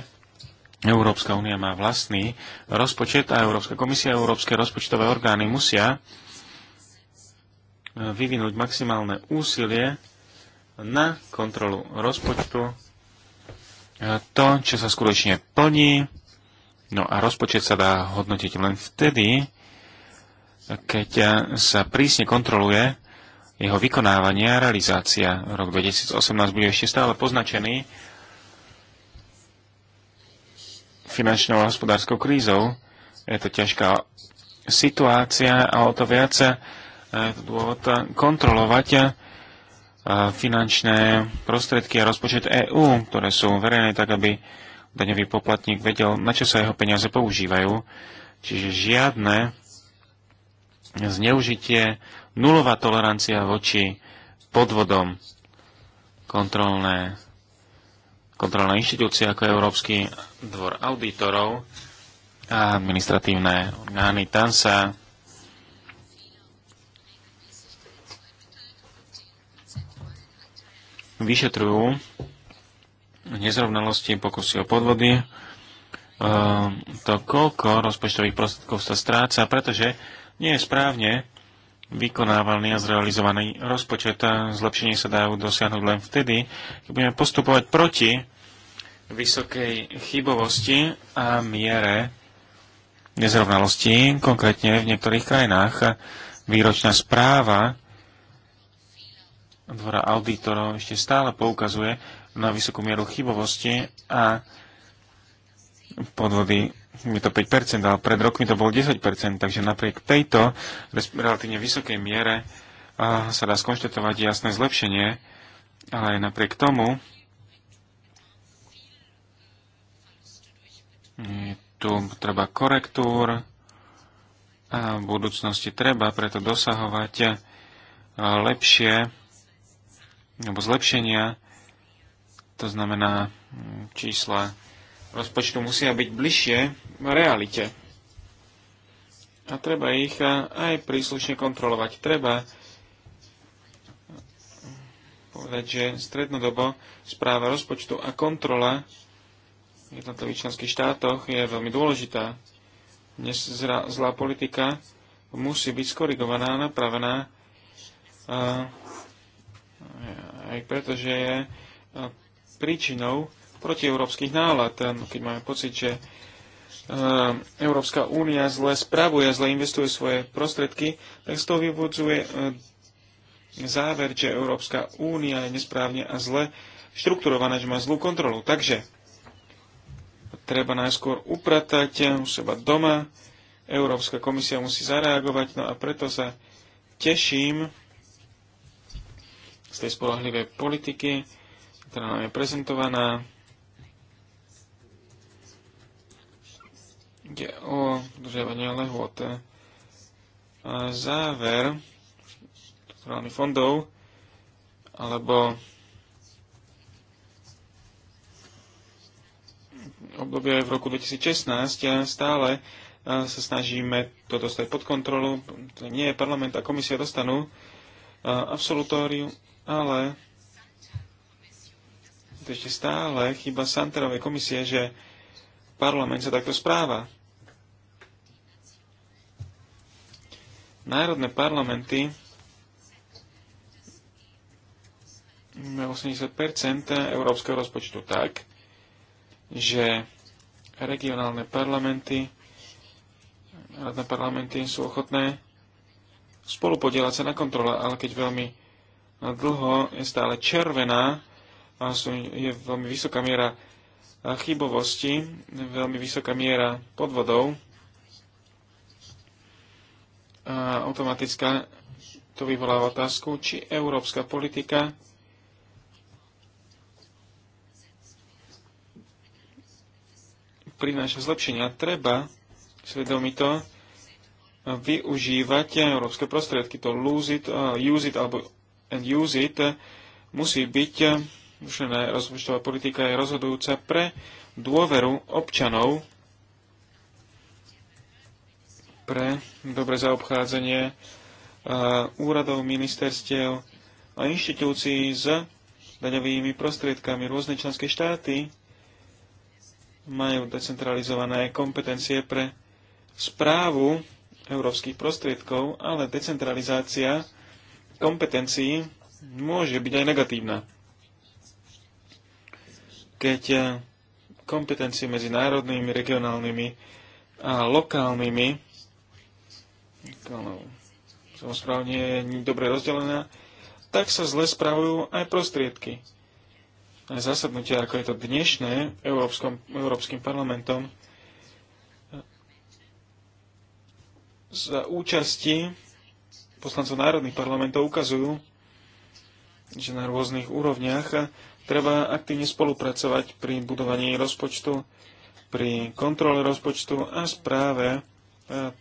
Speaker 2: Európska únia má vlastný rozpočet a Európska komisia a európske rozpočtové orgány musia eh, vyvinúť maximálne úsilie na kontrolu rozpočtu, to, čo sa skutočne plní, no a rozpočet sa dá hodnotiť len vtedy, keď sa prísne kontroluje jeho vykonávanie a realizácia. Rok 2018 bude ešte stále poznačený finančnou a hospodárskou krízou. Je to ťažká situácia a o to viac je dôvod kontrolovať finančné prostriedky a rozpočet EÚ, ktoré sú verejné, tak aby daňový poplatník vedel, na čo sa jeho peniaze používajú. Čiže žiadne zneužitie, nulová tolerancia voči podvodom kontrolné, kontrolné inštitúcie ako Európsky dvor auditorov a administratívne orgány. Tam sa vyšetrujú nezrovnalosti, pokusy o podvody, e, to koľko rozpočtových prostriedkov sa stráca, pretože nie je správne vykonávaný a zrealizovaný rozpočet a zlepšenie sa dajú dosiahnuť len vtedy, keď budeme postupovať proti vysokej chybovosti a miere nezrovnalostí, konkrétne v niektorých krajinách. Výročná správa dvora auditorov ešte stále poukazuje na vysokú mieru chybovosti a podvody je to 5%, ale pred rokmi to bolo 10%, takže napriek tejto relatívne vysokej miere a, sa dá skonštatovať jasné zlepšenie, ale aj napriek tomu je tu treba korektúr a v budúcnosti treba preto dosahovať lepšie alebo zlepšenia, to znamená mm, čísla rozpočtu musia byť bližšie v realite. A treba ich aj príslušne kontrolovať. Treba povedať, že strednodobo správa rozpočtu a kontrola v jednotlivých členských štátoch je veľmi dôležitá. Dnes zlá politika musí byť skorigovaná, napravená. A aj preto, že je e, príčinou protieurópskych nálad. Keď máme pocit, že e, Európska únia zle spravuje, zle investuje svoje prostredky, tak z toho vyvodzuje e, záver, že Európska únia je nesprávne a zle štrukturovaná, že má zlú kontrolu. Takže treba najskôr upratať u seba doma, Európska komisia musí zareagovať, no a preto sa teším, z tej spolahlivej politiky, ktorá nám je prezentovaná. Ide o udržiavanie lehôd. Záver strukturálnych fondov alebo obdobie v roku 2016 a stále sa snažíme to dostať pod kontrolu. To Nie, je parlament a komisia dostanú absolutórium ale to ešte stále chyba Santerovej komisie, že parlament sa takto správa. Národné parlamenty na 80 európskeho rozpočtu tak, že regionálne parlamenty, národné parlamenty sú ochotné spolupodielať sa na kontrole, ale keď veľmi dlho je stále červená a je veľmi vysoká miera chybovosti, veľmi vysoká miera podvodov a automatická to vyvoláva otázku, či európska politika prináša zlepšenia. Treba to využívať európske prostriedky, to lose it, uh, use it alebo and use it musí byť eh, zrušená rozpočtová politika je rozhodujúca pre dôveru občanov pre dobre zaobchádzanie eh, úradov, ministerstiev a inštitúcií s daňovými prostriedkami. Rôzne členské štáty majú decentralizované kompetencie pre správu európskych prostriedkov, ale decentralizácia kompetencií môže byť aj negatívna. Keď eh, kompetencie medzi národnými, regionálnymi a lokálnymi samozprávne je dobre rozdelená, tak sa zle spravujú aj prostriedky. Aj zasadnutia, ako je to dnešné Európskom, Európskym parlamentom, za účasti poslancov národných parlamentov ukazujú, že na rôznych úrovniach treba aktívne spolupracovať pri budovaní rozpočtu, pri kontrole rozpočtu a správe e,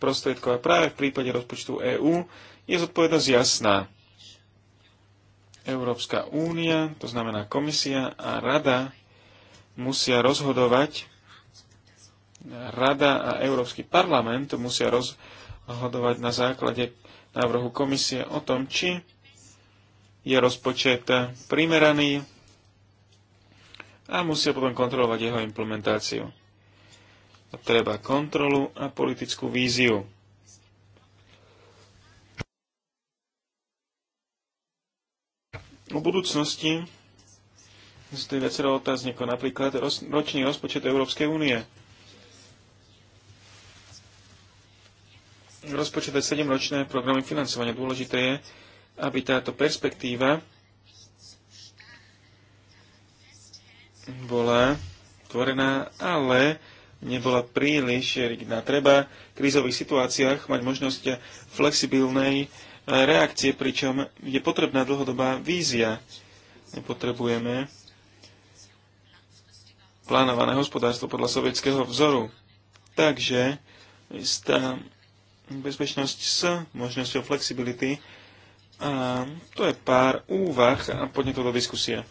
Speaker 2: prostriedkov. A práve v prípade rozpočtu EÚ je zodpovednosť jasná. Európska únia, to znamená komisia a rada, musia rozhodovať, rada a Európsky parlament musia rozhodovať na základe návrhu komisie o tom, či je rozpočet primeraný a musia potom kontrolovať jeho implementáciu. Treba kontrolu a politickú víziu. O budúcnosti zde je viacero otáznikov, napríklad ročný rozpočet Európskej únie rozpočetať 7-ročné programy financovania. Dôležité je, aby táto perspektíva bola tvorená, ale nebola príliš rigidná. Treba v krízových situáciách mať možnosť flexibilnej reakcie, pričom je potrebná dlhodobá vízia. Nepotrebujeme plánované hospodárstvo podľa sovietského vzoru. Takže bezpečnosť s možnosťou flexibility. A to je pár úvah a to do diskusie.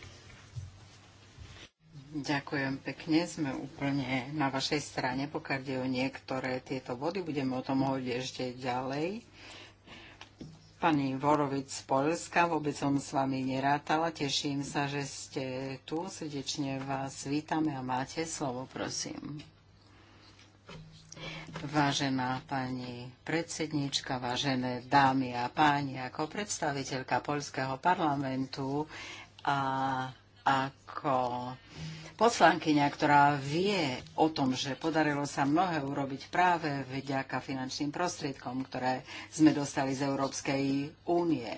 Speaker 1: Ďakujem pekne, sme úplne na vašej strane, pokiaľ o niektoré tieto body, budeme o tom hovoriť ešte ďalej. Pani Vorovic z Polska, vôbec som s vami nerátala, teším sa, že ste tu, srdečne vás vítame a máte slovo, prosím. Vážená pani predsednička, vážené dámy a páni, ako predstaviteľka Polského parlamentu a ako poslankyňa, ktorá vie o tom, že podarilo sa mnohé urobiť práve vďaka finančným prostriedkom, ktoré sme dostali z Európskej únie.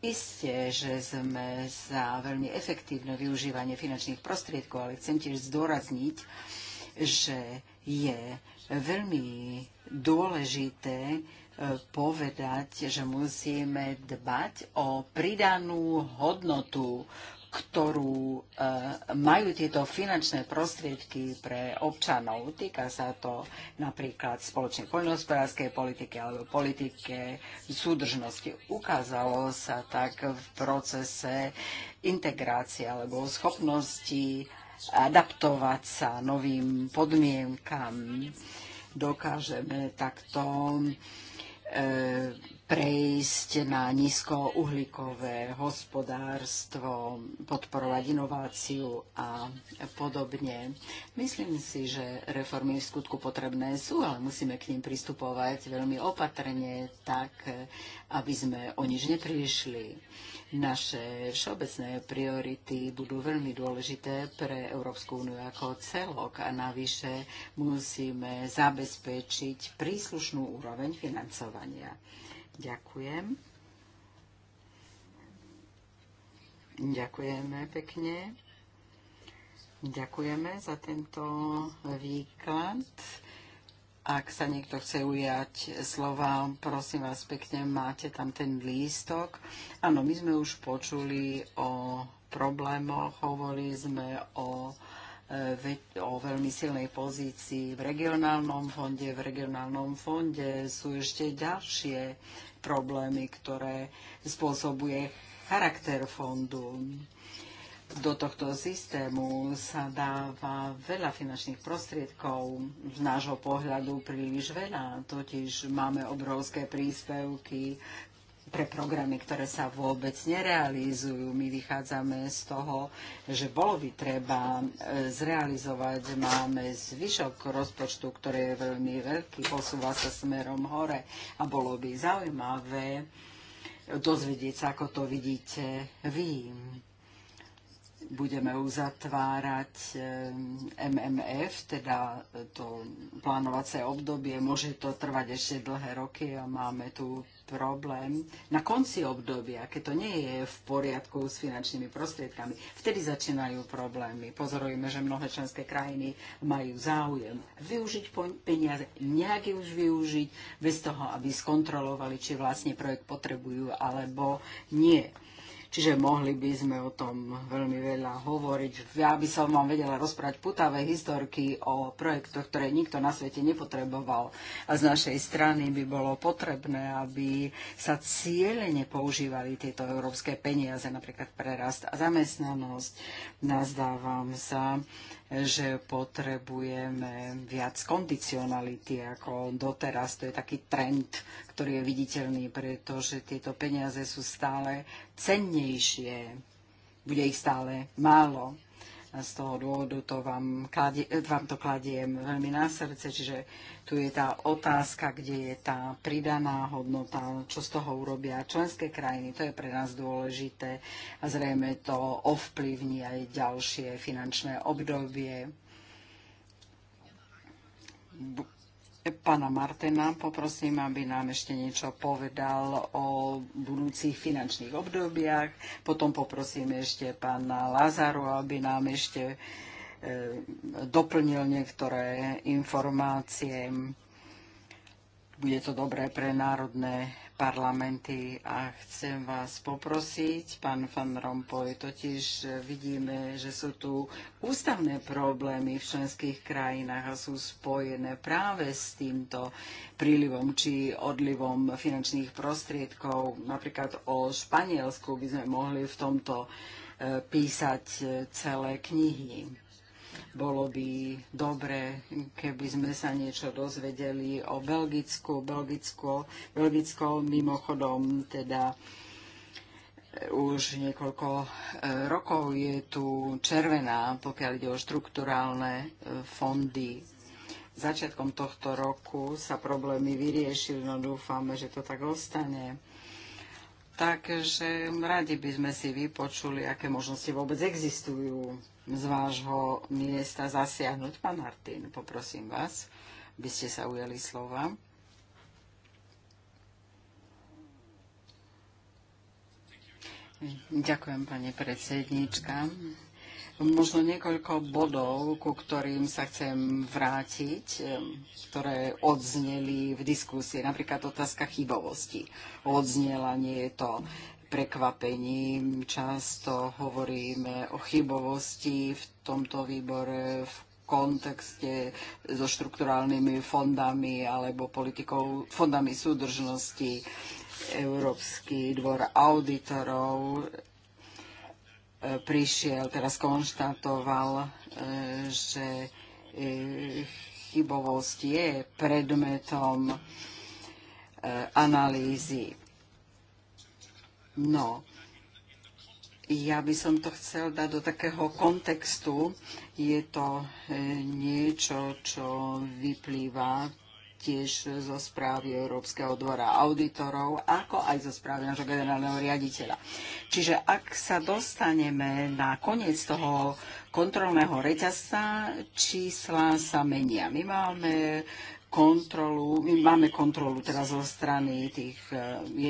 Speaker 1: Isté, že sme za veľmi efektívne využívanie finančných prostriedkov, ale chcem tiež zdôrazniť, že je veľmi dôležité e, povedať, že musíme dbať o pridanú hodnotu, ktorú e, majú tieto finančné prostriedky pre občanov. Týka sa to napríklad spoločnej poľnohospodárskej politiky alebo politike súdržnosti. Ukázalo sa tak v procese integrácie alebo schopnosti adaptovať sa novým podmienkam. Dokážeme takto e, prejsť na nízkouhlíkové hospodárstvo, podporovať inováciu a podobne. Myslím si, že reformy v skutku potrebné sú, ale musíme k ním pristupovať veľmi opatrne, tak, aby sme o nič neprišli. Naše všeobecné priority budú veľmi dôležité pre Európsku úniu ako celok a navyše musíme zabezpečiť príslušnú úroveň financovania. Ďakujem. Ďakujeme pekne. Ďakujeme za tento výklad. Ak sa niekto chce ujať slova, prosím vás pekne, máte tam ten lístok. Áno, my sme už počuli o problémoch, hovorili sme o o veľmi silnej pozícii v regionálnom fonde. V regionálnom fonde sú ešte ďalšie problémy, ktoré spôsobuje charakter fondu. Do tohto systému sa dáva veľa finančných prostriedkov, z nášho pohľadu príliš veľa, totiž máme obrovské príspevky pre programy, ktoré sa vôbec nerealizujú. My vychádzame z toho, že bolo by treba e, zrealizovať. Máme zvyšok rozpočtu, ktorý je veľmi veľký, posúva sa smerom hore a bolo by zaujímavé dozvedieť sa, ako to vidíte vy budeme uzatvárať e, MMF, teda to plánovacie obdobie. Môže to trvať ešte dlhé roky a máme tu problém na konci obdobia, keď to nie je v poriadku s finančnými prostriedkami. Vtedy začínajú problémy. Pozorujeme, že mnohé členské krajiny majú záujem využiť peniaze, nejak už využiť, bez toho, aby skontrolovali, či vlastne projekt potrebujú alebo nie. Čiže mohli by sme o tom veľmi veľa hovoriť. Ja by som vám vedela rozprávať putavé historky o projektoch, ktoré nikto na svete nepotreboval. A z našej strany by bolo potrebné, aby sa cieľene používali tieto európske peniaze, napríklad pre rast a zamestnanosť. Nazdávam sa, že potrebujeme viac kondicionality ako doteraz. To je taký trend, ktorý je viditeľný, pretože tieto peniaze sú stále cennejšie. Bude ich stále málo z toho dôvodu to vám, kladie, vám to kladiem veľmi na srdce, čiže tu je tá otázka, kde je tá pridaná hodnota, čo z toho urobia členské krajiny, to je pre nás dôležité a zrejme to ovplyvní aj ďalšie finančné obdobie Pána Martena poprosím, aby nám ešte niečo povedal o budúcich finančných obdobiach. Potom poprosím ešte pána Lázaru, aby nám ešte e, doplnil niektoré informácie. Bude to dobré pre národné parlamenty a chcem vás poprosiť, pán Van Rompuy, totiž e, vidíme, že sú tu ústavné problémy v členských krajinách a sú spojené práve s týmto prílivom či odlivom finančných prostriedkov. Napríklad o Španielsku by sme mohli v tomto e, písať e, celé knihy. Bolo by dobre, keby sme sa niečo dozvedeli o Belgicku. Belgicko, Belgicko mimochodom teda e, už niekoľko e, rokov je tu červená, pokiaľ ide o štrukturálne e, fondy. Začiatkom tohto roku sa problémy vyriešili, no dúfame, že to tak ostane. Takže radi by sme si vypočuli, aké možnosti vôbec existujú z vášho miesta zasiahnuť. Pán Martin, poprosím vás, by ste sa ujeli slova. Ďakujem, pani predsednička. Možno niekoľko bodov, ku ktorým sa chcem vrátiť, ktoré odzneli v diskusii. Napríklad otázka chybovosti. Odznela nie je to prekvapením. Často hovoríme o chybovosti v tomto výbore, v kontexte so štrukturálnymi fondami alebo politikou, fondami súdržnosti. Európsky dvor auditorov e, prišiel, teraz konštatoval, e, že e, chybovosť je predmetom analýzy No, ja by som to chcel dať do takého kontextu. Je to e, niečo, čo vyplýva tiež zo správy Európskeho dvora auditorov, ako aj zo správy nášho generálneho riaditeľa. Čiže ak sa dostaneme na koniec toho kontrolného reťazca, čísla sa menia. My máme kontrolu, my máme kontrolu teraz zo strany tých e,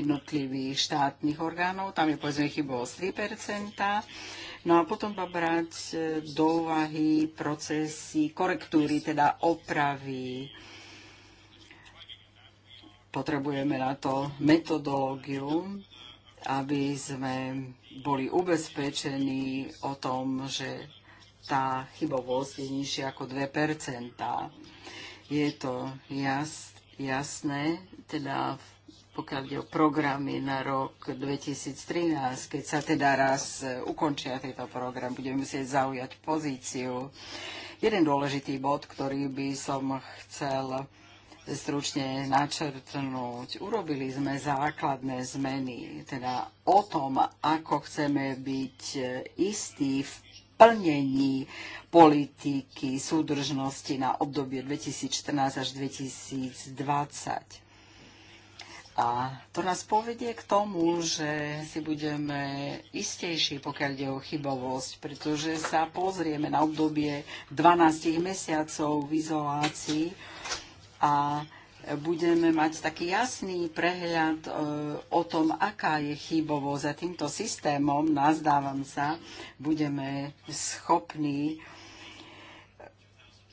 Speaker 1: jednotlivých štátnych orgánov, tam je povedzme chybo 3%, no a potom má brať e, do úvahy procesy korektúry, teda opravy. Potrebujeme na to metodológiu, aby sme boli ubezpečení o tom, že tá chybovosť je nižšia ako 2 je to jas, jasné, teda pokiaľ ide o programy na rok 2013, keď sa teda raz e, ukončia tieto program, budeme musieť zaujať pozíciu. Jeden dôležitý bod, ktorý by som chcel stručne načrtnúť. Urobili sme základné zmeny, teda o tom, ako chceme byť e, istí v plnení politiky súdržnosti na obdobie 2014 až 2020. A to nás povedie k tomu, že si budeme istejší, pokiaľ ide o chybovosť, pretože sa pozrieme na obdobie 12 mesiacov v izolácii a budeme mať taký jasný prehľad e, o tom, aká je chybovosť. A týmto systémom, nazdávam sa, budeme schopní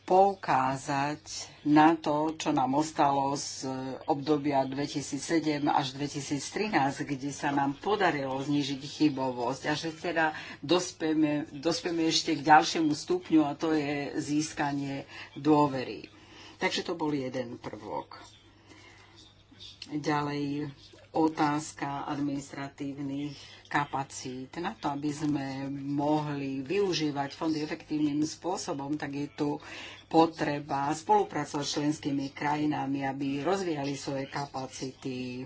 Speaker 1: poukázať na to, čo nám ostalo z obdobia 2007 až 2013, kde sa nám podarilo znižiť chybovosť a že teda dospieme, dospieme ešte k ďalšiemu stupňu a to je získanie dôvery. Takže to bol jeden prvok. Ďalej otázka administratívnych kapacít. Na to, aby sme mohli využívať fondy efektívnym spôsobom, tak je tu potreba spolupracovať s členskými krajinami, aby rozvíjali svoje kapacity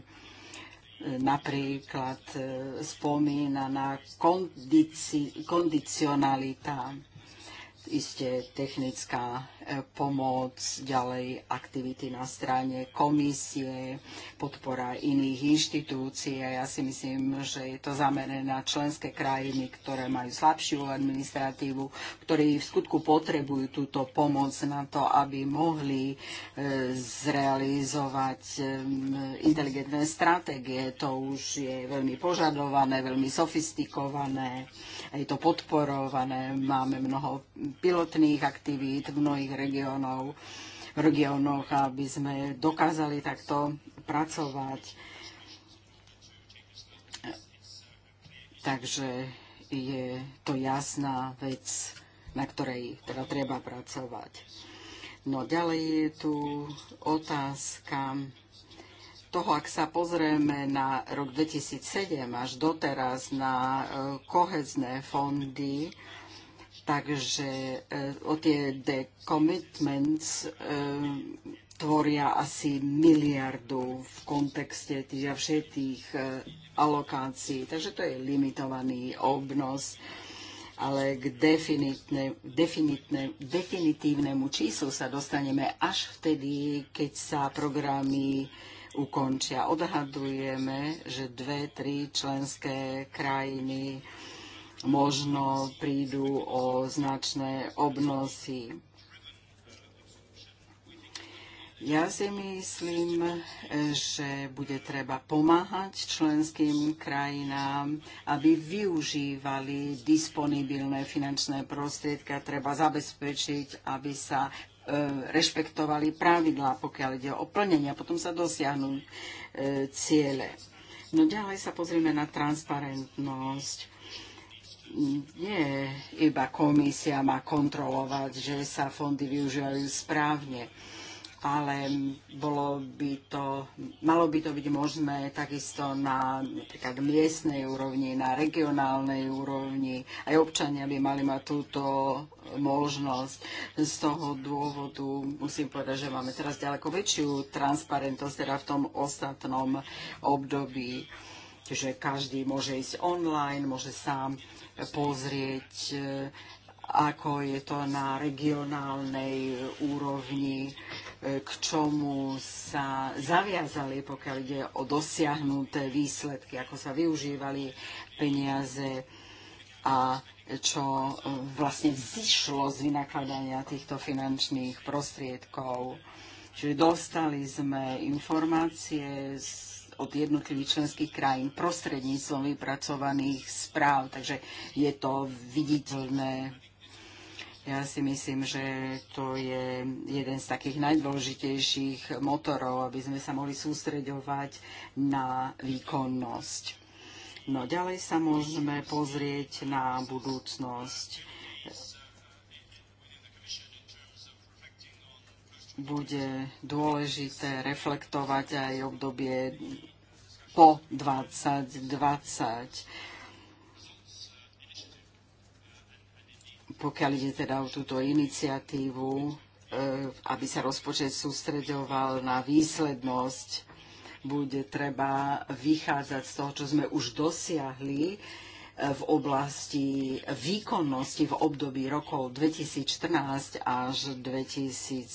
Speaker 1: napríklad e, spomínaná kondici, kondicionalita, isté technická E, pomoc, ďalej aktivity na strane komisie, podpora iných inštitúcií. A ja si myslím, že je to zamerané na členské krajiny, ktoré majú slabšiu administratívu, ktorí v skutku potrebujú túto pomoc na to, aby mohli e, zrealizovať e, inteligentné stratégie. To už je veľmi požadované, veľmi sofistikované, je to podporované. Máme mnoho pilotných aktivít v mnohých regiónov, regiónoch, aby sme dokázali takto pracovať. Takže je to jasná vec, na ktorej teda treba pracovať. No ďalej je tu otázka toho, ak sa pozrieme na rok 2007 až doteraz na eh, kohezné fondy, Takže e, o tie commitments e, tvoria asi miliardu v kontekste tých všetkých e, alokácií. Takže to je limitovaný obnos ale k definitne, definitne, definitívnemu číslu sa dostaneme až vtedy, keď sa programy ukončia. Odhadujeme, že dve, tri členské krajiny možno prídu o značné obnosy. Ja si myslím, že bude treba pomáhať členským krajinám, aby využívali disponibilné finančné prostriedky a treba zabezpečiť, aby sa e, rešpektovali pravidlá, pokiaľ ide o plnenie a potom sa dosiahnu e, ciele. No ďalej sa pozrieme na transparentnosť nie iba komisia má kontrolovať, že sa fondy využívajú správne, ale bolo by to, malo by to byť možné takisto na napríklad miestnej úrovni, na regionálnej úrovni. Aj občania by mali mať túto možnosť. Z toho dôvodu musím povedať, že máme teraz ďaleko väčšiu transparentnosť teda v tom ostatnom období že každý môže ísť online, môže sám pozrieť, e, ako je to na regionálnej úrovni, e, k čomu sa zaviazali, pokiaľ ide o dosiahnuté výsledky, ako sa využívali peniaze a čo e, vlastne zišlo z vynakladania týchto finančných prostriedkov. Čiže dostali sme informácie z od jednotlivých členských krajín prostredníctvom vypracovaných správ, takže je to viditeľné. Ja si myslím, že to je jeden z takých najdôležitejších motorov, aby sme sa mohli sústreďovať na výkonnosť. No ďalej sa môžeme pozrieť na budúcnosť bude dôležité reflektovať aj obdobie po 2020. Pokiaľ ide teda o túto iniciatívu, e, aby sa rozpočet sústreďoval na výslednosť, bude treba vychádzať z toho, čo sme už dosiahli v oblasti výkonnosti v období rokov 2014 až 2020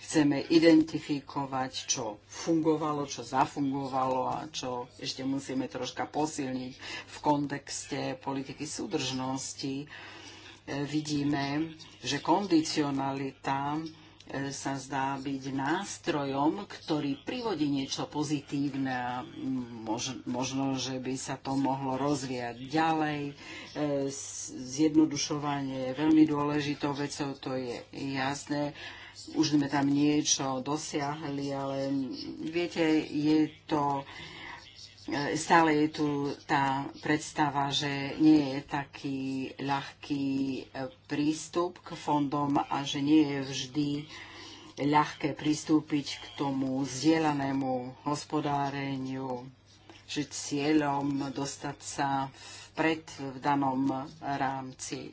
Speaker 1: chceme identifikovať, čo fungovalo, čo zafungovalo a čo ešte musíme troška posilniť v kontexte politiky súdržnosti. E, vidíme, že kondicionalita sa zdá byť nástrojom, ktorý privodí niečo pozitívne a možno, že by sa to mohlo rozvíjať ďalej. E, zjednodušovanie je veľmi dôležitou vecou, to je jasné. Už sme tam niečo dosiahli, ale viete, je to E, stále je tu tá predstava, že nie je taký ľahký e, prístup k fondom a že nie je vždy ľahké pristúpiť k tomu zdieľanému hospodáreniu, že cieľom dostať sa vpred v danom rámci.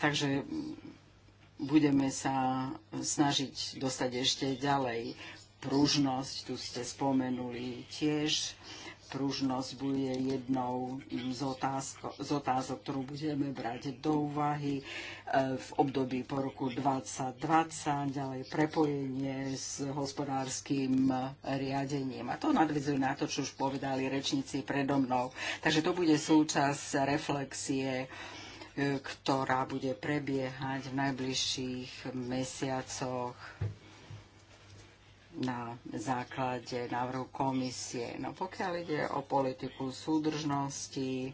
Speaker 1: Takže budeme sa snažiť dostať ešte ďalej. Pružnosť, tu ste spomenuli tiež. Pružnosť bude jednou z, otázko, z otázok, ktorú budeme brať do úvahy e, v období po roku 2020, ďalej prepojenie s hospodárským e, riadením. A to nadvizuje na to, čo už povedali rečníci predo mnou. Takže to bude súčasť reflexie e, ktorá bude prebiehať v najbližších mesiacoch na základe návrhu komisie. No pokiaľ ide o politiku súdržnosti,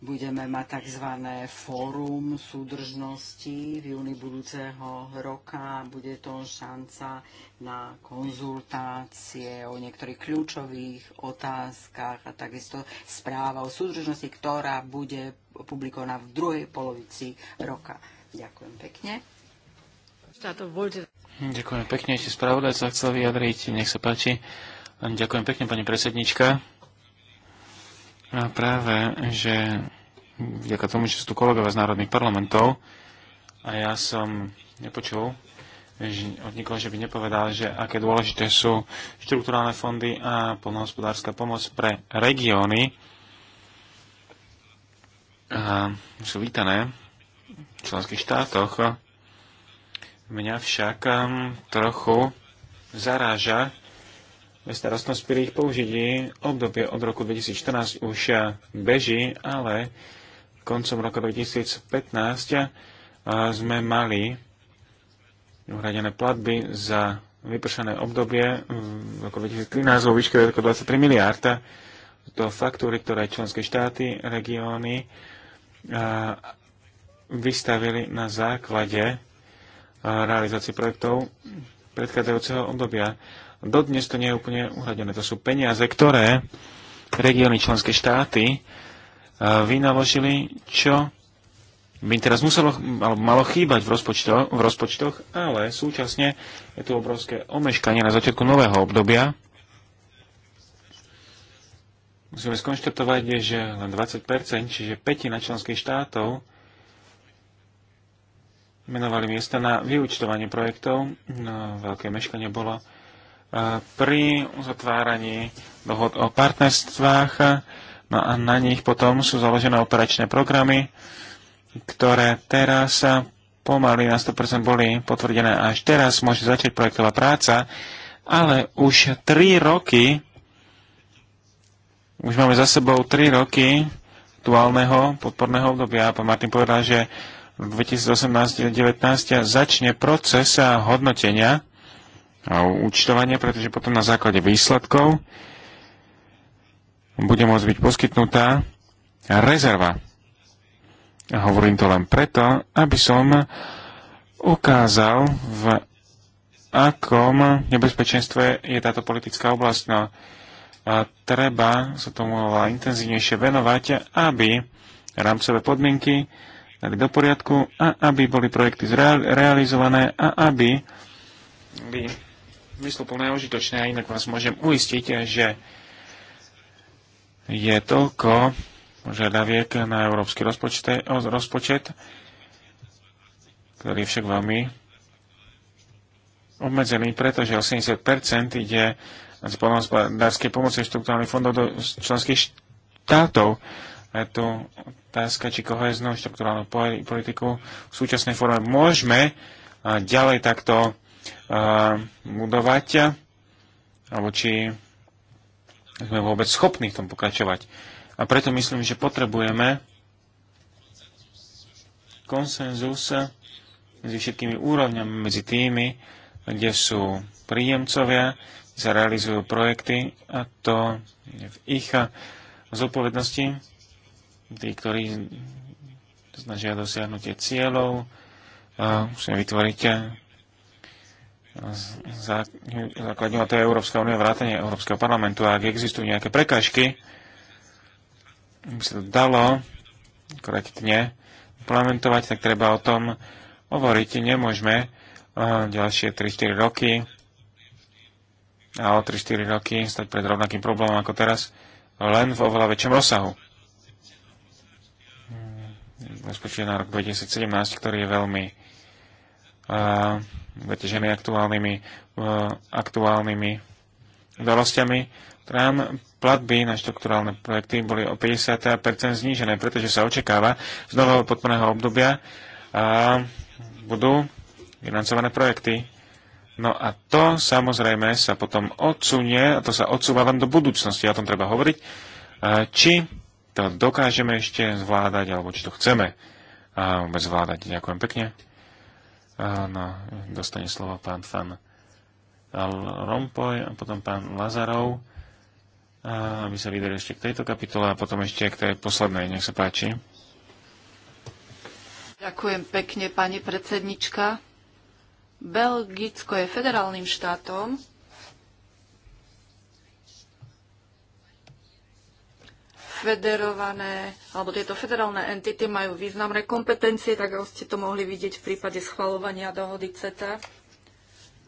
Speaker 1: budeme mať tzv. fórum súdržnosti v júni budúceho roka. Bude to šanca na konzultácie o niektorých kľúčových otázkach a takisto správa o súdržnosti, ktorá bude publikovaná v druhej polovici roka. Ďakujem pekne.
Speaker 2: Ďakujem pekne, ešte sa chcel vyjadriť, nech sa páči. Ďakujem pekne, pani predsednička. A práve, že vďaka tomu, že sú tu kolegovia z národných parlamentov, a ja som nepočul že od nikoho, že by nepovedal, že aké dôležité sú štruktúrálne fondy a polnohospodárska pomoc pre regióny. A sú vítané v členských štátoch. Mňa však um, trochu zaráža starostnosť pri ich použití. Obdobie od roku 2014 už uh, beží, ale koncom roku uh, 2015 sme mali uhradené platby za vypršané obdobie v roku 2013 vo výške ako 23 miliárd. To faktúry, ktoré členské štáty, regióny uh, vystavili na základe realizácii projektov predchádzajúceho obdobia. Dodnes to nie je úplne uhradené. To sú peniaze, ktoré regióny členské štáty e, vynaložili, čo by teraz muselo, alebo malo chýbať v, rozpočto, v rozpočtoch, ale súčasne je tu obrovské omeškanie na začiatku nového obdobia. Musíme skonštatovať, že len 20%, čiže petina členských štátov menovali miesta na vyučtovanie projektov. No, veľké meškanie bolo e, pri uzatváraní dohod o partnerstvách. No a na nich potom sú založené operačné programy, ktoré teraz pomaly na 100% boli potvrdené až teraz. Môže začať projektová práca, ale už 3 roky, už máme za sebou 3 roky aktuálneho podporného obdobia. Pán Martin povedal, že v 2018-2019 začne proces hodnotenia a účtovania, pretože potom na základe výsledkov bude môcť byť poskytnutá rezerva. A hovorím to len preto, aby som ukázal, v akom nebezpečenstve je táto politická oblasť. No, a treba sa tomu intenzívnejšie venovať, aby rámcové podmienky dali do poriadku a aby boli projekty realizované a aby by mysluplné a užitočné. A inak vás môžem uistiť, že je toľko požiadaviek na európsky rozpočet, rozpočet, ktorý je však veľmi obmedzený, pretože 80% ide z polnohospodárskej pomoci štruktúrnych fondov do členských štátov. A je tu otázka, či koheznú štruktúrálnu politiku v súčasnej forme môžeme ďalej takto budovať, alebo či sme vôbec schopní v tom pokračovať. A preto myslím, že potrebujeme konsenzus medzi všetkými úrovňami, medzi tými, kde sú príjemcovia, kde sa realizujú projekty a to je v ich zodpovednosti tí, ktorí snažia dosiahnutie cieľov, musíme vytvoriť eh, základňu, a to je Európska únia, vrátanie Európskeho parlamentu. A ak existujú nejaké prekažky, by sa to dalo korektne implementovať, tak treba o tom hovoriť. Nemôžeme eh, ďalšie 3-4 roky a o 3-4 roky stať pred rovnakým problémom ako teraz, len v oveľa väčšom rozsahu rozpočet na rok 2017, ktorý je veľmi uh, zaťažený aktuálnymi, uh, aktuálnymi udalosťami. Tam platby na štrukturálne projekty boli o 50% znížené, pretože sa očakáva z nového podporného obdobia a budú financované projekty. No a to samozrejme sa potom odsunie, a to sa odsúva len do budúcnosti, o tom treba hovoriť, či to dokážeme ešte zvládať, alebo či to chceme a vôbec zvládať. Ďakujem pekne. A, no, dostane slovo pán Fan Rompoy a potom pán Lazarov, a, aby sa vydali ešte k tejto kapitole a potom ešte k tej poslednej. Nech sa páči.
Speaker 3: Ďakujem pekne, pani predsednička. Belgicko je federálnym štátom, federované, alebo tieto federálne entity majú významné kompetencie, tak ako ste to mohli vidieť v prípade schvalovania dohody CETA.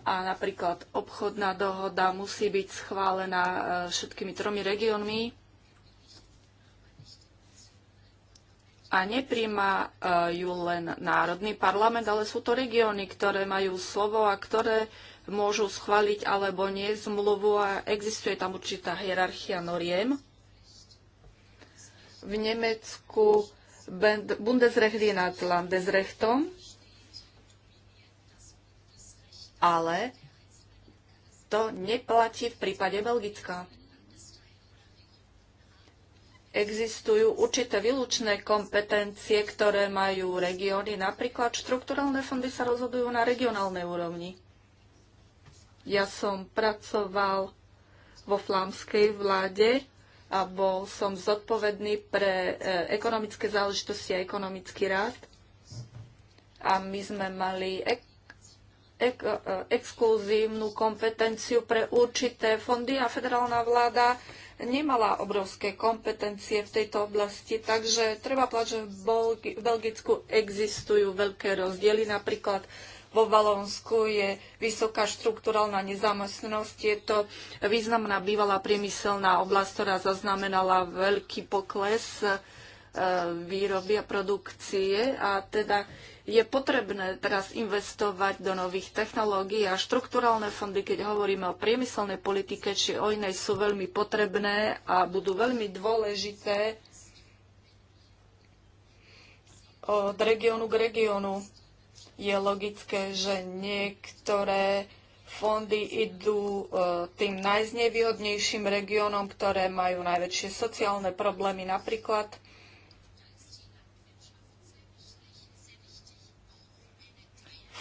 Speaker 3: A napríklad obchodná dohoda musí byť schválená e, všetkými tromi regiónmi a nepríjma e, ju len Národný parlament, ale sú to regióny, ktoré majú slovo a ktoré môžu schváliť alebo nie zmluvu a existuje tam určitá hierarchia noriem v Nemecku Bundesrecht nad Landesrechtom, ale to neplatí v prípade Belgická. Existujú určité výlučné kompetencie, ktoré majú regióny. Napríklad štrukturálne fondy sa rozhodujú na regionálnej úrovni. Ja som pracoval vo flámskej vláde a bol som zodpovedný pre e, ekonomické záležitosti a ekonomický rád. A my sme mali ek, ek, e, exkluzívnu kompetenciu pre určité fondy a federálna vláda nemala obrovské kompetencie v tejto oblasti, takže treba povedať, že v Belgicku existujú veľké rozdiely. Napríklad vo Valonsku je vysoká štruktúralná nezamestnosť. Je to významná bývalá priemyselná oblasť, ktorá zaznamenala veľký pokles e, výroby a produkcie a teda je potrebné teraz investovať do nových technológií a štrukturálne fondy, keď hovoríme o priemyselnej politike či o inej, sú veľmi potrebné a budú veľmi dôležité od regiónu k regiónu je logické, že niektoré fondy idú e, tým najznevýhodnejším regiónom, ktoré majú najväčšie sociálne problémy. Napríklad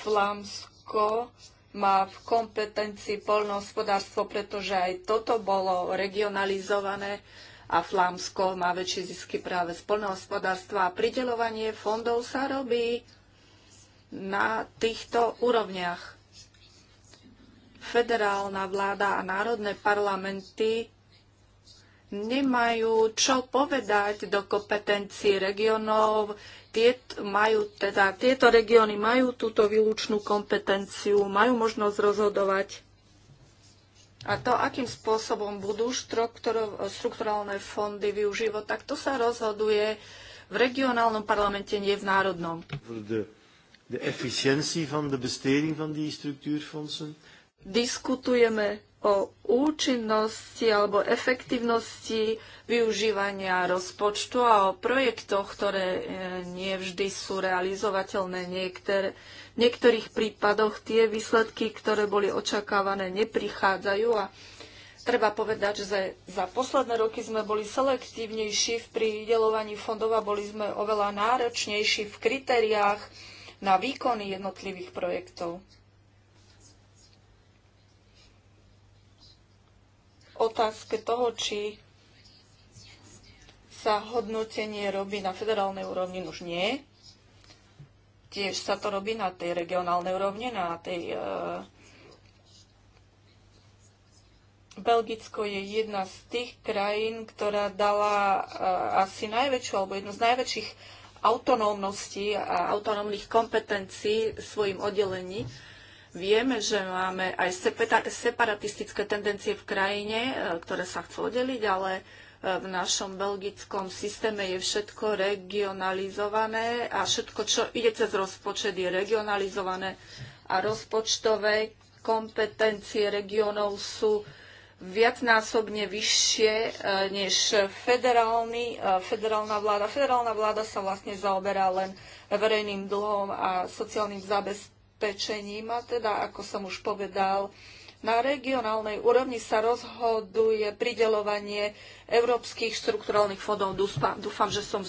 Speaker 3: Flámsko má v kompetencii poľnohospodárstvo, pretože aj toto bolo regionalizované a Flámsko má väčšie zisky práve z poľnohospodárstva. A pridelovanie fondov sa robí na týchto úrovniach. Federálna vláda a národné parlamenty nemajú čo povedať do kompetencií regionov. Tiet, majú, teda, tieto regióny majú túto výlučnú kompetenciu, majú možnosť rozhodovať. A to, akým spôsobom budú štrukturálne fondy využívať, tak to sa rozhoduje v regionálnom parlamente, nie v národnom
Speaker 2: de efficiëntie van de besteding van die structuurfondsen.
Speaker 3: Diskutujeme o účinnosti alebo efektívnosti využívania rozpočtu a o projektoch, ktoré e, nie vždy sú realizovateľné. Niektor, v niektorých prípadoch tie výsledky, ktoré boli očakávané, neprichádzajú a treba povedať, že za posledné roky sme boli selektívnejší v pridelovaní fondov a boli sme oveľa náročnejší v kritériách na výkony jednotlivých projektov. Otázke toho, či sa hodnotenie robí na federálnej úrovni, už nie. Tiež sa to robí na tej regionálnej úrovni, na tej e, Belgicko je jedna z tých krajín, ktorá dala e, asi najväčšiu alebo jednu z najväčších autonómnosti a autonómnych kompetencií svojim oddelení. Vieme, že máme aj separatistické tendencie v krajine, e, ktoré sa chcú oddeliť, ale e, v našom belgickom systéme je všetko regionalizované a všetko, čo ide cez rozpočet, je regionalizované a rozpočtové kompetencie regionov sú viacnásobne vyššie e, než federálny, e, federálna vláda. Federálna vláda sa vlastne zaoberá len verejným dlhom a sociálnym zabezpečením. A teda, ako som už povedal, na regionálnej úrovni sa rozhoduje pridelovanie európskych štrukturálnych fondov. Dúfam, že som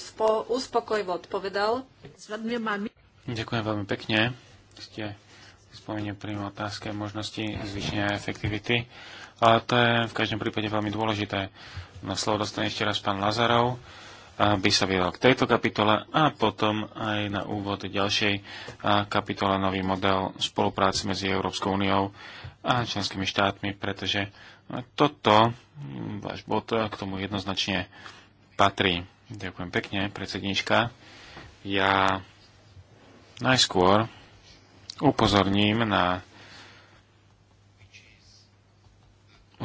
Speaker 3: uspokojivo odpovedal.
Speaker 2: Ďakujem veľmi pekne. Ste spomenuli pri otázke možnosti zvýšenia efektivity a to je v každom prípade veľmi dôležité. Na slovo dostane ešte raz pán Lazarov, aby sa vyjadril k tejto kapitole a potom aj na úvod ďalšej kapitole nový model spolupráce medzi Európskou úniou a členskými štátmi, pretože toto, váš bod, k tomu jednoznačne patrí. Ďakujem pekne, predsednička. Ja najskôr upozorním na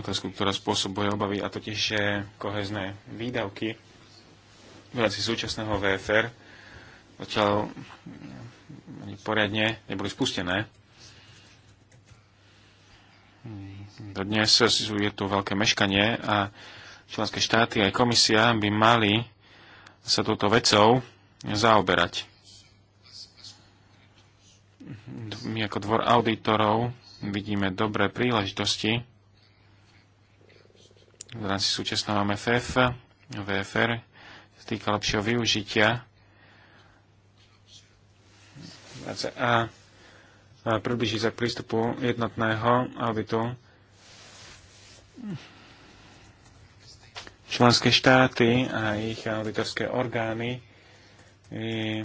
Speaker 2: otázku, ktorá spôsobuje obavy, a totiž, je kohezné výdavky v rámci súčasného VFR zatiaľ mm, poriadne neboli spustené. Dnes je tu veľké meškanie a členské štáty aj komisia by mali sa touto vecou zaoberať. My ako dvor auditorov vidíme dobré príležitosti v rámci súčasného MFF, e VFR, sa týka lepšieho využitia a približí sa k prístupu jednotného auditu. Členské štáty a ich auditorské orgány e,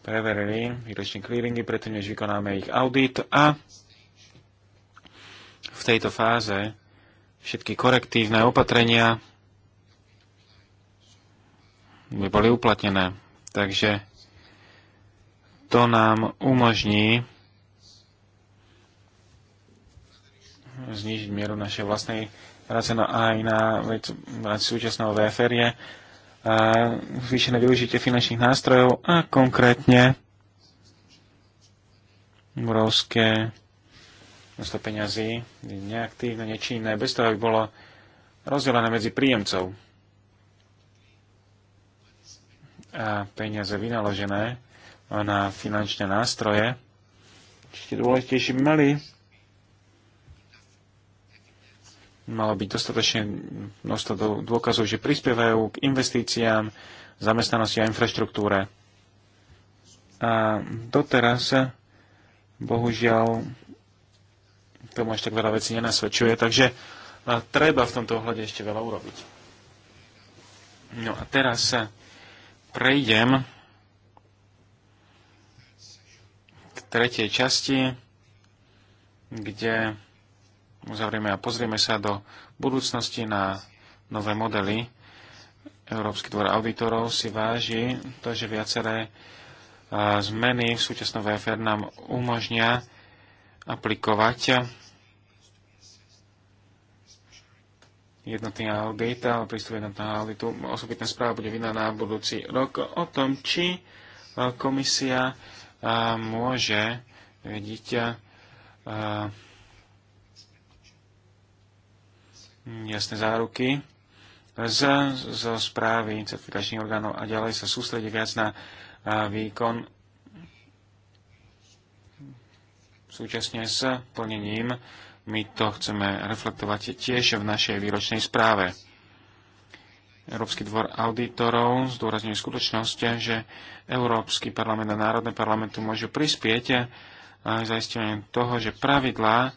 Speaker 2: preverili výročné clearingy, predtým než vykonáme ich audit a v tejto fáze všetky korektívne opatrenia by boli uplatnené. Takže to nám umožní znižiť mieru našej vlastnej práce no aj na vec, vec súčasného VFR je zvýšené využitie finančných nástrojov a konkrétne obrovské množstvo peňazí neaktívne, nečinné, bez toho, aby bolo rozdelené medzi príjemcov. A peniaze vynaložené na finančné nástroje, určite dôležitejšie by mali, malo byť dostatočne množstvo dôkazov, že prispievajú k investíciám, zamestnanosti a infraštruktúre. A doteraz, bohužiaľ, tomu ešte tak veľa vecí nenasvedčuje, takže e, treba v tomto ohľade ešte veľa urobiť. No a teraz sa prejdem k tretej časti, kde uzavrieme a pozrieme sa do budúcnosti na nové modely. Európsky dvor auditorov si váži to, že viaceré e, zmeny v súčasnom VFR nám umožnia aplikovať jednotný audit alebo prístup jednotného auditu. Osobitná správa bude vydaná na budúci rok o tom, či e, komisia e, môže vidieť e, jasné záruky zo správy certifikačných orgánov a ďalej sa sústredí viac na výkon súčasne s plnením. My to chceme reflektovať tiež v našej výročnej správe. Európsky dvor auditorov zdôrazňuje skutočnosť, že Európsky parlament a národné parlamenty môžu prispieť zaistenie toho, že pravidlá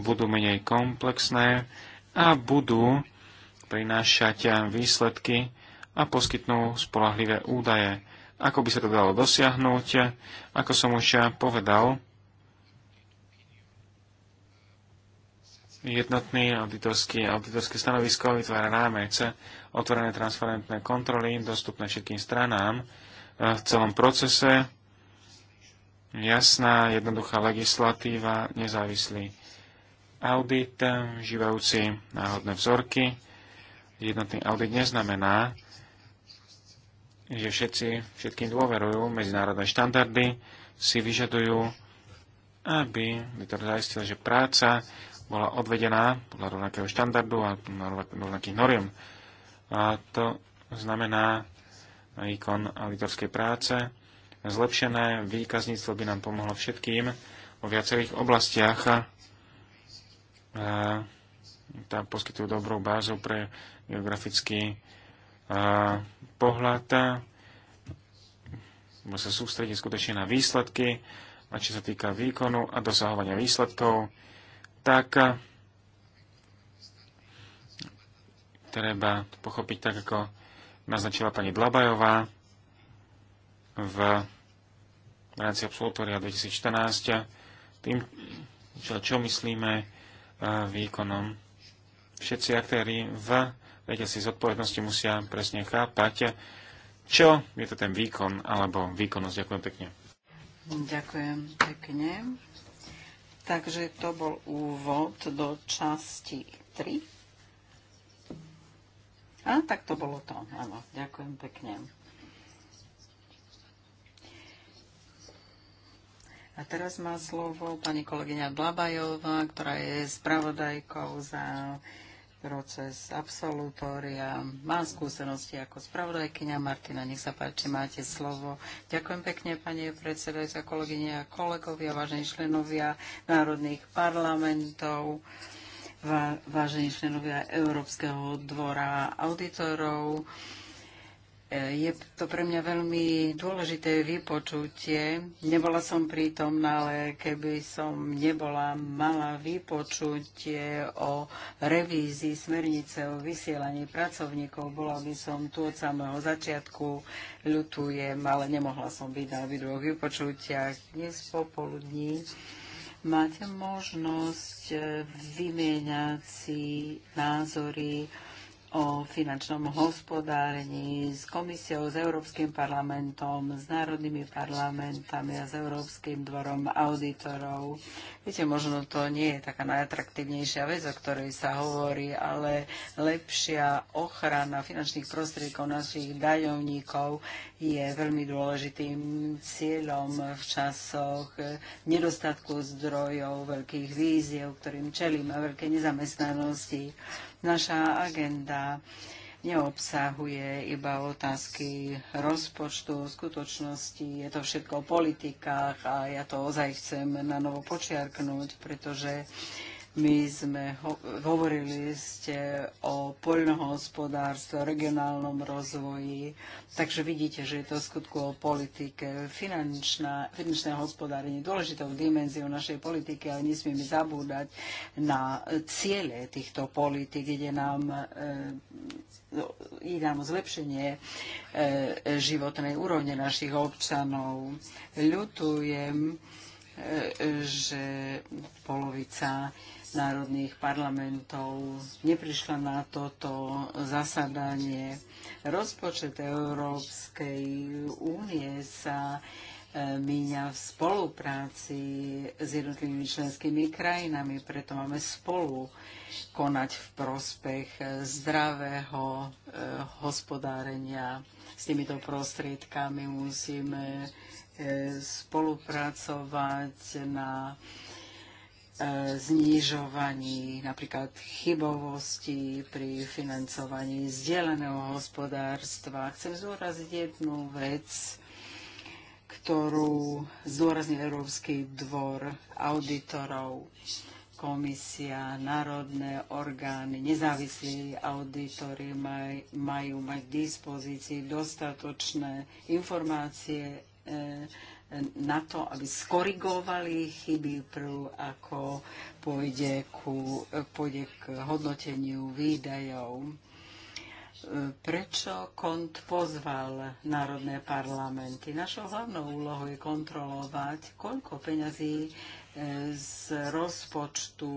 Speaker 2: budú menej komplexné a budú prinášať výsledky a poskytnú spolahlivé údaje. Ako by sa to dalo dosiahnuť? Ako som už povedal, Jednotný auditorský, auditorské stanovisko vytvára rámec, otvorené transparentné kontroly, dostupné všetkým stranám e, v celom procese, jasná, jednoduchá legislatíva, nezávislý audit, živajúci náhodné vzorky. Jednotný audit neznamená, že všetci všetkým dôverujú, medzinárodné štandardy si vyžadujú, aby to zaistil, že práca bola odvedená podľa rovnakého štandardu a rovnakých noriem. A to znamená výkon auditorskej práce. Zlepšené výkazníctvo by nám pomohlo všetkým vo viacerých oblastiach. Tá poskytujú dobrú bázu pre geografický pohľad. Môžeme sa sústrediť skutočne na výsledky, a čo sa týka výkonu a dosahovania výsledkov, tak eh, treba pochopiť tak, ako naznačila pani Dlabajová v rámci absolutória 2014, tým, čo, myslíme eh, výkonom. Všetci aktéry v si zodpovednosti musia presne chápať, čo je to ten výkon alebo výkonnosť. Ďakujem pekne.
Speaker 1: Ďakujem pekne. Takže to bol úvod do časti 3. A tak to bolo to. Áno, ďakujem pekne. A teraz má slovo pani kolegyňa Blabajová, ktorá je spravodajkou za proces absolutória. Mám skúsenosti ako spravodajkynia Martina. Nech sa páči, máte slovo. Ďakujem pekne, pani predsedajúca, kolegyne a kolegovia, vážení členovia národných parlamentov, vážení členovia Európskeho dvora auditorov. E, je to pre mňa veľmi dôležité vypočutie. Nebola som prítomná, ale keby som nebola mala vypočutie o revízii smernice o vysielaní pracovníkov, bola by som tu od samého začiatku, ľutujem, ale nemohla som byť na obidvoch vypočutiach dnes popoludní. Máte možnosť e, vymieňať si názory o finančnom hospodárení s komisiou, s Európskym parlamentom, s národnými parlamentami a s Európskym dvorom auditorov. Viete, možno to nie je taká najatraktívnejšia vec, o ktorej sa hovorí, ale lepšia ochrana finančných prostriedkov našich daňovníkov je veľmi dôležitým cieľom v časoch nedostatku zdrojov, veľkých víziev, ktorým čelíme, veľké nezamestnanosti. Naša agenda neobsahuje iba otázky rozpočtu, v skutočnosti je to všetko o politikách a ja to ozaj chcem na novo počiarknúť, pretože my sme ho- hovorili ste o poľnohospodárstve, regionálnom rozvoji, takže vidíte, že je to skutku o politike. Finančná, finančné hospodárenie dôležitou dimenziou našej politiky, ale nesmieme zabúdať na ciele týchto politik, kde nám e, ide nám zlepšenie e, životnej úrovne našich občanov. Ľutujem, e, že polovica národných parlamentov. Neprišla na toto zasadanie. Rozpočet Európskej únie sa e, míňa v spolupráci s jednotlivými členskými krajinami, preto máme spolu konať v prospech zdravého e, hospodárenia s týmito prostriedkami. Musíme e, spolupracovať na E, znižovaní napríklad chybovosti pri financovaní zdieľaného hospodárstva. Chcem zdôraziť jednu vec, ktorú zdôraznil Európsky dvor auditorov. Komisia, národné orgány, nezávislí auditory maj, majú mať k dispozícii dostatočné informácie e, na to, aby skorigovali chyby prv, ako pôjde, ku, pôjde k hodnoteniu výdajov. Prečo kont pozval národné parlamenty? Našou hlavnou úlohou je kontrolovať, koľko peňazí e, z rozpočtu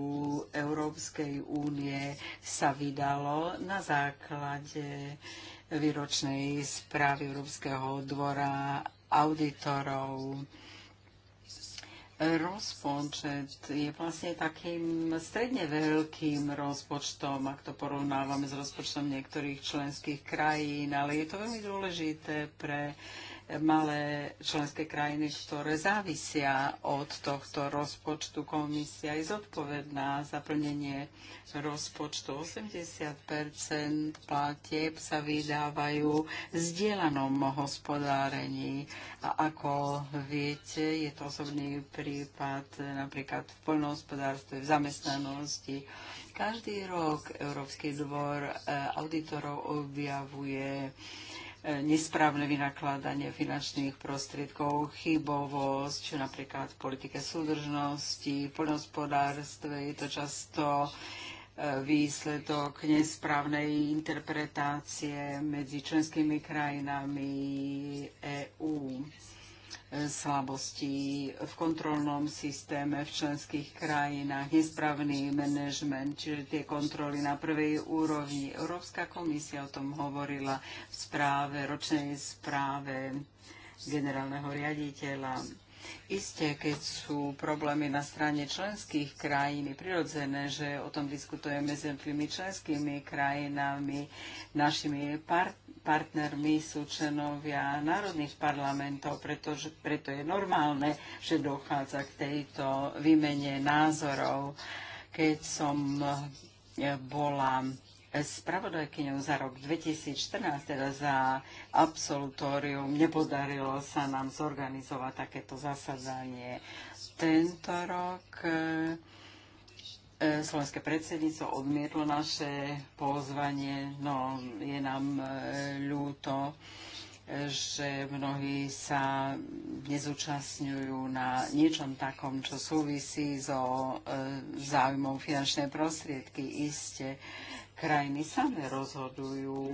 Speaker 1: Európskej únie sa vydalo na základe výročnej správy Európskeho dvora auditorov. Rozpočet je vlastne takým stredne veľkým rozpočtom, ak to porovnávame s rozpočtom niektorých členských krajín, ale je to veľmi dôležité pre uh, malé členské krajiny, ktoré závisia od tohto rozpočtu. Komisia je zodpovedná za plnenie rozpočtu. 80 platieb sa vydávajú v zdieľanom hospodárení. A ako viete, je to osobný prípad napríklad v poľnohospodárstve, v zamestnanosti. Každý rok Európsky dvor eh, auditorov objavuje E, nesprávne vynakladanie finančných prostriedkov, chybovosť, napríklad v politike súdržnosti, v poľnohospodárstve je to často e, výsledok nesprávnej interpretácie medzi členskými krajinami EÚ slabosti v kontrolnom systéme v členských krajinách, nesprávny manažment, čiže tie kontroly na prvej úrovni. Európska komisia o tom hovorila v správe, ročnej správe generálneho riaditeľa. Isté, keď sú problémy na strane členských krajín, je prirodzené, že o tom diskutujeme s jednotlivými členskými krajinami, našimi partnermi partnermi sú členovia národných parlamentov, pretože, preto je normálne, že dochádza k tejto výmene názorov. Keď som e, bola spravodajkyňou za rok 2014, teda za absolutórium, nepodarilo sa nám zorganizovať takéto zasadanie. Tento rok e, E, Slovenské predsedníctvo odmietlo naše pozvanie, no je nám e, ľúto, e, že mnohí sa nezúčastňujú na niečom takom, čo súvisí so záujmom finančné prostriedky. Isté krajiny samé rozhodujú,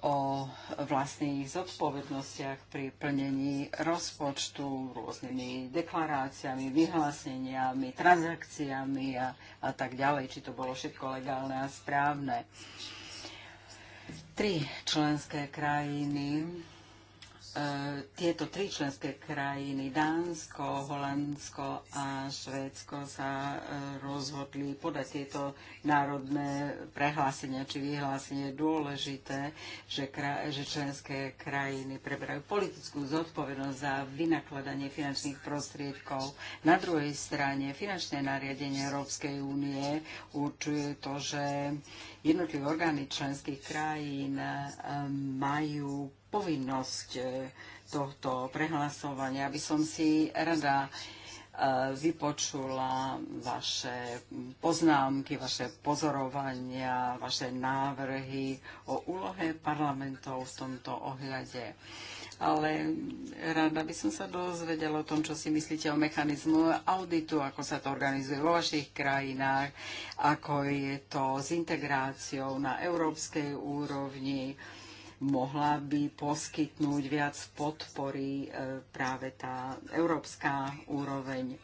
Speaker 1: o vlastných zodpovednostiach pri plnení rozpočtu rôznymi deklaráciami, vyhláseniami, transakciami a, a tak ďalej, či to bolo všetko legálne a správne. Tri členské krajiny E, tieto tri členské krajiny, Dánsko, Holandsko a Švédsko sa e, rozhodli podať tieto národné prehlásenia či vyhlásenie. Je dôležité, že, kra- že členské krajiny preberajú politickú zodpovednosť za vynakladanie finančných prostriedkov. Na druhej strane finančné nariadenie Európskej únie určuje to, že jednotlivé orgány členských krajín e, majú povinnosť e, tohto prehlasovania, aby som si rada e, vypočula vaše poznámky, vaše pozorovania, vaše návrhy o úlohe parlamentov v tomto ohľade. Ale rada by som sa dozvedela o tom, čo si myslíte o mechanizmu auditu, ako sa to organizuje vo vašich krajinách, ako je to s integráciou na európskej úrovni mohla by poskytnúť viac podpory e, práve tá európska úroveň.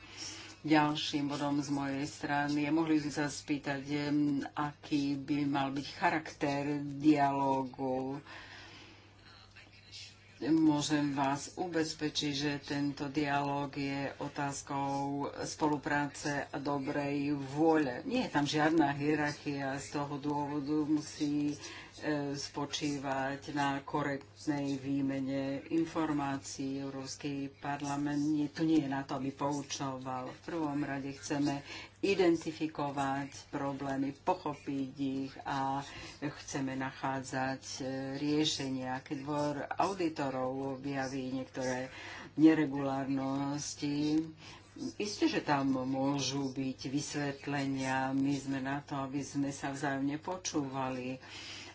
Speaker 1: Ďalším bodom z mojej strany je, mohli sme sa spýtať, e, aký by mal byť charakter dialógu. Môžem vás ubezpečiť, že tento dialóg je otázkou spolupráce a dobrej vôle. Nie je tam žiadna hierarchia, z toho dôvodu musí E, spočívať na korektnej výmene informácií. Európsky parlament nie, tu nie je na to, aby poučoval. V prvom rade chceme identifikovať problémy, pochopiť ich a chceme nachádzať e, riešenia. Keď dvor auditorov objaví niektoré neregulárnosti, Isté, že tam môžu byť vysvetlenia. My sme na to, aby sme sa vzájomne počúvali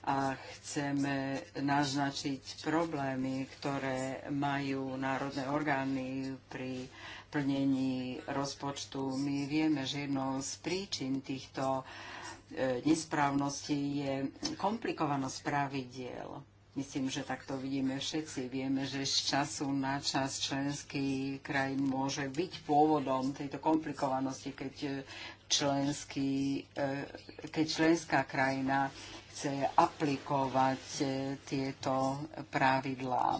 Speaker 1: a chceme naznačiť problémy, ktoré majú národné orgány pri plnení rozpočtu. My vieme, že jednou z príčin týchto e, nesprávností je komplikovanosť pravidiel. Myslím, že takto vidíme všetci. Vieme, že z času na čas členský krajín môže byť pôvodom tejto komplikovanosti, keď, e, členský, e, keď členská krajina chce aplikovať e, tieto pravidlá.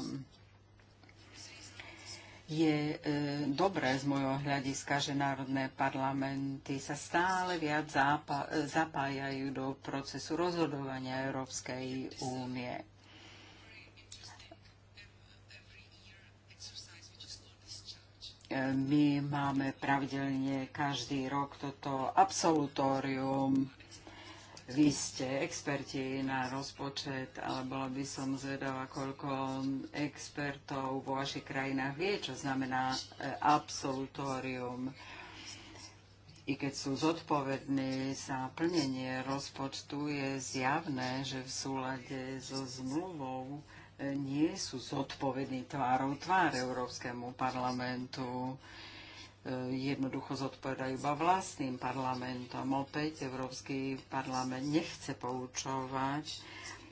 Speaker 1: Je e, dobré z môjho hľadiska, že národné parlamenty sa stále viac zápa- zapájajú do procesu rozhodovania Európskej únie. E, my máme pravidelne každý rok toto absolutórium vy ste experti na rozpočet, ale bola by som zvedala, koľko expertov vo vašich krajinách vie, čo znamená e, absolutórium i keď sú zodpovední za plnenie rozpočtu, je zjavné, že v súlade so zmluvou e, nie sú zodpovední tvárou tvár Európskemu parlamentu. E, jednoducho zodpovedajú iba vlastným parlamentom. Opäť Európsky parlament nechce poučovať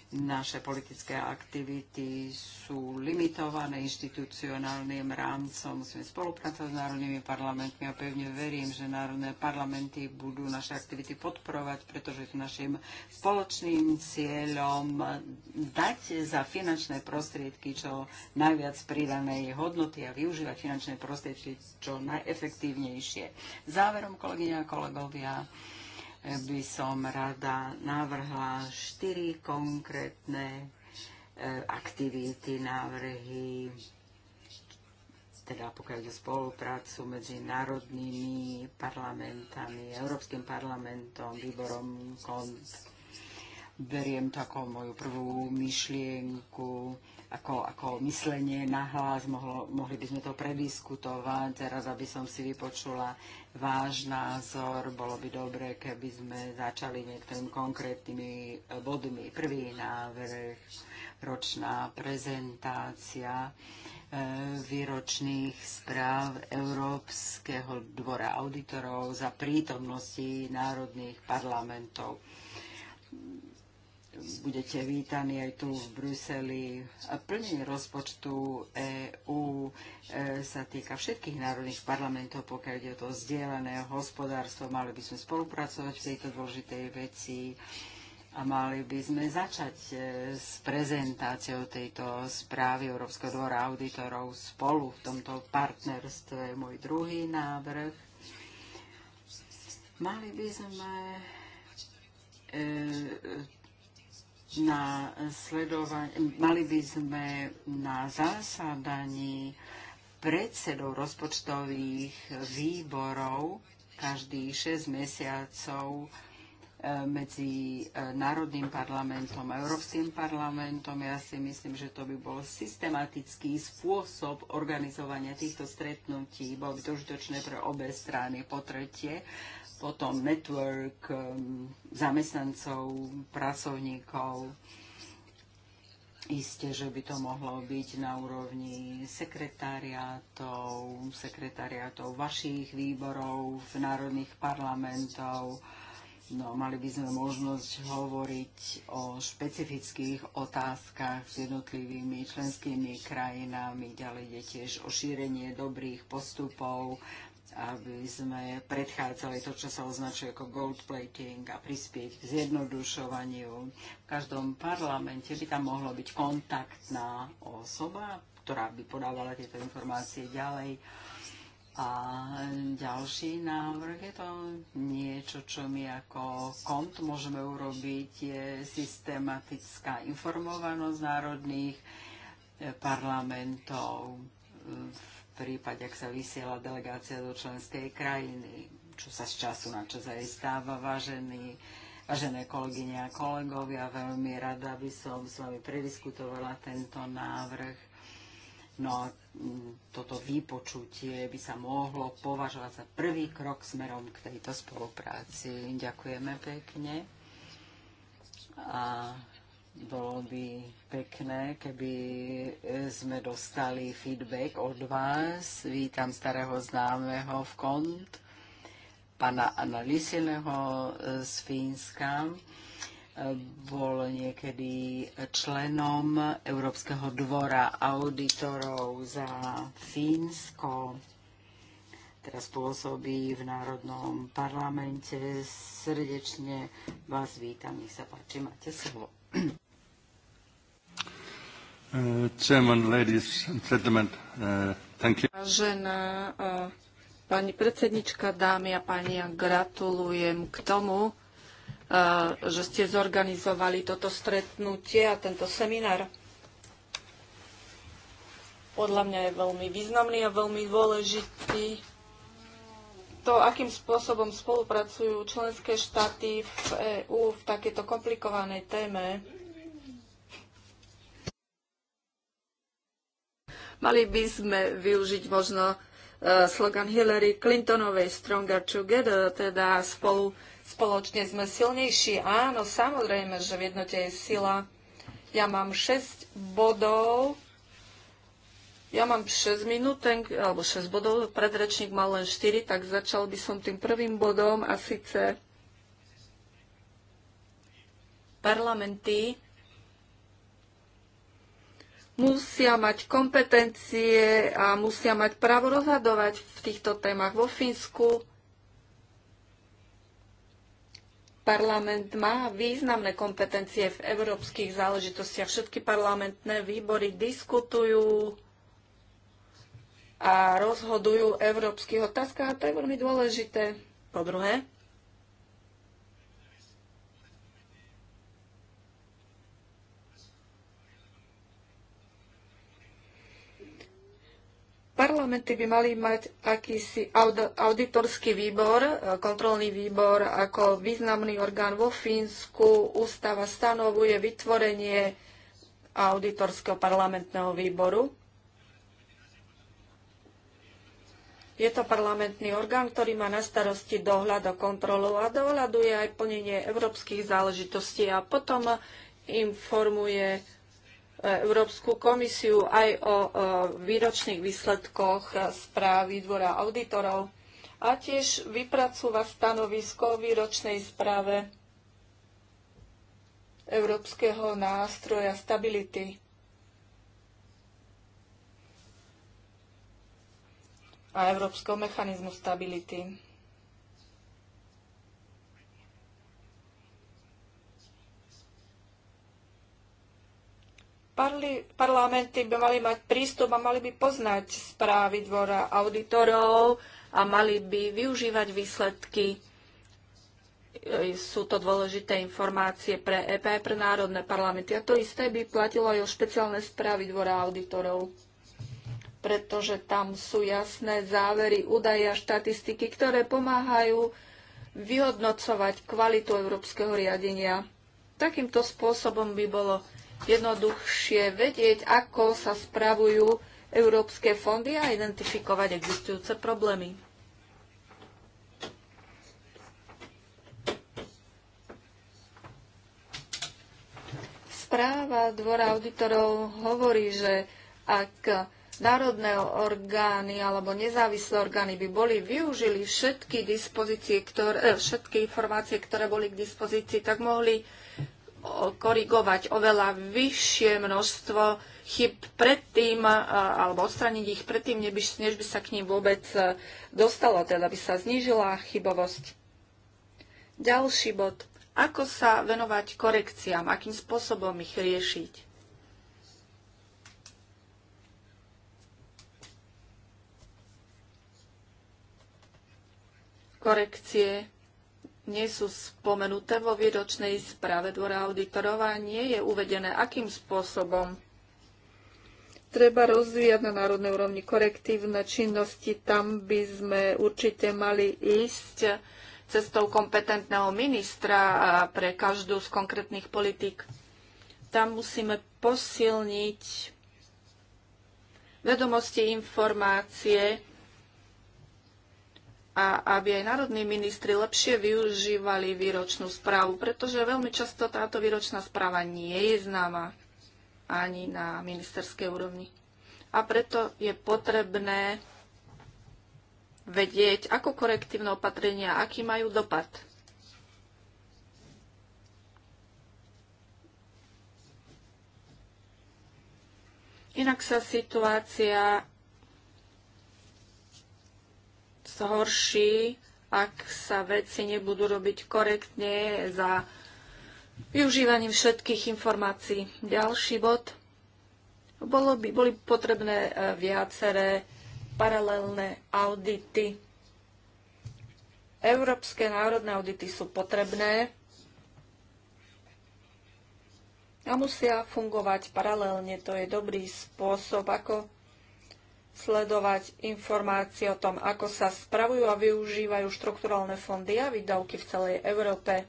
Speaker 1: naše politické aktivity sú limitované inštitucionálnym rámcom. Musíme spolupracovať s národnými parlamentmi a pevne verím, že národné parlamenty budú naše aktivity podporovať, pretože je našim spoločným cieľom dať za finančné prostriedky čo najviac pridanej hodnoty a využívať finančné prostriedky čo najefektívnejšie. Záverom, kolegyňa a kolegovia, by som rada navrhla štyri konkrétne e, aktivity, návrhy, teda pokiaľ ide spoluprácu medzi národnými parlamentami, Európskym parlamentom, výborom kont. Beriem to moju prvú myšlienku ako, ako myslenie nahlas, mohlo, mohli by sme to prediskutovať. Teraz, aby som si vypočula váš názor, bolo by dobre, keby sme začali niektorým konkrétnymi e, bodmi. Prvý návrh, ročná prezentácia e, výročných správ Európskeho dvora auditorov za prítomnosti národných parlamentov budete vítaní aj tu v Bruseli. Plnenie rozpočtu EÚ e, sa týka všetkých národných parlamentov, pokiaľ ide o to zdieľané hospodárstvo. Mali by sme spolupracovať v tejto dôležitej veci a mali by sme začať e, s prezentáciou tejto správy Európskeho dvora auditorov spolu v tomto partnerstve. Môj druhý návrh. Mali by sme e, na sledovanie, mali by sme na zasadaní predsedov rozpočtových výborov každých 6 mesiacov e, medzi e, Národným parlamentom a Európskym parlamentom. Ja si myslím, že to by bol systematický spôsob organizovania týchto stretnutí. Bolo by to užitočné pre obe strany. Po tretie, potom network um, zamestnancov, pracovníkov. Isté, že by to mohlo byť na úrovni sekretariátov, sekretariátov vašich výborov, v národných parlamentov. No, mali by sme možnosť hovoriť o špecifických otázkach s jednotlivými členskými krajinami. Ďalej ide tiež o šírenie dobrých postupov aby sme predchádzali to, čo sa označuje ako gold plating a prispieť k zjednodušovaniu. V každom parlamente by tam mohlo byť kontaktná osoba, ktorá by podávala tieto informácie ďalej. A ďalší návrh je to niečo, čo my ako kont môžeme urobiť, je systematická informovanosť národných eh, parlamentov v prípade, ak sa vysiela delegácia do členskej krajiny, čo sa z času na čas aj stáva, vážený, vážené kolegyne a kolegovia, veľmi rada by som s vami prediskutovala tento návrh. No a mm, toto vypočutie by sa mohlo považovať za prvý krok smerom k tejto spolupráci. Ďakujeme pekne. A bolo by pekné, keby e, sme dostali feedback od vás. Vítam starého známeho v kont, pana Analisileho e, z Fínska. E, bol niekedy členom Európskeho dvora auditorov za Fínsko. Teraz pôsobí v Národnom parlamente. Srdečne vás vítam. Nech sa páči, máte slovo. Uh, chairman, ladies and gentlemen, uh, thank you. Vážená uh, pani
Speaker 3: predsednička, dámy a páni, ja gratulujem k tomu, že ste zorganizovali toto stretnutie a tento seminár. Podľa mňa je veľmi významný a veľmi dôležitý to, akým spôsobom spolupracujú členské štáty v EÚ v takéto komplikovanej téme. Mali by sme využiť možno e, slogan Hillary Clintonovej Stronger Together, teda spolu, spoločne sme silnejší. Áno, samozrejme, že v jednote je sila. Ja mám 6 bodov ja mám 6 minút, alebo 6 bodov, predrečník mal len 4, tak začal by som tým prvým bodom a síce parlamenty musia mať kompetencie a musia mať právo rozhadovať v týchto témach. Vo Fínsku parlament má významné kompetencie v európskych záležitostiach. Všetky parlamentné výbory diskutujú a rozhodujú v európskych otázkach a to je veľmi dôležité. Po druhé, Parlamenty by mali mať akýsi auditorský výbor, e, kontrolný výbor ako významný orgán vo Fínsku. Ústava stanovuje vytvorenie auditorského parlamentného výboru. Je to parlamentný orgán, ktorý má na starosti dohľad a kontrolu a dohľaduje aj plnenie európskych záležitostí a potom informuje e, Európsku komisiu aj o e, výročných výsledkoch správy Dvora auditorov a tiež vypracúva stanovisko o výročnej správe Európskeho nástroja stability. a Európskeho mechanizmu stability. Parli, parlamenty by mali mať prístup a mali by poznať správy dvora auditorov a mali by využívať výsledky. E, sú to dôležité informácie pre EP, pre národné parlamenty. A to isté by platilo aj o špeciálne správy dvora auditorov pretože tam sú jasné závery, údaje a štatistiky, ktoré pomáhajú vyhodnocovať kvalitu európskeho riadenia. Takýmto spôsobom by bolo jednoduchšie vedieť, ako sa spravujú európske fondy a identifikovať existujúce problémy. Správa Dvora auditorov hovorí, že ak národné orgány alebo nezávislé orgány by boli využili všetky, dispozície, ktoré, eh, všetky informácie, ktoré boli k dispozícii, tak mohli korigovať oveľa vyššie množstvo chyb predtým, eh, alebo odstraniť ich predtým, než by sa k ním vôbec eh, dostalo, teda by sa znížila chybovosť. Ďalší bod. Ako sa venovať korekciám? Akým spôsobom ich riešiť? korekcie nie sú spomenuté vo výročnej správe dvora auditorov a nie je uvedené, akým spôsobom treba rozvíjať na národnej úrovni korektívne činnosti. Tam by sme určite mali ísť cestou kompetentného ministra a pre každú z konkrétnych politik. Tam musíme posilniť vedomosti, informácie, a aby aj národní ministri lepšie využívali výročnú správu, pretože veľmi často táto výročná správa nie je známa ani na ministerskej úrovni. A preto je potrebné vedieť, ako korektívne opatrenia, aký majú dopad. Inak sa situácia zhorší, ak sa veci nebudú robiť korektne za využívaním všetkých informácií. Ďalší bod. Bolo by, boli potrebné e, viaceré paralelné audity. Európske národné audity sú potrebné a musia fungovať paralelne. To je dobrý spôsob, ako sledovať informácie o tom, ako sa spravujú a využívajú štrukturálne fondy a výdavky v celej Európe.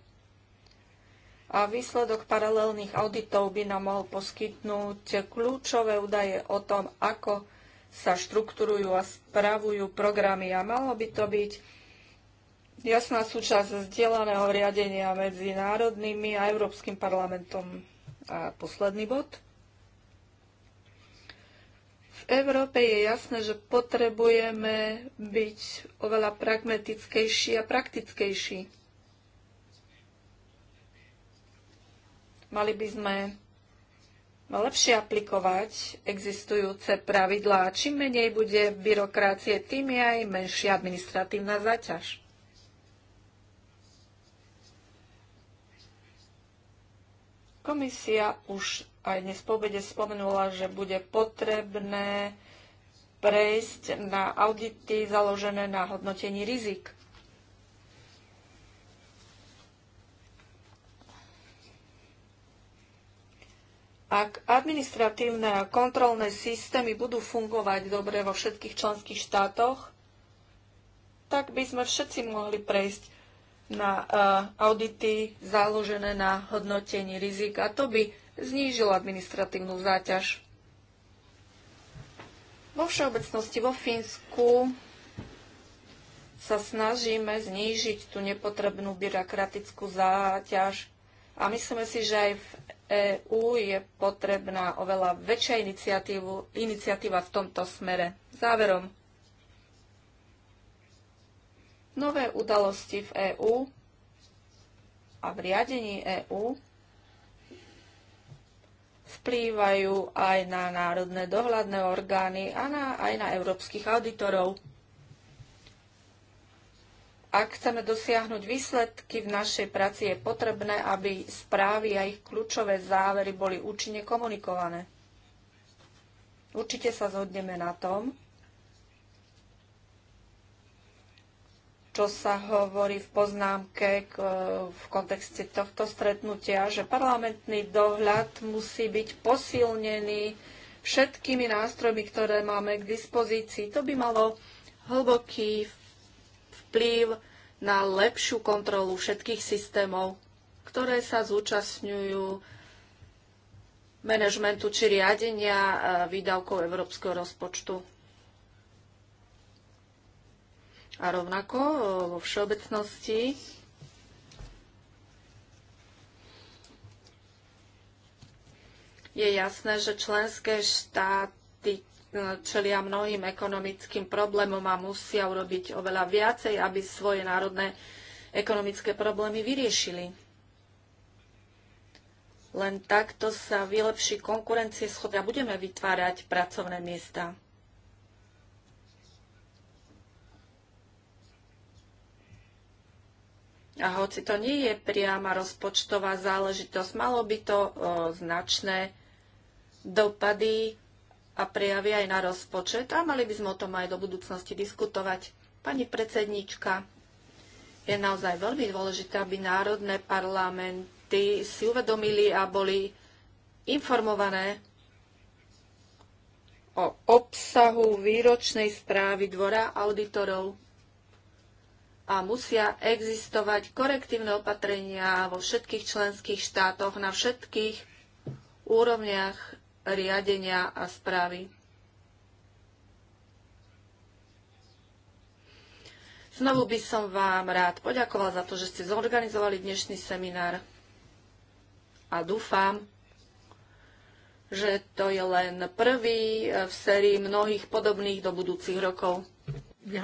Speaker 3: A výsledok paralelných auditov by nám mohol poskytnúť kľúčové údaje o tom, ako sa štruktúrujú a spravujú programy. A malo by to byť jasná súčasť zdieľaného riadenia medzi národnými a Európskym parlamentom. A posledný bod. Európe je jasné, že potrebujeme byť oveľa pragmatickejší a praktickejší. Mali by sme lepšie aplikovať existujúce pravidlá. Čím menej bude byrokracie, tým je aj menšia administratívna zaťaž. Komisia už aj dnes po obede spomenula, že bude potrebné prejsť na audity založené na hodnotení rizik. Ak administratívne a kontrolné systémy budú fungovať dobre vo všetkých členských štátoch, tak by sme všetci mohli prejsť na eh, audity založené na hodnotení rizik a to by znížil administratívnu záťaž. Vo všeobecnosti vo Fínsku sa snažíme znížiť tú nepotrebnú byrokratickú záťaž a myslíme si, že aj v EÚ je potrebná oveľa väčšia iniciatíva v tomto smere. Záverom. Nové udalosti v EÚ a v riadení EÚ vplývajú aj na národné dohľadné orgány a na, aj na európskych auditorov. Ak chceme dosiahnuť výsledky v našej práci, je potrebné, aby správy a ich kľúčové závery boli účinne komunikované. Určite sa zhodneme na tom, čo sa hovorí v poznámke k, e, v kontexte tohto stretnutia, že parlamentný dohľad musí byť posilnený všetkými nástrojmi, ktoré máme k dispozícii. To by malo hlboký vplyv na lepšiu kontrolu všetkých systémov, ktoré sa zúčastňujú manažmentu či riadenia e, výdavkov európskeho rozpočtu. A rovnako eh, vo všeobecnosti je jasné, že členské štáty eh, čelia mnohým ekonomickým problémom a musia urobiť oveľa viacej, aby svoje národné ekonomické problémy vyriešili. Len takto sa vylepší konkurencie a budeme vytvárať pracovné miesta. A hoci to nie je priama rozpočtová záležitosť, malo by to o, značné dopady a prejavy aj na rozpočet a mali by sme o tom aj do budúcnosti diskutovať. Pani predsedníčka, je naozaj veľmi dôležité, aby národné parlamenty si uvedomili a boli informované o obsahu výročnej správy Dvora auditorov a musia existovať korektívne opatrenia vo všetkých členských štátoch na všetkých úrovniach riadenia a správy. Znovu by som vám rád poďakoval za to, že ste zorganizovali dnešný seminár a dúfam, že to je len prvý v sérii mnohých podobných do budúcich rokov.
Speaker 1: My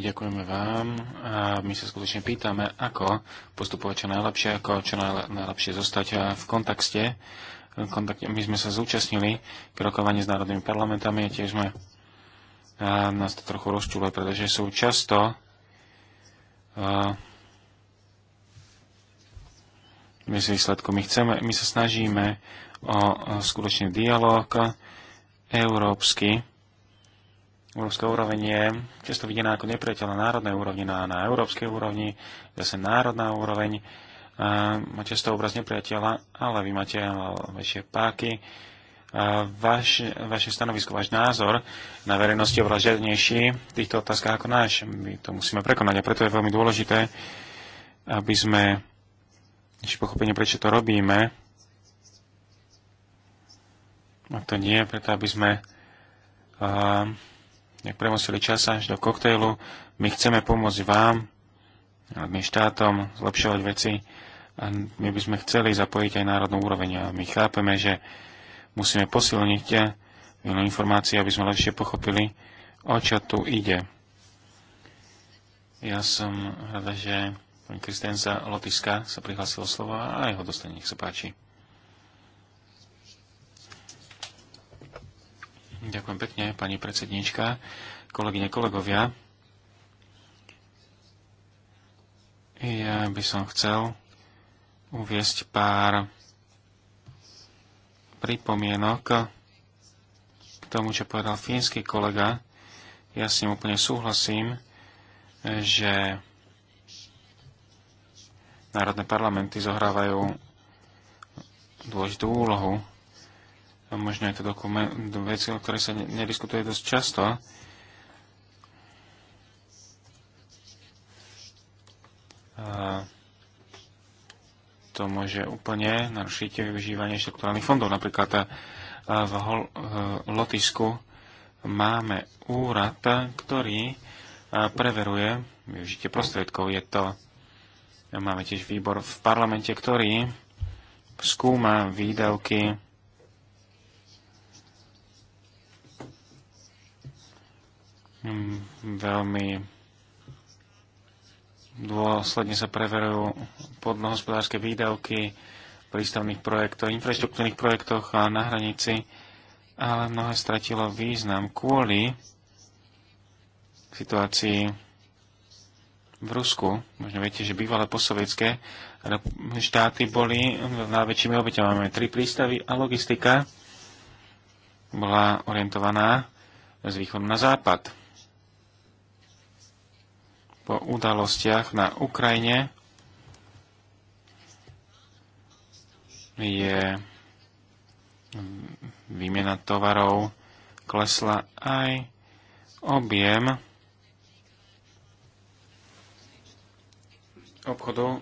Speaker 2: ďakujeme vám a my sa skutočne pýtame, ako postupovať čo najlepšie, ako čo najlepšie zostať v kontakte. My sme sa zúčastnili k rokovaní s národnými parlamentami a tiež sme a nás to trochu rozčúle, pretože sú často my s výsledkom My, chceme, my sa snažíme o, o skutočný dialog európsky, Európska úroveň je často videná ako nepriateľ na národnej úrovni, na, na európskej úrovni, zase národná úroveň má často obraz nepriateľa, ale vy máte väčšie páky. A vaš, vaše stanovisko, váš názor na verejnosti je oveľa žiadnejší v týchto otázkach ako náš. My to musíme prekonať a preto je veľmi dôležité, aby sme ešte pochopenie, prečo to robíme. A to nie, preto aby sme uh, nech premosili čas až do koktejlu. My chceme pomôcť vám, my štátom, zlepšovať veci. A my by sme chceli zapojiť aj národnú úroveň. A my chápeme, že musíme posilniť informácie, aby sme lepšie pochopili, o čo tu ide. Ja som rada, že pani Kristenza Lotiska sa prihlásil slovo a aj ho dostane, nech sa páči. Ďakujem pekne, pani predsedníčka, kolegyne, kolegovia. Ja by som chcel uviesť pár pripomienok k tomu, čo povedal fínsky kolega. Ja s ním úplne súhlasím, že národné parlamenty zohrávajú dôležitú úlohu a možno je to dokument, veci, o ktorej sa nediskutuje dosť často, a to môže úplne narušiť využívanie štruktúrnych fondov. Napríklad v e, Lotisku máme úrad, ktorý e, preveruje využitie prostriedkov. Je to, máme tiež výbor v parlamente, ktorý skúma výdavky Mm, veľmi dôsledne sa preverujú podnohospodárske výdavky prístavných projektov, infraštruktúrnych projektoch a na hranici, ale mnohé stratilo význam kvôli situácii v Rusku. Možno viete, že bývalé posovietské štáty boli najväčšími obeťami. Máme tri prístavy a logistika bola orientovaná z východu na západ po udalostiach na Ukrajine je výmena tovarov klesla aj objem obchodov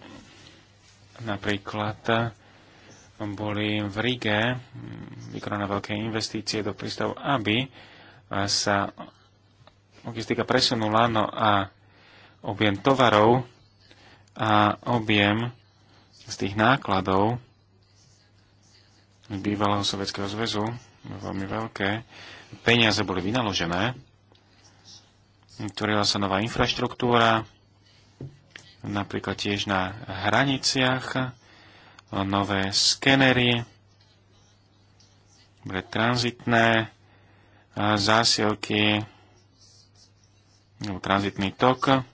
Speaker 2: napríklad boli v Rige vykonané veľké investície do prístavu, aby sa logistika presunula, no a objem tovarov a objem z tých nákladov z bývalého Sovjetského zväzu veľmi veľké. Peniaze boli vynaložené. vytvorila sa nová infraštruktúra, napríklad tiež na hraniciach, nové skenery, pre tranzitné eh, zásielky, tranzitný tok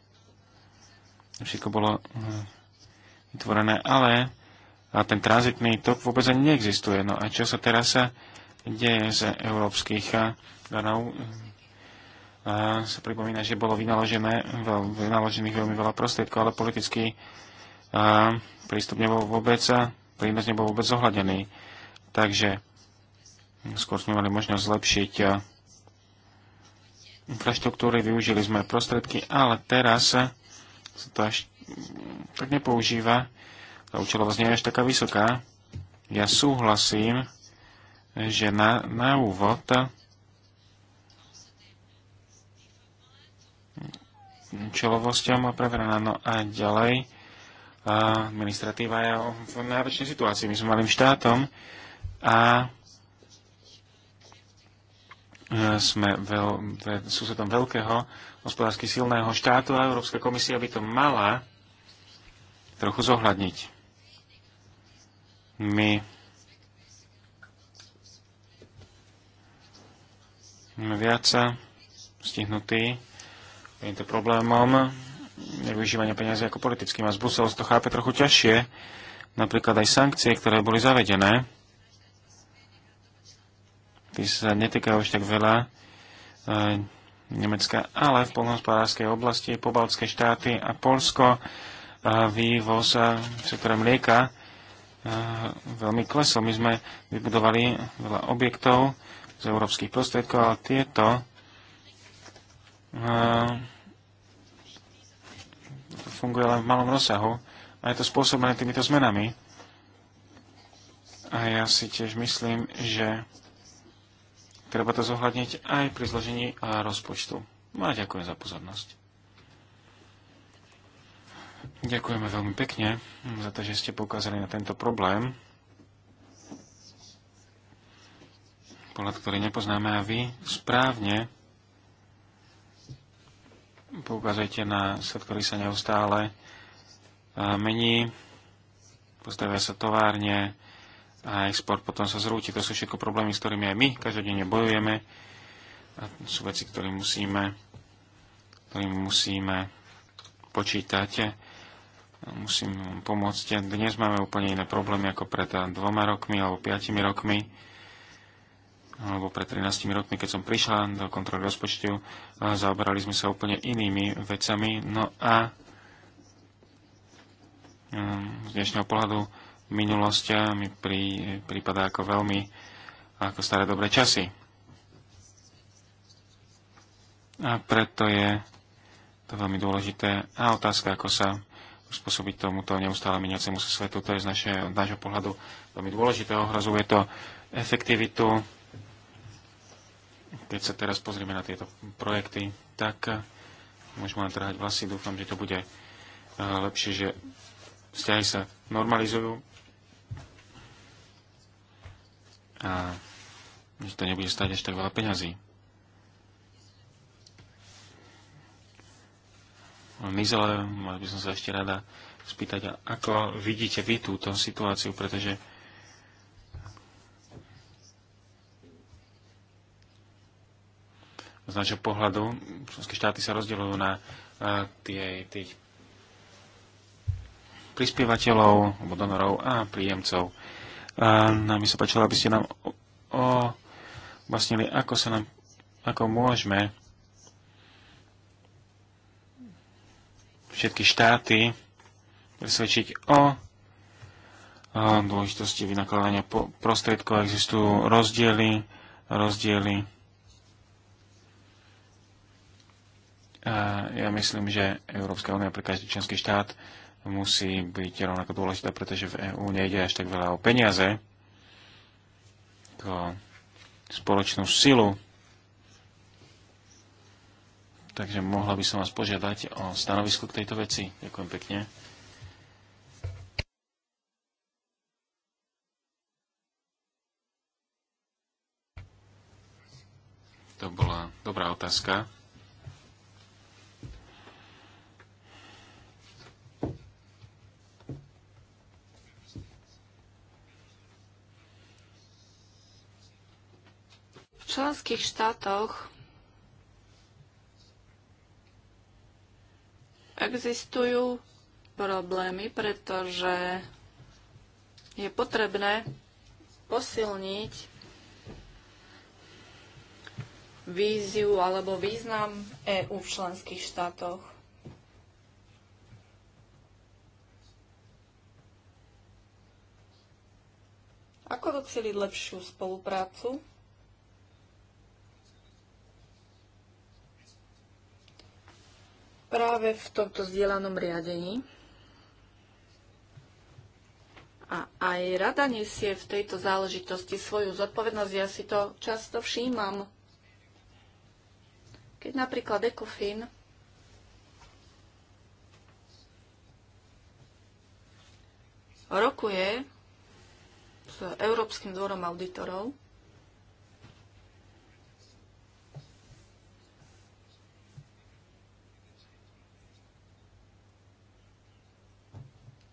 Speaker 2: všetko bolo eh, vytvorené, ale a ten tranzitný tok vôbec ani neexistuje. No a čo sa teraz sa eh, deje z európskych eh, danov? A sa pripomína, že bolo vynaložené, veľ, vynaložených veľmi veľa prostriedkov, ale politický a, prístup nebol vôbec, prínos nebol vôbec zohľadený. Takže skôr sme mali možnosť zlepšiť infraštruktúry, využili sme prostriedky, ale teraz sa to až mm, tak nepoužíva. Tá účelovosť nie je až taká vysoká. Ja súhlasím, že na, na úvod mm, účelovosťou má preveraná. No a ďalej administratíva je v náročnej situácii. My sme malým štátom a e, sme veľ, susedom veľkého hospodársky silného štátu a Európska komisia by to mala trochu zohľadniť. My sme viac stihnutí týmto problémom nevyužívania peniazy ako politickým. A z Bruselu to chápe trochu ťažšie. Napríklad aj sankcie, ktoré boli zavedené, tí sa netýkajú už tak veľa eh, Nemecka, ale v polnohospodárskej oblasti pobaltské štáty a Polsko vývoz v sektore mlieka veľmi klesol. My sme vybudovali veľa objektov z európskych prostriedkov, ale tieto funguje len v malom rozsahu a je to spôsobené týmito zmenami. A ja si tiež myslím, že Treba to zohľadniť aj pri zložení a rozpočtu. No a ďakujem za pozornosť. Ďakujeme veľmi pekne za to, že ste poukázali na tento problém, pohľad, ktorý nepoznáme a vy správne poukazujete na svet, ktorý sa neustále mení, postavia sa továrne, a export potom sa zrúti. To sú všetko problémy, s ktorými aj my každodenne bojujeme. A sú veci, ktorým musíme, ktorým musíme počítať. Musím pomôcť. Dnes máme úplne iné problémy ako pred dvoma rokmi alebo piatimi rokmi alebo pred 13 rokmi, keď som prišla do kontroly rozpočtu, zaoberali sme sa úplne inými vecami. No a ehm, z dnešného pohľadu minulosť mi pri, prípada ako veľmi ako staré dobré časy. A preto je to veľmi dôležité. A otázka, ako sa uspôsobiť tomuto neustále meniacemu sa svetu, to je z, naše, z nášho pohľadu veľmi dôležité. Ohrazuje to efektivitu. Keď sa teraz pozrieme na tieto projekty, tak môžeme len trhať vlasy. Dúfam, že to bude eh, lepšie, že vzťahy sa normalizujú a že to nebude stať až tak veľa peňazí. Mizele, mal by som sa ešte rada spýtať, ako vidíte vy túto situáciu, pretože z nášho pohľadu členské štáty sa rozdielujú na tie, tých prispievateľov, alebo donorov a príjemcov. A nám by sa páčilo, aby ste nám o, o vlastnili, ako sa nám, ako môžeme všetky štáty presvedčiť o, o dôležitosti vynakladania prostriedkov. Existujú rozdiely, rozdiely. A ja myslím, že Európska únia pre každý členský štát musí byť rovnako dôležitá, pretože v EÚ nejde až tak veľa o peniaze, ako spoločnú silu. Takže mohla by som vás požiadať o stanovisko k tejto veci. Ďakujem pekne. To bola dobrá otázka.
Speaker 3: členských štátoch existujú problémy, pretože je potrebné posilniť víziu alebo význam EÚ v členských štátoch. Ako doceliť lepšiu spoluprácu? práve v tomto zdieľanom riadení. A aj rada nesie v tejto záležitosti svoju zodpovednosť. Ja si to často všímam. Keď napríklad ECOFIN rokuje s Európskym dvorom auditorov,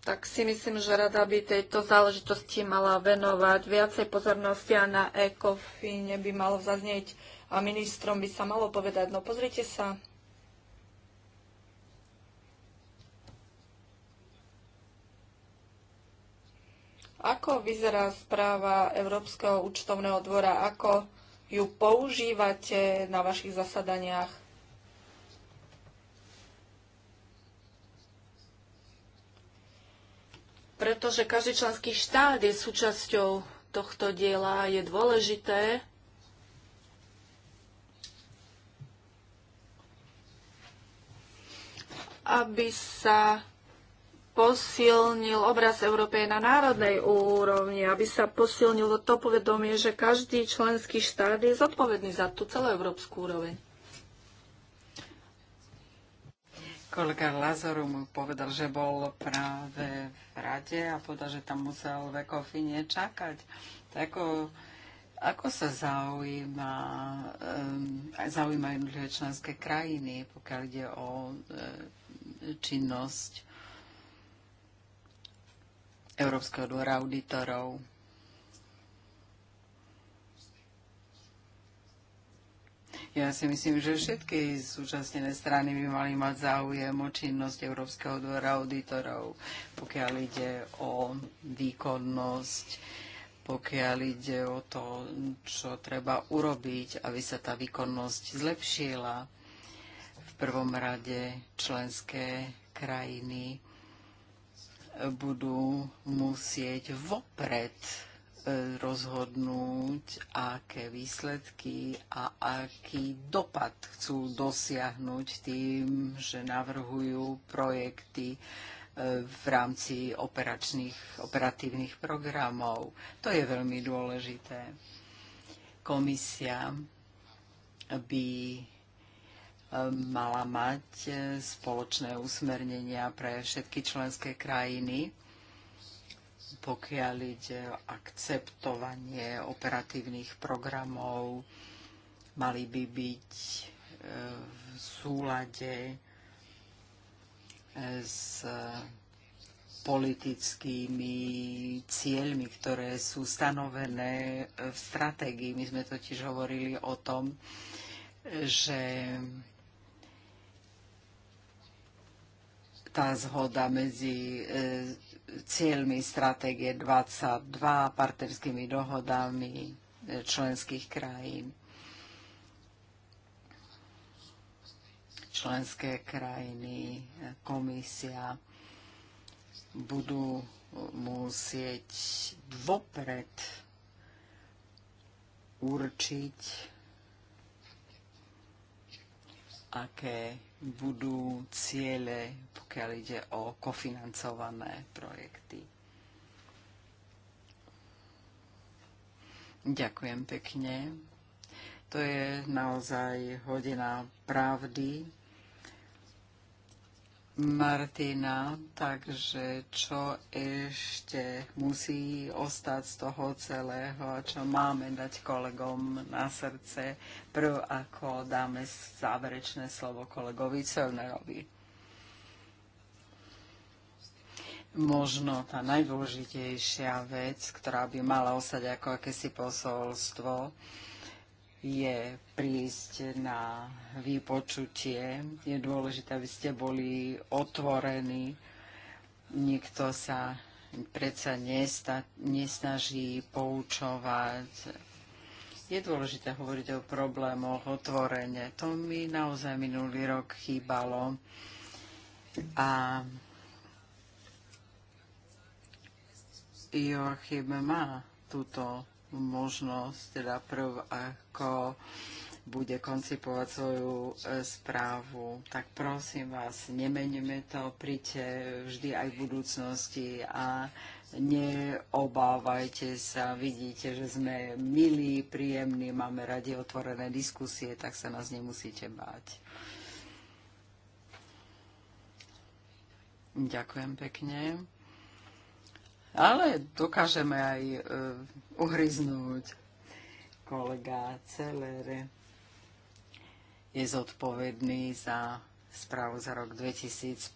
Speaker 3: tak si myslím, že rada by tejto záležitosti mala venovať viacej pozornosti a na ECOFINE by malo zaznieť a ministrom by sa malo povedať, no pozrite sa, Ako vyzerá správa Európskeho účtovného dvora? Ako ju používate na vašich zasadaniach? pretože každý členský štát je súčasťou tohto diela a je dôležité, aby sa posilnil obraz Európy na národnej úrovni, aby sa posilnilo to povedomie, že každý členský štát je zodpovedný za tú celoeurópsku úroveň.
Speaker 1: Kolega Lazaru mu povedal, že bol práve v rade a povedal, že tam musel v Ekofine čakať. Tak ako, ako sa zaujíma, um, zaujíma jednotlivé členské krajiny, pokiaľ ide o e, činnosť Európskeho dvora auditorov? Ja si myslím, že všetky súčasnené strany by mali mať záujem o činnosť Európskeho dvora auditorov, pokiaľ ide o výkonnosť, pokiaľ ide o to, čo treba urobiť, aby sa tá výkonnosť zlepšila. V prvom rade členské krajiny budú musieť vopred E, rozhodnúť, aké výsledky a aký dopad chcú dosiahnuť tým, že navrhujú projekty e, v rámci operačných, operatívnych programov. To je veľmi dôležité. Komisia by e, mala mať spoločné usmernenia pre všetky členské krajiny pokiaľ ide o akceptovanie operatívnych programov, mali by byť e, v súlade e, s politickými cieľmi, ktoré sú stanovené e, v stratégii. My sme totiž hovorili o tom, že tá zhoda medzi cieľmi stratégie 22 a partnerskými dohodami e, členských krajín. Členské krajiny, e, komisia budú musieť vopred určiť, aké budú ciele, pokiaľ ide o kofinancované projekty. Ďakujem pekne. To je naozaj hodina pravdy Martina, takže čo ešte musí ostať z toho celého a čo máme dať kolegom na srdce, prv ako dáme záverečné slovo kolegovi Celnerovi. Možno tá najdôležitejšia vec, ktorá by mala ostať ako akési posolstvo, je prísť na vypočutie. Je dôležité, aby ste boli otvorení. Nikto sa predsa nesta, nesnaží poučovať. Je dôležité hovoriť o problémoch otvorene. To mi naozaj minulý rok chýbalo. A Joachim má túto možnosť, teda prv ako bude koncipovať svoju e, správu. Tak prosím vás, nemeníme to, príďte vždy aj v budúcnosti a neobávajte sa, vidíte, že sme milí, príjemní, máme radi otvorené diskusie, tak sa nás nemusíte báť. Ďakujem pekne ale dokážeme aj e, uhryznúť. Kolega Celere je zodpovedný za správu za rok 2015.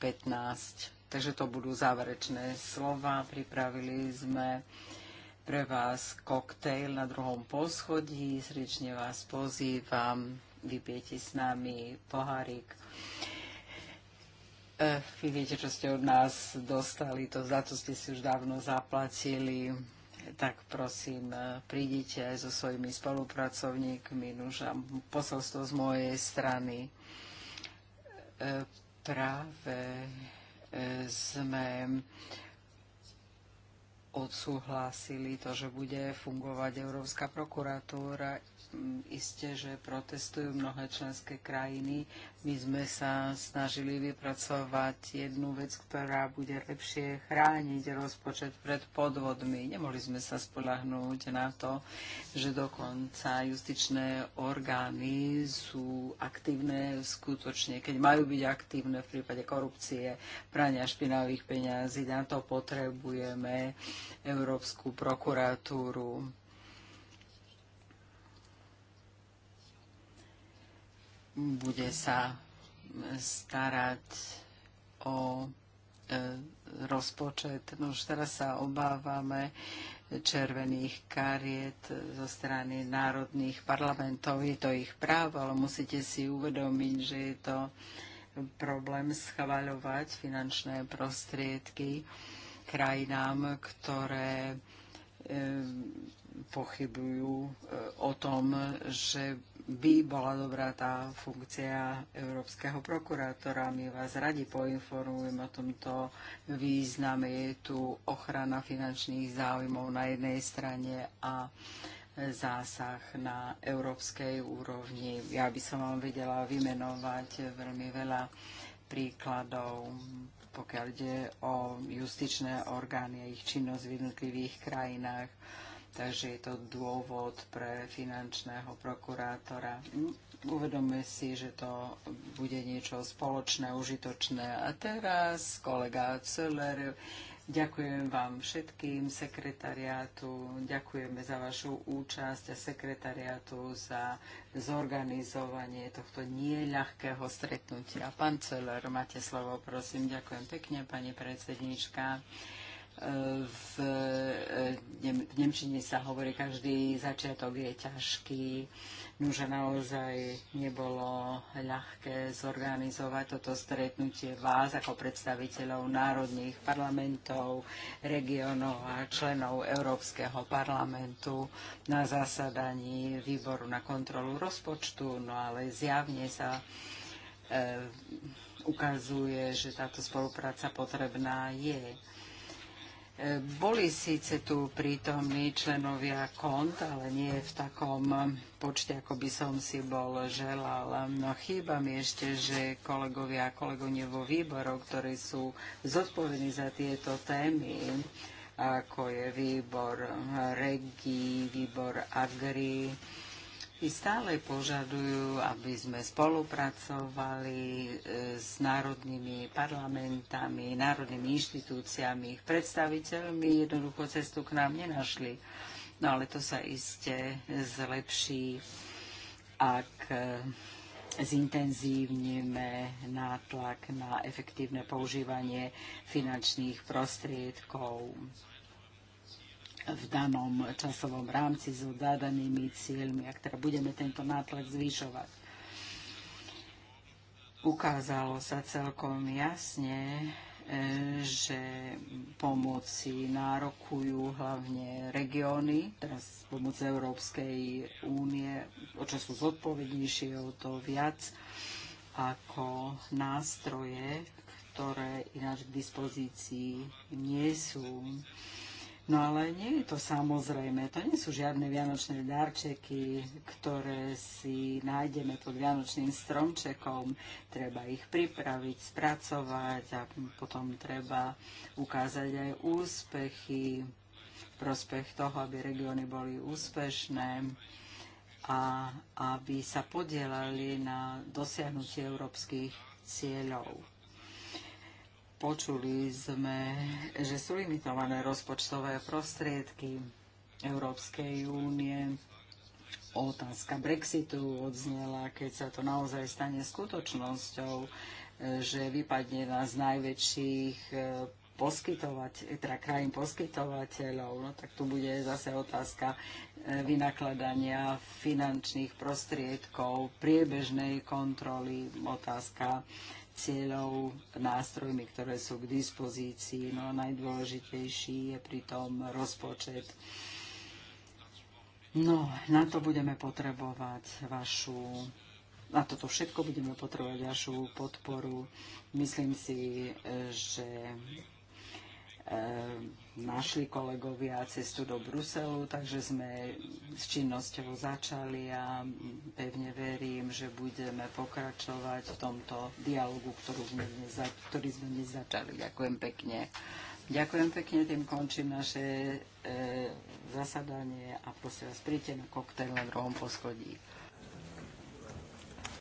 Speaker 1: Takže to budú záverečné slova. Pripravili sme pre vás koktejl na druhom poschodí. Srdečne vás pozývam. vypiete s nami pohárik. Vy eh, viete, čo ste od nás dostali, to za to ste si už dávno zaplatili. Tak prosím, eh, prídite aj so svojimi spolupracovníkmi. Nuž a posolstvo z mojej strany. Eh, práve sme odsúhlasili to, že bude fungovať Európska prokuratúra. Isté, že protestujú mnohé členské krajiny. My sme sa snažili vypracovať jednu vec, ktorá bude lepšie chrániť rozpočet pred podvodmi. Nemohli sme sa spolahnúť na to, že dokonca justičné orgány sú aktívne skutočne, keď majú byť aktívne v prípade korupcie, prania špinavých peňazí. Na to potrebujeme Európsku prokuratúru bude sa starať o e, rozpočet. No už teraz sa obávame červených kariet zo strany národných parlamentov. Je to ich právo, ale musíte si uvedomiť, že je to problém schvaľovať finančné prostriedky krajinám, ktoré e, pochybujú e, o tom, že by bola dobrá tá funkcia európskeho prokurátora. My vás radi poinformujem o tomto význame. Je tu ochrana finančných záujmov na jednej strane a zásah na európskej úrovni. Ja by som vám vedela vymenovať veľmi veľa príkladov, pokiaľ ide o justičné orgány a ich činnosť v jednotlivých krajinách Takže je to dôvod pre finančného prokurátora. Uvedomme si, že to bude niečo spoločné, užitočné. A teraz kolega Celler, ďakujem vám všetkým sekretariátu, ďakujeme za vašu účasť a sekretariátu za zorganizovanie tohto nieľahkého stretnutia. Pán Celer, máte slovo, prosím. Ďakujem pekne, pani predsednička v, e, v Nemčine sa hovorí, každý začiatok je ťažký. že naozaj nebolo ľahké zorganizovať toto stretnutie vás ako predstaviteľov národných parlamentov, regionov a členov Európskeho parlamentu na zasadaní výboru na kontrolu rozpočtu, no ale zjavne sa e, ukazuje, že táto spolupráca potrebná je boli síce tu prítomní členovia kont, ale nie v takom počte, ako by som si bol želal. No chýba mi ešte, že kolegovia a kolegovne vo výboroch, ktorí sú zodpovední za tieto témy, ako je výbor REGI, výbor AGRI, stále požadujú, aby sme spolupracovali e, s národnými parlamentami, národnými inštitúciami, ich predstaviteľmi. Jednoducho cestu k nám nenašli. No ale to sa iste zlepší, ak e, zintenzívnime nátlak na efektívne používanie finančných prostriedkov v danom časovom rámci so zadanými cieľmi, ak teda budeme tento nátlak zvyšovať. Ukázalo sa celkom jasne, e, že pomoci nárokujú hlavne regióny, teraz pomoc Európskej únie, o čo sú zodpovednejšie, o to viac ako nástroje, ktoré ináč k dispozícii nie sú. No ale nie je to samozrejme, to nie sú žiadne vianočné darčeky, ktoré si nájdeme pod vianočným stromčekom. Treba ich pripraviť, spracovať a potom treba ukázať aj úspechy, prospech toho, aby regióny boli úspešné a aby sa podielali na dosiahnutie európskych cieľov. Počuli sme, že sú limitované rozpočtové prostriedky Európskej únie. Otázka Brexitu odznela, keď sa to naozaj stane skutočnosťou, že vypadne nás z najväčších e, poskytovať, teda krajín poskytovateľov, no tak tu bude zase otázka e, vynakladania finančných prostriedkov, priebežnej kontroly, otázka cieľov nástrojmi, ktoré sú k dispozícii. No a najdôležitejší je pritom rozpočet. No, na to budeme potrebovať vašu na toto všetko budeme potrebovať vašu podporu. Myslím si, že Ehm, našli kolegovia cestu do Bruselu, takže sme s činnosťou začali a pevne verím, že budeme pokračovať v tomto dialogu, sme dnes, ktorý sme dnes začali. Ďakujem pekne. Ďakujem pekne, tým končím naše e, zasadanie a prosím vás, príďte na koktejl na druhom poschodí.